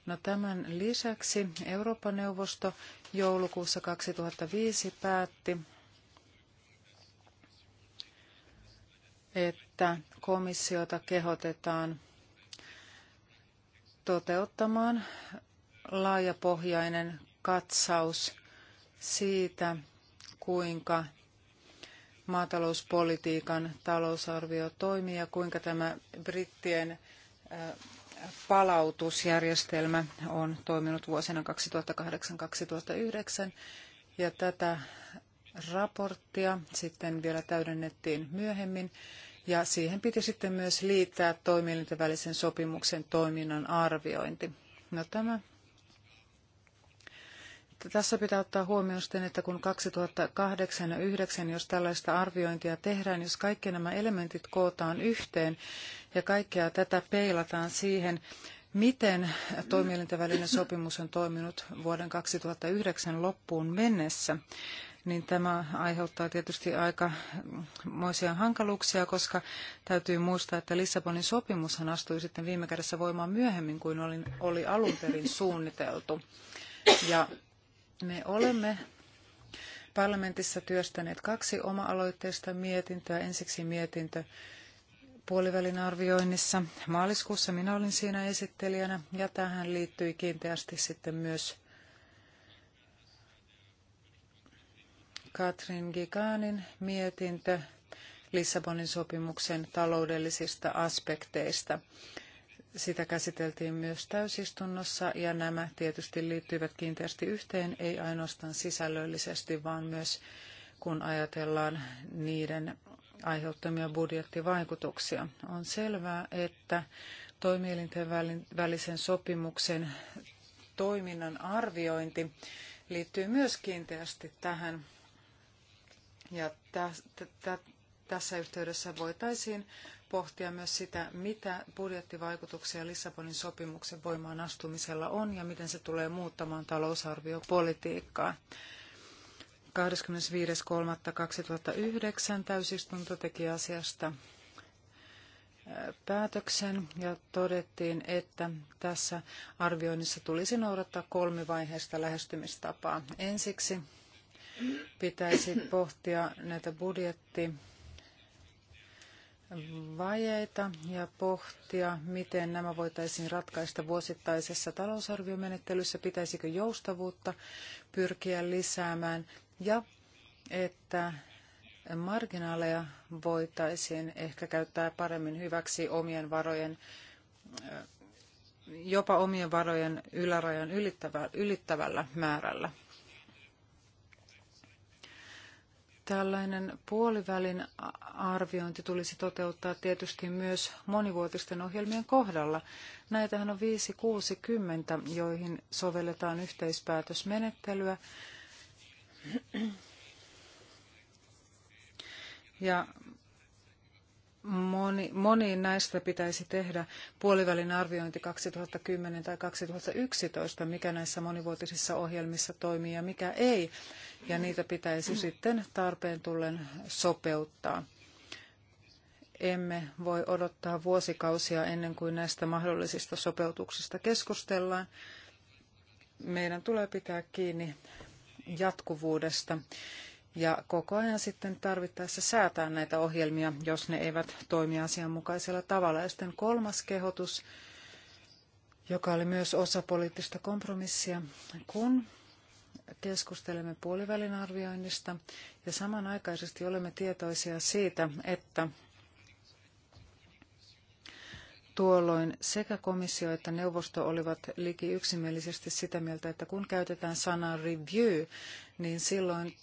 No tämän lisäksi Euroopan neuvosto joulukuussa 2005 päätti, että komissiota kehotetaan toteuttamaan laajapohjainen katsaus siitä, kuinka maatalouspolitiikan talousarvio toimii ja kuinka tämä brittien palautusjärjestelmä on toiminut vuosina 2008-2009. Ja tätä raporttia sitten vielä täydennettiin myöhemmin. Ja siihen piti sitten myös liittää toimielinten välisen sopimuksen toiminnan arviointi. No tämä tässä pitää ottaa huomioon sitten, että kun 2008 ja 2009, jos tällaista arviointia tehdään, jos kaikki nämä elementit kootaan yhteen ja kaikkea tätä peilataan siihen, miten toimielinten välinen sopimus on toiminut vuoden 2009 loppuun mennessä, niin tämä aiheuttaa tietysti aika moisia hankaluuksia, koska täytyy muistaa, että Lissabonin sopimushan astui sitten viime kädessä voimaan myöhemmin kuin oli, oli alun perin suunniteltu. Ja me olemme parlamentissa työstäneet kaksi oma-aloitteista mietintöä. Ensiksi mietintö puolivälin arvioinnissa. Maaliskuussa minä olin siinä esittelijänä ja tähän liittyi kiinteästi sitten myös Katrin Giganin mietintö Lissabonin sopimuksen taloudellisista aspekteista. Sitä käsiteltiin myös täysistunnossa ja nämä tietysti liittyvät kiinteästi yhteen, ei ainoastaan sisällöllisesti, vaan myös kun ajatellaan niiden aiheuttamia budjettivaikutuksia. On selvää, että toimielinten välisen sopimuksen toiminnan arviointi liittyy myös kiinteästi tähän. Ja tässä yhteydessä voitaisiin pohtia myös sitä, mitä budjettivaikutuksia Lissabonin sopimuksen voimaan astumisella on ja miten se tulee muuttamaan talousarviopolitiikkaa. 25.3.2009 täysistunto teki asiasta päätöksen ja todettiin, että tässä arvioinnissa tulisi noudattaa kolmivaiheista lähestymistapaa. Ensiksi pitäisi pohtia näitä budjetti vajeita ja pohtia, miten nämä voitaisiin ratkaista vuosittaisessa talousarviomenettelyssä, pitäisikö joustavuutta pyrkiä lisäämään ja että marginaaleja voitaisiin ehkä käyttää paremmin hyväksi omien varojen, jopa omien varojen ylärajan ylittävällä määrällä. Tällainen puolivälin arviointi tulisi toteuttaa tietysti myös monivuotisten ohjelmien kohdalla. Näitähän on 5-60, joihin sovelletaan yhteispäätösmenettelyä. Ja moni, moniin näistä pitäisi tehdä puolivälin arviointi 2010 tai 2011, mikä näissä monivuotisissa ohjelmissa toimii ja mikä ei ja niitä pitäisi sitten tarpeen tullen sopeuttaa. Emme voi odottaa vuosikausia ennen kuin näistä mahdollisista sopeutuksista keskustellaan. Meidän tulee pitää kiinni jatkuvuudesta ja koko ajan sitten tarvittaessa säätää näitä ohjelmia, jos ne eivät toimi asianmukaisella tavalla. Ja sitten kolmas kehotus, joka oli myös osa poliittista kompromissia, kun keskustelemme puolivälin arvioinnista ja samanaikaisesti olemme tietoisia siitä, että Tuolloin sekä komissio että neuvosto olivat liki yksimielisesti sitä mieltä, että kun käytetään sanaa review, niin silloin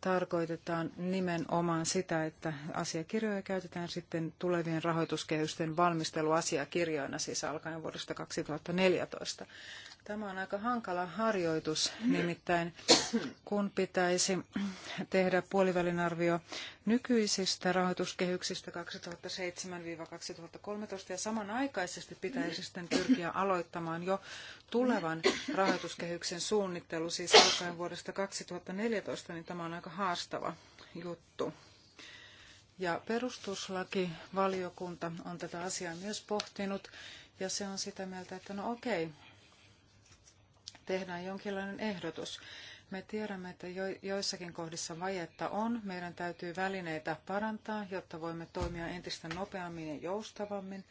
tarkoitetaan nimenomaan sitä, että asiakirjoja käytetään sitten tulevien rahoituskehysten valmisteluasiakirjoina, siis alkaen vuodesta 2014. Tämä on aika hankala harjoitus, nimittäin kun pitäisi tehdä puolivälin arvio nykyisistä rahoituskehyksistä 2007-2013 ja samanaikaisesti pitäisi sitten pyrkiä aloittamaan jo tulevan rahoituskehyksen suunnittelu, siis alkaen vuodesta 2014, niin tämä on aika haastava juttu. Ja perustuslakivaliokunta on tätä asiaa myös pohtinut ja se on sitä mieltä, että no okei, tehdään jonkinlainen ehdotus. Me tiedämme, että joissakin kohdissa vajetta on. Meidän täytyy välineitä parantaa, jotta voimme toimia entistä nopeammin ja joustavammin.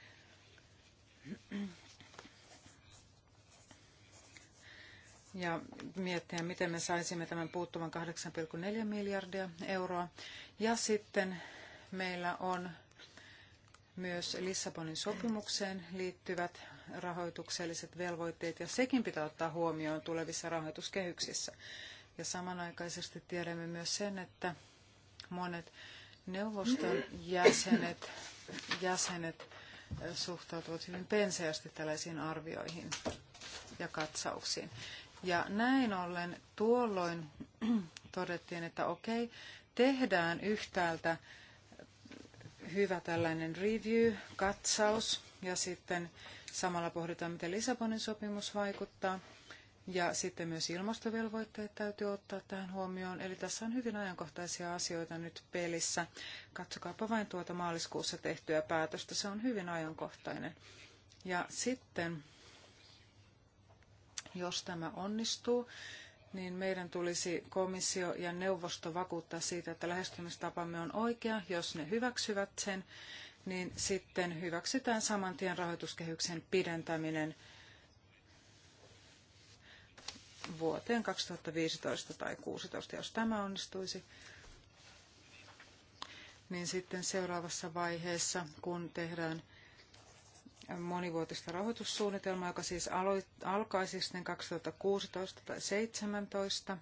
ja miettiä, miten me saisimme tämän puuttuvan 8,4 miljardia euroa. Ja sitten meillä on myös Lissabonin sopimukseen liittyvät rahoitukselliset velvoitteet, ja sekin pitää ottaa huomioon tulevissa rahoituskehyksissä. Ja samanaikaisesti tiedämme myös sen, että monet neuvoston jäsenet, jäsenet suhtautuvat hyvin penseästi tällaisiin arvioihin ja katsauksiin. Ja näin ollen tuolloin todettiin, että okei, tehdään yhtäältä hyvä tällainen review, katsaus ja sitten Samalla pohditaan, miten Lissabonin sopimus vaikuttaa. Ja sitten myös ilmastovelvoitteet täytyy ottaa tähän huomioon. Eli tässä on hyvin ajankohtaisia asioita nyt pelissä. Katsokaapa vain tuota maaliskuussa tehtyä päätöstä. Se on hyvin ajankohtainen. Ja sitten, jos tämä onnistuu, niin meidän tulisi komissio ja neuvosto vakuuttaa siitä, että lähestymistapamme on oikea, jos ne hyväksyvät sen, niin sitten hyväksytään saman tien rahoituskehyksen pidentäminen vuoteen 2015 tai 2016, jos tämä onnistuisi. Niin sitten seuraavassa vaiheessa, kun tehdään monivuotista rahoitussuunnitelmaa, joka siis alkaisi sitten 2016 tai 2017,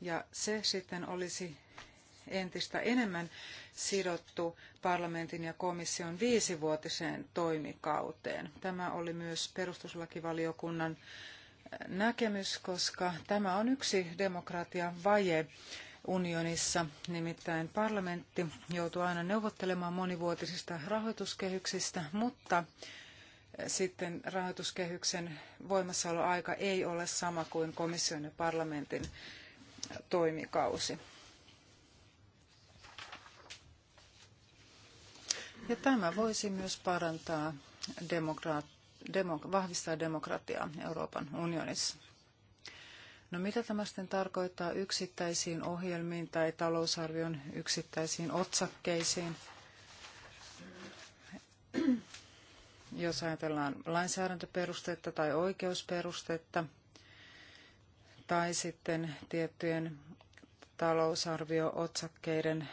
ja se sitten olisi entistä enemmän sidottu parlamentin ja komission viisivuotiseen toimikauteen. Tämä oli myös perustuslakivaliokunnan äh, näkemys, koska tämä on yksi demokratian vaje unionissa. Nimittäin parlamentti joutuu aina neuvottelemaan monivuotisista rahoituskehyksistä, mutta äh, sitten rahoituskehyksen voimassaoloaika ei ole sama kuin komission ja parlamentin äh, toimikausi. Ja tämä voisi myös parantaa demokra- demo- vahvistaa demokratiaa Euroopan unionissa. No mitä tämä sitten tarkoittaa yksittäisiin ohjelmiin tai talousarvion yksittäisiin otsakkeisiin? Jos ajatellaan lainsäädäntöperustetta tai oikeusperustetta tai sitten tiettyjen talousarviootsakkeiden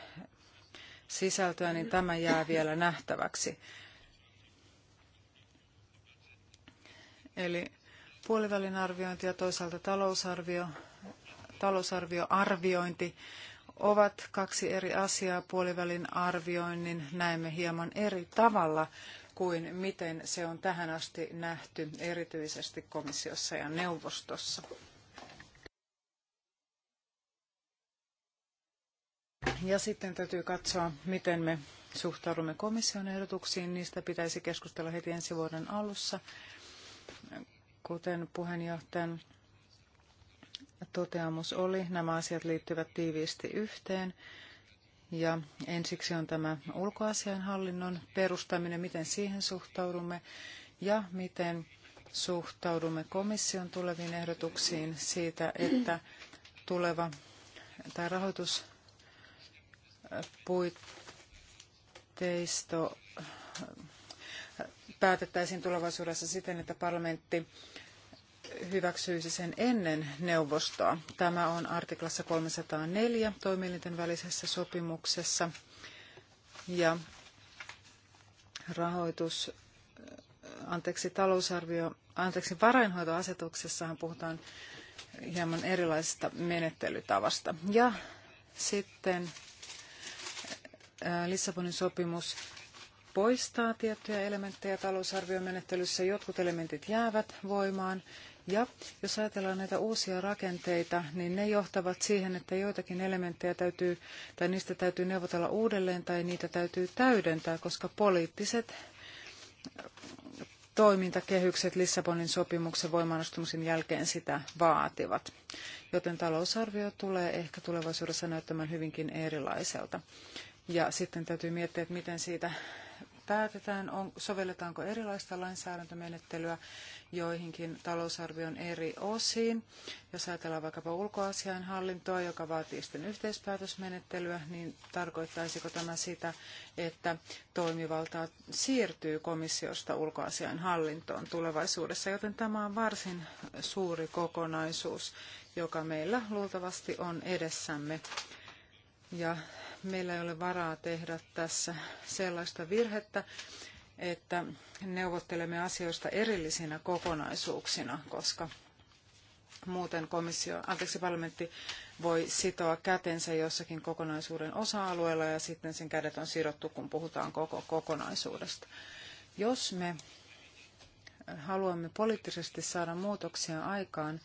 sisältöä, niin tämä jää vielä nähtäväksi. Eli puolivälin arviointi ja toisaalta talousarvio, talousarvioarviointi ovat kaksi eri asiaa. Puolivälin arvioinnin näemme hieman eri tavalla kuin miten se on tähän asti nähty erityisesti komissiossa ja neuvostossa. Ja sitten täytyy katsoa, miten me suhtaudumme komission ehdotuksiin. Niistä pitäisi keskustella heti ensi vuoden alussa. Kuten puheenjohtajan toteamus oli, nämä asiat liittyvät tiiviisti yhteen. Ja ensiksi on tämä ulkoasianhallinnon perustaminen, miten siihen suhtaudumme ja miten suhtaudumme komission tuleviin ehdotuksiin siitä, että tuleva tai rahoitus puitteisto äh, päätettäisiin tulevaisuudessa siten, että parlamentti hyväksyisi sen ennen neuvostoa. Tämä on artiklassa 304 toimielinten välisessä sopimuksessa ja rahoitus, äh, anteeksi talousarvio, anteeksi varainhoitoasetuksessahan puhutaan hieman erilaisesta menettelytavasta. Ja sitten Äh, Lissabonin sopimus poistaa tiettyjä elementtejä talousarviomenettelyssä, jotkut elementit jäävät voimaan. Ja jos ajatellaan näitä uusia rakenteita, niin ne johtavat siihen, että joitakin elementtejä täytyy, tai niistä täytyy neuvotella uudelleen, tai niitä täytyy täydentää, koska poliittiset toimintakehykset Lissabonin sopimuksen voimaanastumisen jälkeen sitä vaativat. Joten talousarvio tulee ehkä tulevaisuudessa näyttämään hyvinkin erilaiselta. Ja sitten täytyy miettiä, että miten siitä päätetään, on, sovelletaanko erilaista lainsäädäntömenettelyä joihinkin talousarvion eri osiin. Jos ajatellaan vaikkapa ulkoasiainhallintoa, joka vaatii sitten yhteispäätösmenettelyä, niin tarkoittaisiko tämä sitä, että toimivaltaa siirtyy komissiosta ulkoasiainhallintoon tulevaisuudessa, joten tämä on varsin suuri kokonaisuus, joka meillä luultavasti on edessämme. Ja meillä ei ole varaa tehdä tässä sellaista virhettä, että neuvottelemme asioista erillisinä kokonaisuuksina, koska muuten komissio, anteeksi, parlamentti voi sitoa kätensä jossakin kokonaisuuden osa-alueella ja sitten sen kädet on sidottu, kun puhutaan koko kokonaisuudesta. Jos me haluamme poliittisesti saada muutoksia aikaan,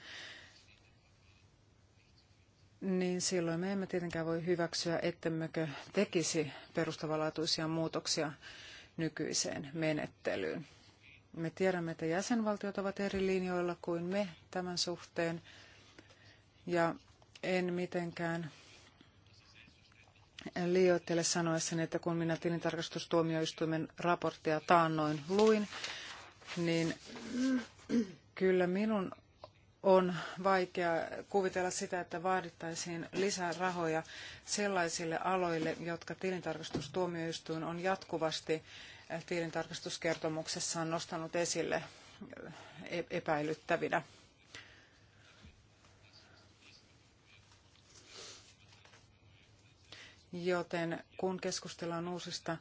niin silloin me emme tietenkään voi hyväksyä, ettemmekö tekisi perustavanlaatuisia muutoksia nykyiseen menettelyyn. Me tiedämme, että jäsenvaltiot ovat eri linjoilla kuin me tämän suhteen, ja en mitenkään liioittele sanoessani, että kun minä tilintarkastustuomioistuimen raporttia taannoin luin, niin kyllä minun on vaikea kuvitella sitä, että vaadittaisiin lisää rahoja sellaisille aloille, jotka tilintarkastustuomioistuin on jatkuvasti eh, tilintarkastuskertomuksessaan nostanut esille eh, e-, epäilyttävinä. Joten kun keskustellaan uusista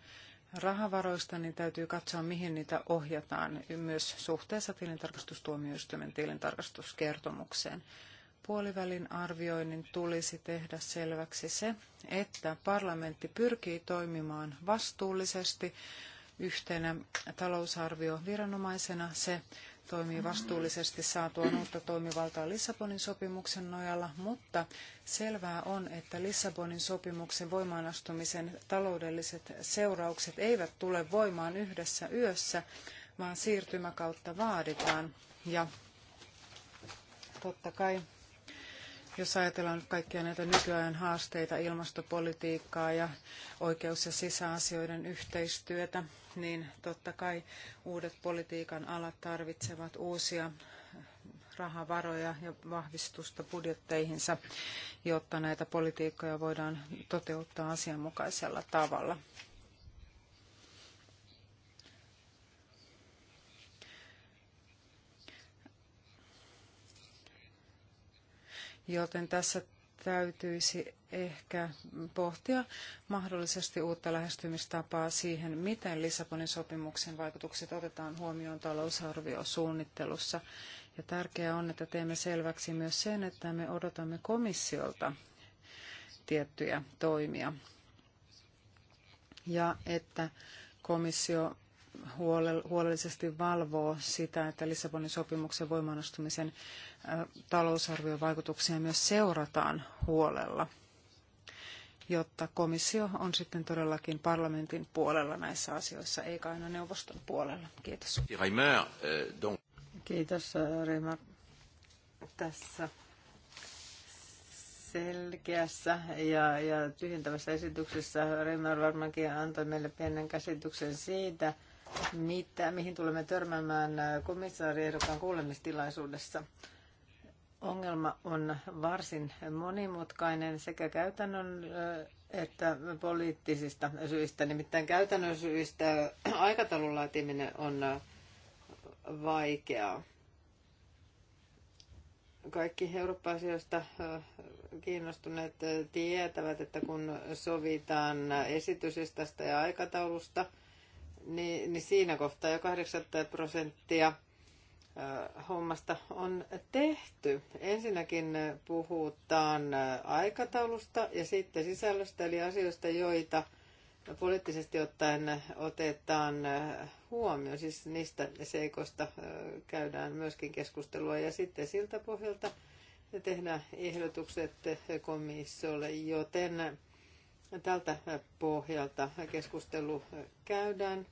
rahavaroista, niin täytyy katsoa, mihin niitä ohjataan myös suhteessa tilintarkastustuomioistuimen tilintarkastuskertomukseen. Puolivälin arvioinnin tulisi tehdä selväksi se, että parlamentti pyrkii toimimaan vastuullisesti yhtenä talousarvioviranomaisena. Se toimii vastuullisesti saatuaan uutta toimivaltaa Lissabonin sopimuksen nojalla, mutta selvää on, että Lissabonin sopimuksen voimaanastumisen taloudelliset seuraukset eivät tule voimaan yhdessä yössä, vaan siirtymäkautta vaaditaan. Ja totta kai jos ajatellaan nyt kaikkia näitä nykyajan haasteita, ilmastopolitiikkaa ja oikeus- ja sisäasioiden yhteistyötä, niin totta kai uudet politiikan alat tarvitsevat uusia rahavaroja ja vahvistusta budjetteihinsa, jotta näitä politiikkoja voidaan toteuttaa asianmukaisella tavalla. joten tässä täytyisi ehkä pohtia mahdollisesti uutta lähestymistapaa siihen, miten Lissabonin sopimuksen vaikutukset otetaan huomioon talousarviosuunnittelussa. Ja tärkeää on, että teemme selväksi myös sen, että me odotamme komissiolta tiettyjä toimia. Ja että komissio huolellisesti valvoo sitä, että Lissabonin sopimuksen voimaanastumisen talousarviovaikutuksia myös seurataan huolella, jotta komissio on sitten todellakin parlamentin puolella näissä asioissa, eikä aina neuvoston puolella. Kiitos. Kiitos, Reimar. Tässä selkeässä ja, ja tyhjentävässä esityksessä Reimer varmaankin antoi meille pienen käsityksen siitä, mitä, mihin tulemme törmäämään komissaariehdokkaan kuulemistilaisuudessa. Ongelma on varsin monimutkainen sekä käytännön äh, että poliittisista syistä. Nimittäin käytännön syistä aikataulun laatiminen on äh, vaikeaa. Kaikki Eurooppa-asioista äh, kiinnostuneet tietävät, että kun sovitaan esityslistasta ja aikataulusta – niin, niin siinä kohtaa jo 80 prosenttia hommasta on tehty. Ensinnäkin puhutaan aikataulusta ja sitten sisällöstä, eli asioista, joita poliittisesti ottaen otetaan huomioon, siis niistä seikoista käydään myöskin keskustelua ja sitten siltä pohjalta tehdään ehdotukset komissiolle, joten Tältä pohjalta keskustelu käydään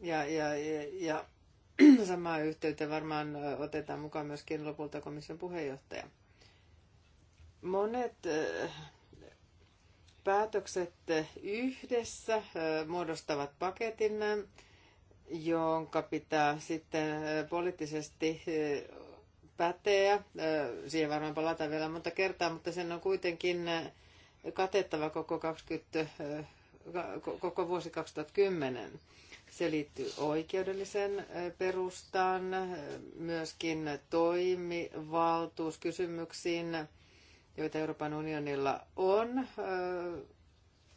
ja, ja, ja, ja samaa yhteyttä varmaan otetaan mukaan myöskin lopulta komission puheenjohtaja. Monet eh, päätökset yhdessä eh, muodostavat paketin, jonka pitää sitten eh, poliittisesti päteä. Siihen varmaan palataan vielä monta kertaa, mutta sen on kuitenkin katettava koko, 20, koko vuosi 2010. Se liittyy oikeudellisen perustaan, myöskin toimivaltuuskysymyksiin, joita Euroopan unionilla on.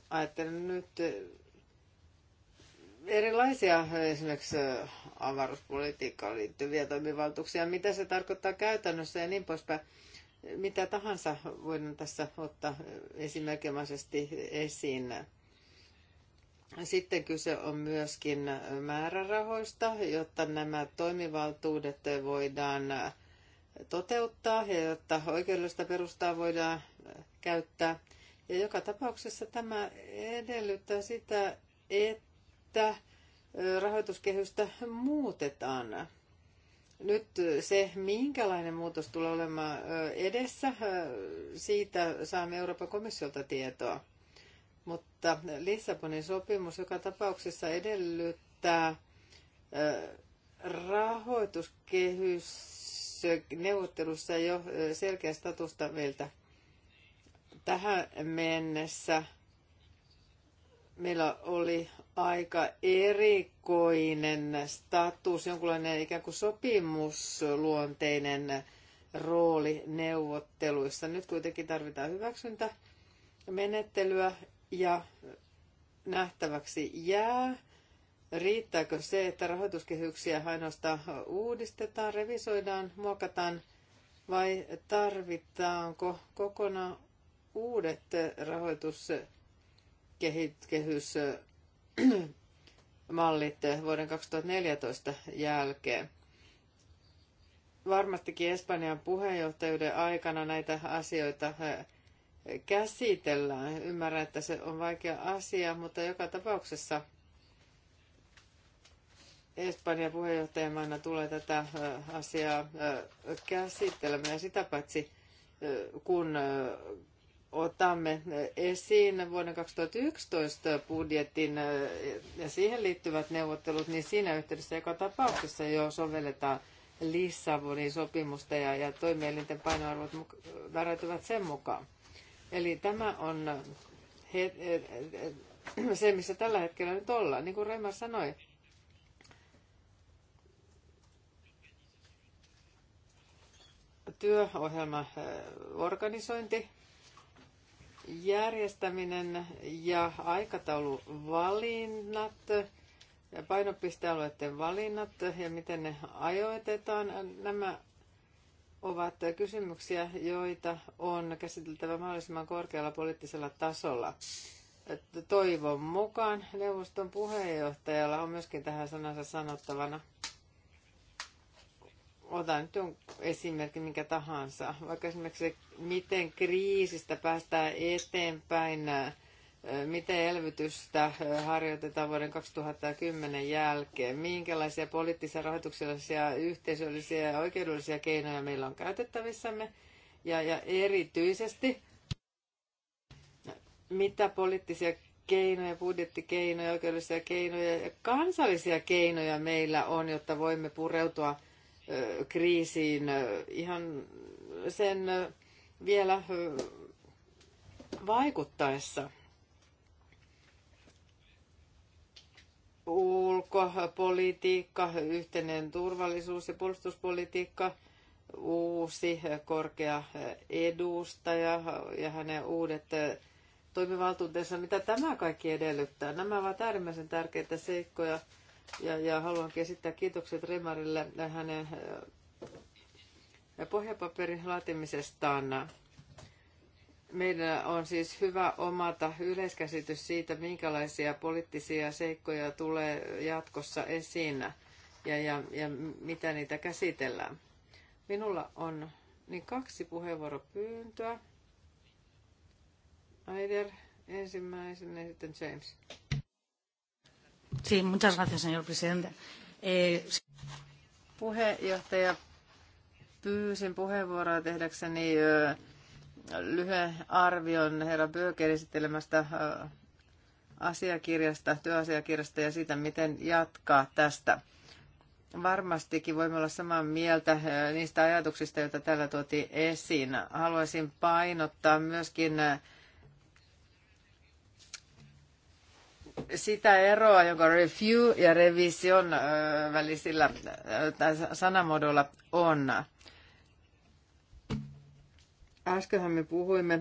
Ajattelen nyt erilaisia esimerkiksi avaruuspolitiikkaan liittyviä toimivaltuuksia, mitä se tarkoittaa käytännössä ja niin poispäin mitä tahansa voidaan tässä ottaa esimerkinomaisesti esiin. Sitten kyse on myöskin määrärahoista, jotta nämä toimivaltuudet voidaan toteuttaa ja jotta oikeudellista perustaa voidaan käyttää. Ja joka tapauksessa tämä edellyttää sitä, että rahoituskehystä muutetaan. Nyt se, minkälainen muutos tulee olemaan edessä, siitä saamme Euroopan komissiolta tietoa. Mutta Lissabonin sopimus joka tapauksessa edellyttää rahoituskehys neuvottelussa jo selkeä statusta meiltä tähän mennessä. Meillä oli aika erikoinen status, jonkinlainen ikään kuin sopimusluonteinen rooli neuvotteluissa. Nyt kuitenkin tarvitaan hyväksyntä menettelyä ja nähtäväksi jää. Riittääkö se, että rahoituskehyksiä ainoastaan uudistetaan, revisoidaan, muokataan vai tarvitaanko kokonaan uudet rahoituskehys mallit vuoden 2014 jälkeen. Varmastikin Espanjan puheenjohtajuuden aikana näitä asioita eh, käsitellään. Ymmärrän, että se on vaikea asia, mutta joka tapauksessa Espanjan puheenjohtajamaana tulee tätä eh, asiaa eh, käsittelemään. Ja sitä paitsi kun otamme esiin vuoden 2011 budjetin äh, ja siihen liittyvät neuvottelut, niin siinä yhteydessä joka tapauksessa jo sovelletaan Lissabonin sopimusta ja, ja toimielinten painoarvot määräytyvät sen mukaan. Eli tämä on he, äh, se, missä tällä hetkellä nyt ollaan. Niin kuin Reimar sanoi, työohjelma äh, organisointi järjestäminen ja aikatauluvalinnat, painopistealueiden valinnat ja miten ne ajoitetaan, nämä ovat kysymyksiä, joita on käsiteltävä mahdollisimman korkealla poliittisella tasolla. Toivon mukaan neuvoston puheenjohtajalla on myöskin tähän sanansa sanottavana otan nyt on esimerkki minkä tahansa, vaikka esimerkiksi se, miten kriisistä päästään eteenpäin, miten elvytystä harjoitetaan vuoden 2010 jälkeen, minkälaisia poliittisia, rahoituksellisia, yhteisöllisiä ja oikeudellisia keinoja meillä on käytettävissämme, ja, ja erityisesti mitä poliittisia keinoja, budjettikeinoja, oikeudellisia keinoja ja kansallisia keinoja meillä on, jotta voimme pureutua – kriisiin ihan sen vielä vaikuttaessa ulkopolitiikka, yhteinen turvallisuus- ja puolustuspolitiikka, uusi korkea edustaja ja hänen uudet toimivaltuutensa, mitä tämä kaikki edellyttää. Nämä ovat äärimmäisen tärkeitä seikkoja, ja, ja haluankin esittää kiitokset Remarille hänen äh, pohjapaperin laatimisestaan. Meidän on siis hyvä omata yleiskäsitys siitä, minkälaisia poliittisia seikkoja tulee jatkossa esiin ja, ja, ja mitä niitä käsitellään. Minulla on niin kaksi puheenvuoropyyntöä. Aider ensimmäisenä ja sitten James. Sí, muchas gracias, señor presidente. Eh... Puheenjohtaja, pyysin puheenvuoroa tehdäkseni lyhyen arvion herra Böker esittelemästä asiakirjasta, työasiakirjasta ja siitä, miten jatkaa tästä. Varmastikin voimme olla samaa mieltä niistä ajatuksista, joita täällä tuotiin esiin. Haluaisin painottaa myöskin sitä eroa, jonka review ja revision välisillä sanamuodolla on. Äskenhän me puhuimme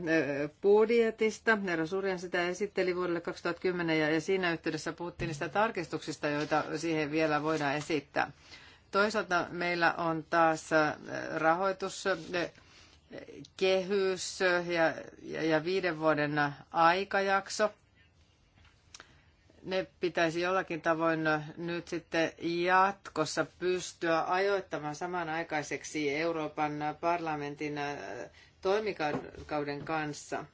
budjetista. Nero Surjan sitä esitteli vuodelle 2010 ja siinä yhteydessä puhuttiin niistä tarkistuksista, joita siihen vielä voidaan esittää. Toisaalta meillä on taas ja, ja, ja viiden vuoden aikajakso – ne pitäisi jollakin tavoin nyt sitten jatkossa pystyä ajoittamaan samanaikaiseksi Euroopan parlamentin äh, toimikauden kanssa.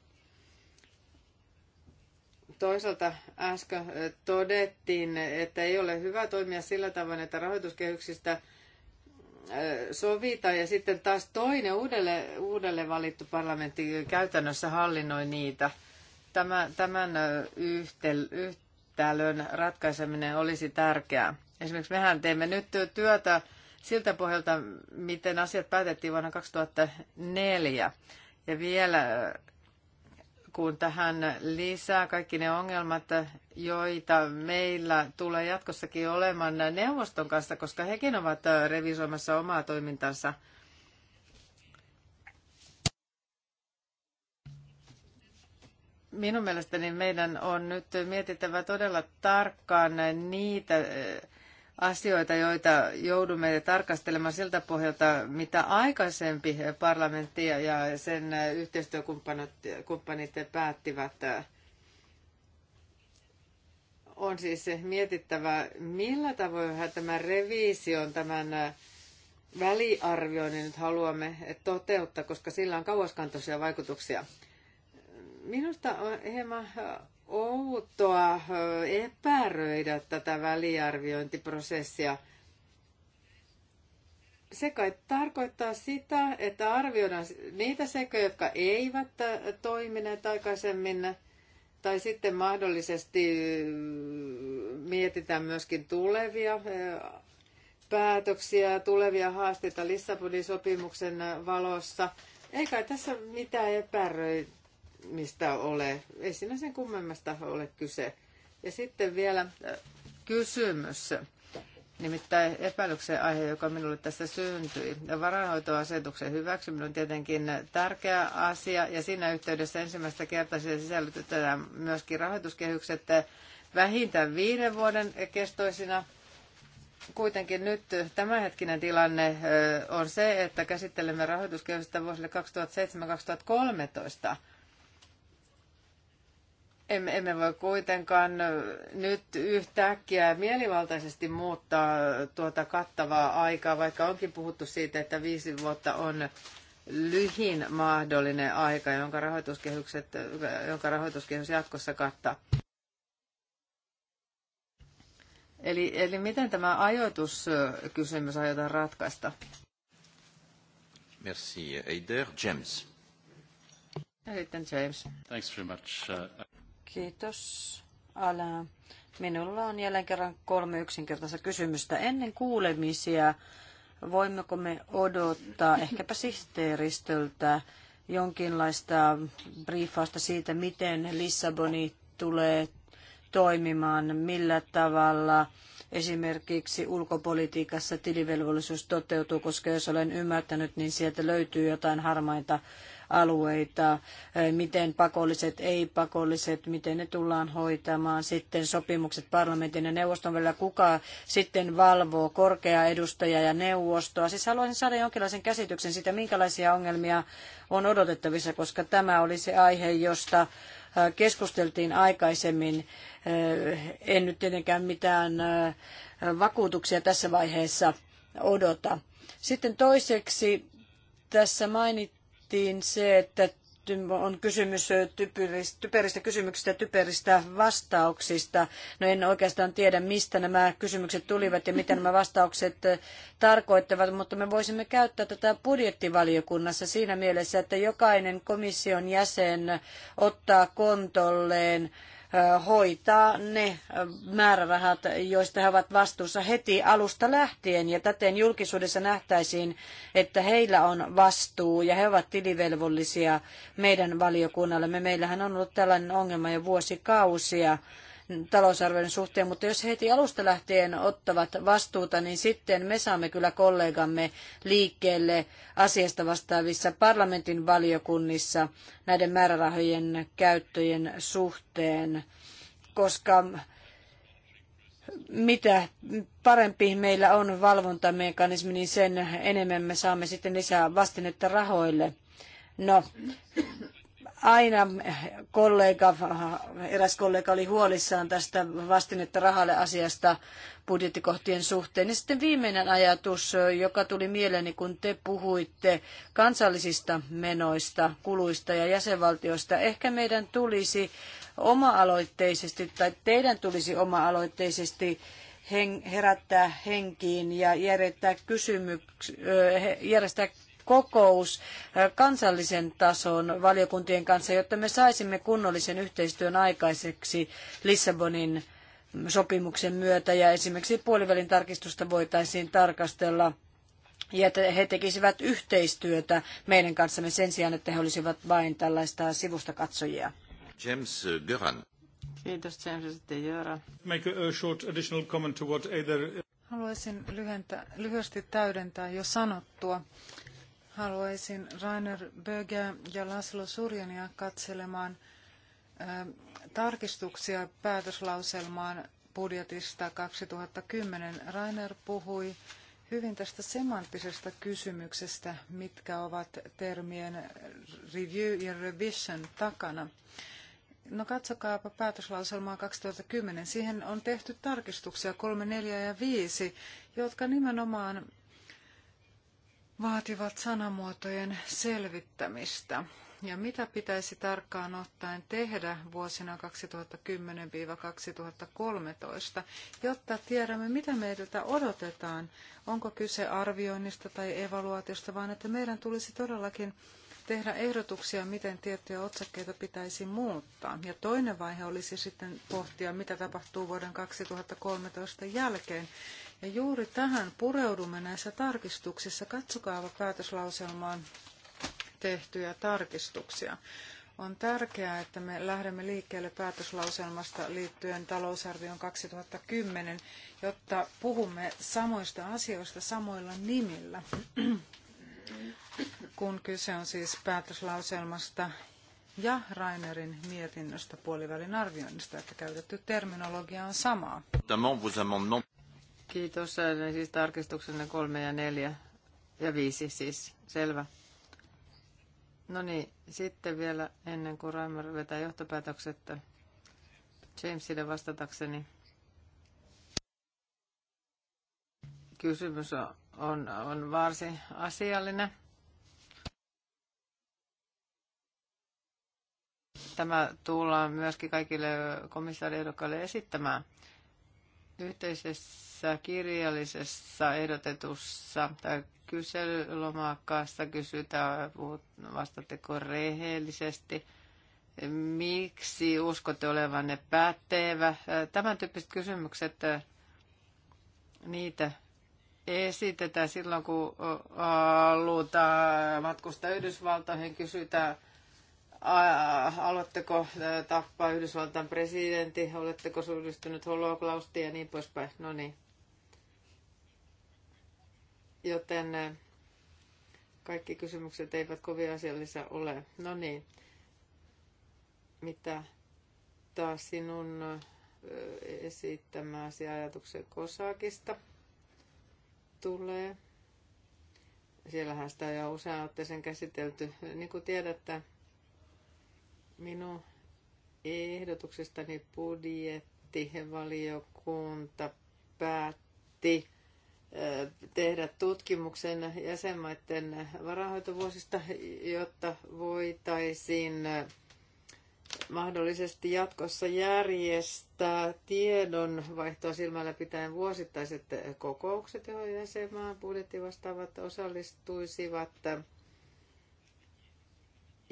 Toisaalta äsken äh, todettiin, että ei ole hyvä toimia sillä tavoin, että rahoituskehyksistä äh, sovitaan ja sitten taas toinen uudelle, uudelle valittu parlamentti käytännössä hallinnoi niitä. Tämä, tämän yhtel, yhtel yhtälön ratkaiseminen olisi tärkeää. Esimerkiksi mehän teemme nyt työtä siltä pohjalta, miten asiat päätettiin vuonna 2004. Ja vielä kun tähän lisää kaikki ne ongelmat, joita meillä tulee jatkossakin olemaan neuvoston kanssa, koska hekin ovat revisoimassa omaa toimintansa – Minun mielestäni meidän on nyt mietittävä todella tarkkaan niitä eh, asioita, joita joudumme tarkastelemaan siltä pohjalta, mitä aikaisempi parlamentti ja sen yhteistyökumppanit päättivät. On siis mietittävä, millä tavoin tämä revision, tämän väliarvioinnin nyt haluamme toteuttaa, koska sillä on kauaskantoisia vaikutuksia. Minusta on hieman outoa epäröidä tätä väliarviointiprosessia. Se kai tarkoittaa sitä, että arvioidaan niitä sekoja, jotka eivät toimineet aikaisemmin, tai sitten mahdollisesti mietitään myöskin tulevia päätöksiä, tulevia haasteita Lissabonin sopimuksen valossa. Eikä tässä mitään epäröitä mistä ole. Ei siinä sen kummemmasta ole kyse. Ja sitten vielä äh, kysymys, nimittäin epäilyksen aihe, joka minulle tässä syntyi. Varainhoitoasetuksen hyväksyminen on tietenkin tärkeä asia, ja siinä yhteydessä ensimmäistä kertaa siellä sisällytetään myöskin rahoituskehykset vähintään viiden vuoden kestoisina. Kuitenkin nyt tämänhetkinen tilanne äh, on se, että käsittelemme rahoituskehystä vuosille 2007-2013 emme, emme voi kuitenkaan nyt yhtäkkiä mielivaltaisesti muuttaa tuota kattavaa aikaa, vaikka onkin puhuttu siitä, että viisi vuotta on lyhin mahdollinen aika, jonka, rahoituskehykset, jonka rahoituskehys jatkossa kattaa. Eli, eli miten tämä ajoituskysymys aiotaan ratkaista? Merci. Eider James. Ja sitten James. Thanks very much. Uh, Kiitos, Ala. Minulla on jälleen kerran kolme yksinkertaista kysymystä. Ennen kuulemisia, voimmeko me odottaa ehkäpä sihteeristöltä jonkinlaista briefausta siitä, miten Lissaboni tulee toimimaan, millä tavalla esimerkiksi ulkopolitiikassa tilivelvollisuus toteutuu, koska jos olen ymmärtänyt, niin sieltä löytyy jotain harmaita alueita, eh, miten pakolliset, ei-pakolliset, miten ne tullaan hoitamaan, sitten sopimukset parlamentin ja neuvoston välillä, kuka sitten valvoo korkea edustaja ja neuvostoa. Siis haluaisin saada jonkinlaisen käsityksen siitä, minkälaisia ongelmia on odotettavissa, koska tämä oli se aihe, josta eh, keskusteltiin aikaisemmin. Eh, en nyt tietenkään mitään vakuutuksia tässä vaiheessa odota. Sitten toiseksi tässä mainittiin, mainittiin se, että on kysymys typeristä, typeristä kysymyksistä ja typeristä vastauksista. No en oikeastaan tiedä, mistä nämä kysymykset tulivat ja mitä nämä vastaukset tarkoittavat, mutta me voisimme käyttää tätä budjettivaliokunnassa siinä mielessä, että jokainen komission jäsen ottaa kontolleen hoitaa ne määrärahat, joista he ovat vastuussa heti alusta lähtien. Ja täten julkisuudessa nähtäisiin, että heillä on vastuu ja he ovat tilivelvollisia meidän valiokunnallemme. Meillähän on ollut tällainen ongelma jo vuosikausia talousarvion suhteen, mutta jos he heti alusta lähtien ottavat vastuuta, niin sitten me saamme kyllä kollegamme liikkeelle asiasta vastaavissa parlamentin valiokunnissa näiden määrärahojen käyttöjen suhteen, koska mitä parempi meillä on valvontamekanismi, niin sen enemmän me saamme sitten lisää vastinetta rahoille. No, aina kollega, eräs kollega oli huolissaan tästä vastinetta rahalle asiasta budjettikohtien suhteen. Ja sitten viimeinen ajatus, joka tuli mieleeni, kun te puhuitte kansallisista menoista, kuluista ja jäsenvaltioista. Ehkä meidän tulisi oma-aloitteisesti, tai teidän tulisi oma-aloitteisesti herättää henkiin ja järjestää, kysymyks, järjestää kokous kansallisen tason valiokuntien kanssa, jotta me saisimme kunnollisen yhteistyön aikaiseksi Lissabonin sopimuksen myötä ja esimerkiksi puolivälin tarkistusta voitaisiin tarkastella ja että he tekisivät yhteistyötä meidän kanssamme sen sijaan, että he olisivat vain tällaista sivustakatsojia. James Göran. Kiitos James Göran. Make a short additional comment to what either... Haluaisin lyhentä, lyhyesti täydentää jo sanottua. Haluaisin Rainer Böge ja Laszlo Surjania katselemaan tarkistuksia päätöslauselmaan budjetista 2010. Rainer puhui hyvin tästä semanttisesta kysymyksestä, mitkä ovat termien review ja revision takana. No katsokaapa päätöslauselmaa 2010. Siihen on tehty tarkistuksia 3, 4 ja 5, jotka nimenomaan vaativat sanamuotojen selvittämistä. Ja mitä pitäisi tarkkaan ottaen tehdä vuosina 2010-2013, jotta tiedämme, mitä meiltä odotetaan. Onko kyse arvioinnista tai evaluaatiosta, vaan että meidän tulisi todellakin tehdä ehdotuksia, miten tiettyjä otsakkeita pitäisi muuttaa. Ja toinen vaihe olisi sitten pohtia, mitä tapahtuu vuoden 2013 jälkeen, ja juuri tähän pureudumme näissä tarkistuksissa. Katsokaa päätöslauselmaan tehtyjä tarkistuksia. On tärkeää, että me lähdemme liikkeelle päätöslauselmasta liittyen talousarvioon 2010, jotta puhumme samoista asioista samoilla nimillä, kun kyse on siis päätöslauselmasta ja Rainerin mietinnöstä puolivälin arvioinnista, että käytetty terminologia on samaa. Kiitos. Ne siis tarkistuksenne kolme ja neljä ja viisi siis. Selvä. No niin, sitten vielä ennen kuin Raimer vetää johtopäätökset Jamesille vastatakseni. Kysymys on, on, on varsin asiallinen. Tämä tullaan myöskin kaikille komissaariehdokkaille esittämään. Yhteisessä kirjallisessa ehdotetussa tai kyselylomakkaassa kysytään, vastatteko rehellisesti, miksi uskotte olevanne pätevä. Tämän tyyppiset kysymykset, niitä esitetään silloin, kun halutaan matkustaa Yhdysvaltoihin, kysytään – Aloitteko tappaa Yhdysvaltain presidentti, oletteko syyllistynyt holoklaustia ja niin poispäin. No niin. Joten kaikki kysymykset eivät kovin asiallisia ole. No niin. Mitä taas sinun esittämäsi ajatuksen Kosakista tulee? Siellähän sitä on jo usein otteeseen käsitelty. Niin kuin tiedätte, Minun ehdotuksestani budjettivaliokunta päätti tehdä tutkimuksen jäsenmaiden varahoitovuosista, jotta voitaisiin mahdollisesti jatkossa järjestää tiedonvaihtoa silmällä pitäen vuosittaiset kokoukset, joihin jäsenmaan budjettivastaavat osallistuisivat.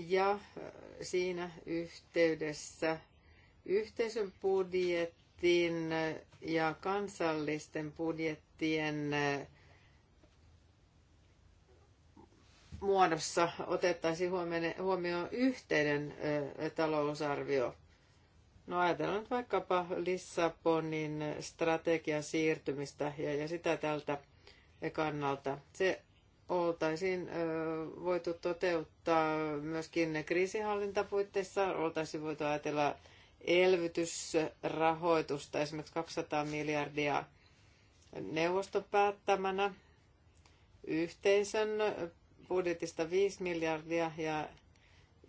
Ja äh, siinä yhteydessä yhteisön budjetin äh, ja kansallisten budjettien äh, muodossa otettaisiin huomioon yhteinen talousarvio. No ajatellaan nyt vaikkapa Lissabonin strategian siirtymistä ja, ja sitä tältä kannalta. Se oltaisiin voitu toteuttaa myöskin kriisinhallintapuitteissa, oltaisiin voitu ajatella elvytysrahoitusta, esimerkiksi 200 miljardia neuvoston päättämänä, yhteisön budjetista 5 miljardia ja,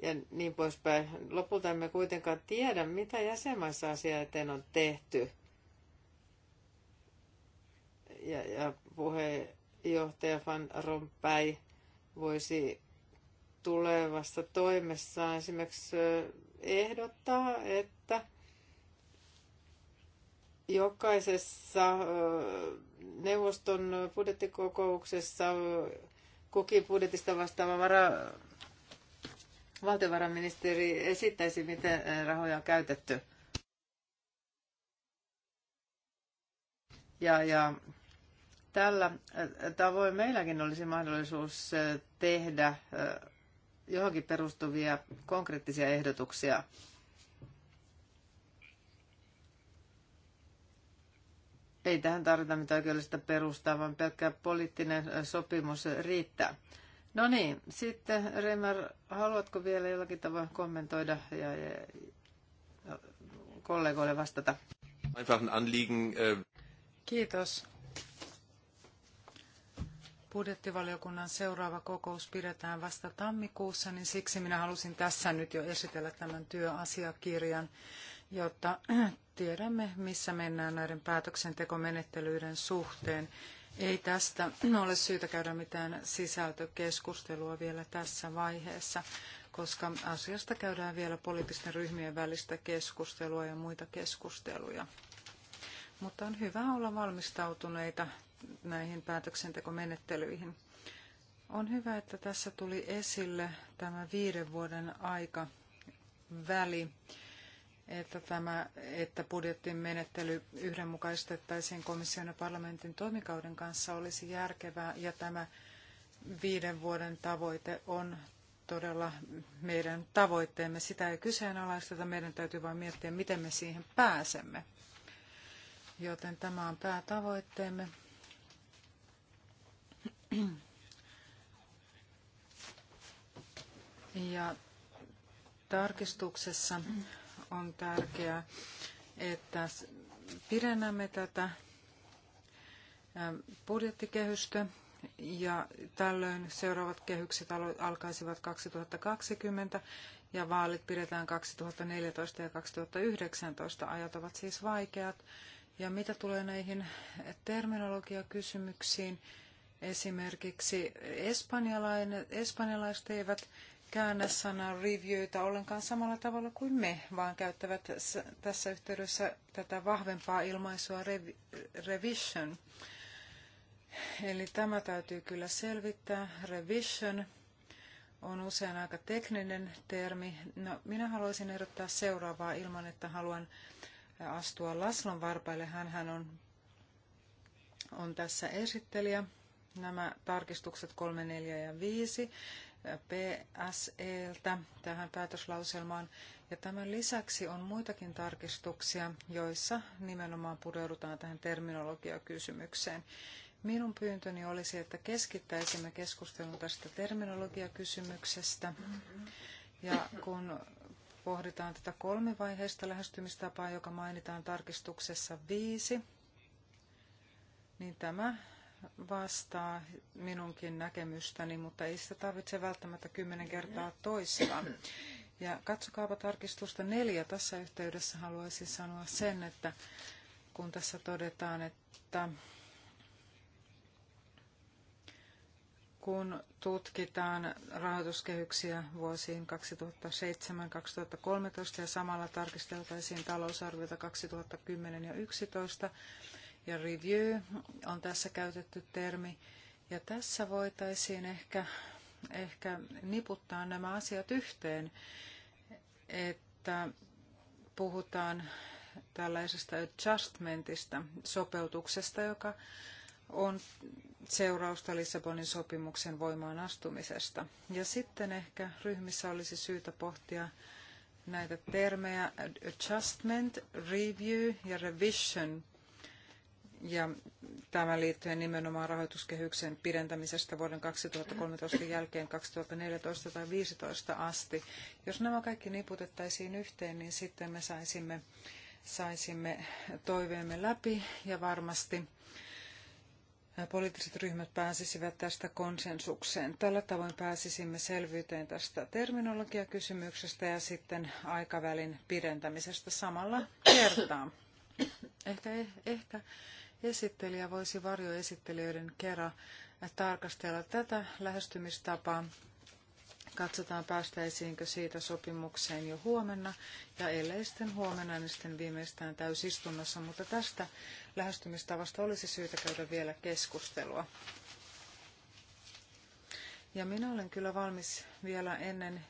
ja niin poispäin. Lopulta emme kuitenkaan tiedä, mitä jäsenmaissa asia eteen on tehty. Ja, ja puhe johtaja Van Rompuy voisi tulevassa toimessaan esimerkiksi ehdottaa, että jokaisessa neuvoston budjettikokouksessa kukin budjetista vastaava vara, valtiovarainministeri esittäisi, miten rahoja on käytetty. Ja, ja Tällä tavoin meilläkin olisi mahdollisuus äh, tehdä äh, johonkin perustuvia konkreettisia ehdotuksia. Ei tähän tarvita mitään oikeudellista perustaa, vaan pelkkä poliittinen äh, sopimus riittää. No niin, sitten Remar haluatko vielä jollakin tavoin kommentoida ja, ja, ja kollegoille vastata? Kiitos budjettivaliokunnan seuraava kokous pidetään vasta tammikuussa, niin siksi minä halusin tässä nyt jo esitellä tämän työasiakirjan, jotta tiedämme, missä mennään näiden päätöksentekomenettelyiden suhteen. Ei tästä ole syytä käydä mitään sisältökeskustelua vielä tässä vaiheessa, koska asiasta käydään vielä poliittisten ryhmien välistä keskustelua ja muita keskusteluja. Mutta on hyvä olla valmistautuneita näihin päätöksentekomenettelyihin. On hyvä, että tässä tuli esille tämä viiden vuoden aika väli, että, tämä, että budjettin menettely yhdenmukaistettaisiin komission ja parlamentin toimikauden kanssa olisi järkevää ja tämä viiden vuoden tavoite on todella meidän tavoitteemme. Sitä ei kyseenalaisteta, meidän täytyy vain miettiä, miten me siihen pääsemme. Joten tämä on päätavoitteemme. Ja tarkistuksessa on tärkeää, että pidennämme tätä budjettikehystä ja tällöin seuraavat kehykset alkaisivat 2020 ja vaalit pidetään 2014 ja 2019. Ajat ovat siis vaikeat. Ja mitä tulee näihin terminologiakysymyksiin, Esimerkiksi espanjalaiset eivät käännä sanan reviewtä ollenkaan samalla tavalla kuin me, vaan käyttävät tässä yhteydessä tätä vahvempaa ilmaisua rev, revision. Eli tämä täytyy kyllä selvittää. Revision on usein aika tekninen termi. No, minä haluaisin ehdottaa seuraavaa ilman, että haluan astua Laslon varpaille. hän on, on tässä esittelijä nämä tarkistukset 3, 4 ja 5 PSEltä tähän päätöslauselmaan. Ja tämän lisäksi on muitakin tarkistuksia, joissa nimenomaan pureudutaan tähän terminologiakysymykseen. Minun pyyntöni olisi, että keskittäisimme keskustelun tästä terminologiakysymyksestä. Ja kun pohditaan tätä kolmivaiheista lähestymistapaa, joka mainitaan tarkistuksessa viisi, niin tämä vastaa minunkin näkemystäni, mutta ei sitä tarvitse välttämättä kymmenen kertaa toistaa. Ja katsokaapa tarkistusta neljä. Tässä yhteydessä haluaisin sanoa sen, että kun tässä todetaan, että kun tutkitaan rahoituskehyksiä vuosiin 2007-2013 ja samalla tarkisteltaisiin talousarviota 2010 ja 2011, ja review on tässä käytetty termi. Ja tässä voitaisiin ehkä, ehkä niputtaa nämä asiat yhteen, että puhutaan tällaisesta adjustmentista, sopeutuksesta, joka on seurausta Lissabonin sopimuksen voimaan astumisesta. Ja sitten ehkä ryhmissä olisi syytä pohtia näitä termejä adjustment, review ja revision ja tämä liittyen nimenomaan rahoituskehyksen pidentämisestä vuoden 2013 jälkeen 2014 tai 2015 asti. Jos nämä kaikki niputettaisiin yhteen, niin sitten me saisimme, saisimme toiveemme läpi ja varmasti poliittiset ryhmät pääsisivät tästä konsensukseen. Tällä tavoin pääsisimme selvyyteen tästä terminologiakysymyksestä ja sitten aikavälin pidentämisestä samalla kertaa. Ehkä, ehkä esittelijä voisi varjoesittelijöiden kerran tarkastella tätä lähestymistapaa. Katsotaan, päästäisiinkö siitä sopimukseen jo huomenna, ja ellei sitten huomenna, niin sitten viimeistään täysistunnossa. Mutta tästä lähestymistavasta olisi syytä käydä vielä keskustelua. Ja minä olen kyllä valmis vielä ennen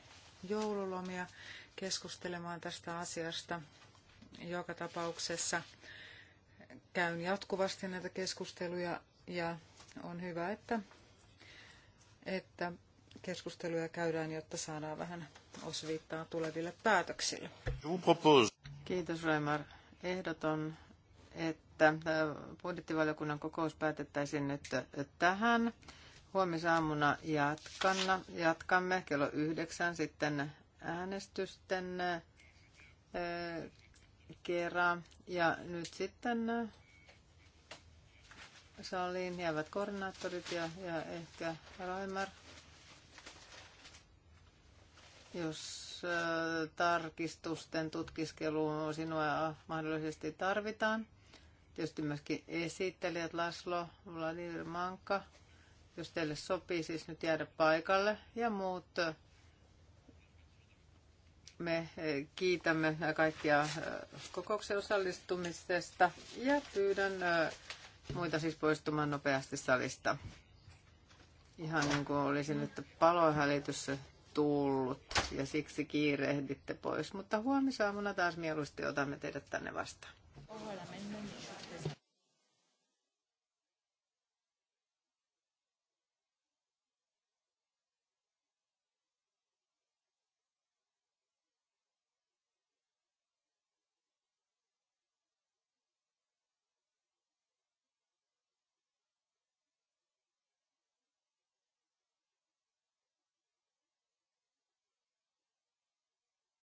joululomia keskustelemaan tästä asiasta joka tapauksessa käyn jatkuvasti näitä keskusteluja ja on hyvä, että, että keskusteluja käydään, jotta saadaan vähän osviittaa tuleville päätöksille. Kiitos Reimar. Ehdoton, että äh, budjettivaliokunnan kokous päätettäisiin nyt äh, tähän. Huomisaamuna jatkanna, jatkamme kello yhdeksän sitten äänestysten äh, kerran. Ja nyt sitten äh, saliin jäävät koordinaattorit ja, ja ehkä Raimar. Jos äh, tarkistusten tutkiskeluun sinua mahdollisesti tarvitaan. Tietysti myöskin esittelijät Laslo, Vladimir Manka, jos teille sopii siis nyt jäädä paikalle ja muut äh, me kiitämme kaikkia äh, kokouksen osallistumisesta ja pyydän äh, muita siis poistumaan nopeasti salista. Ihan niin kuin olisi nyt palohälytys tullut ja siksi kiirehditte pois. Mutta huomisaamuna taas mieluusti otamme teidät tänne vastaan.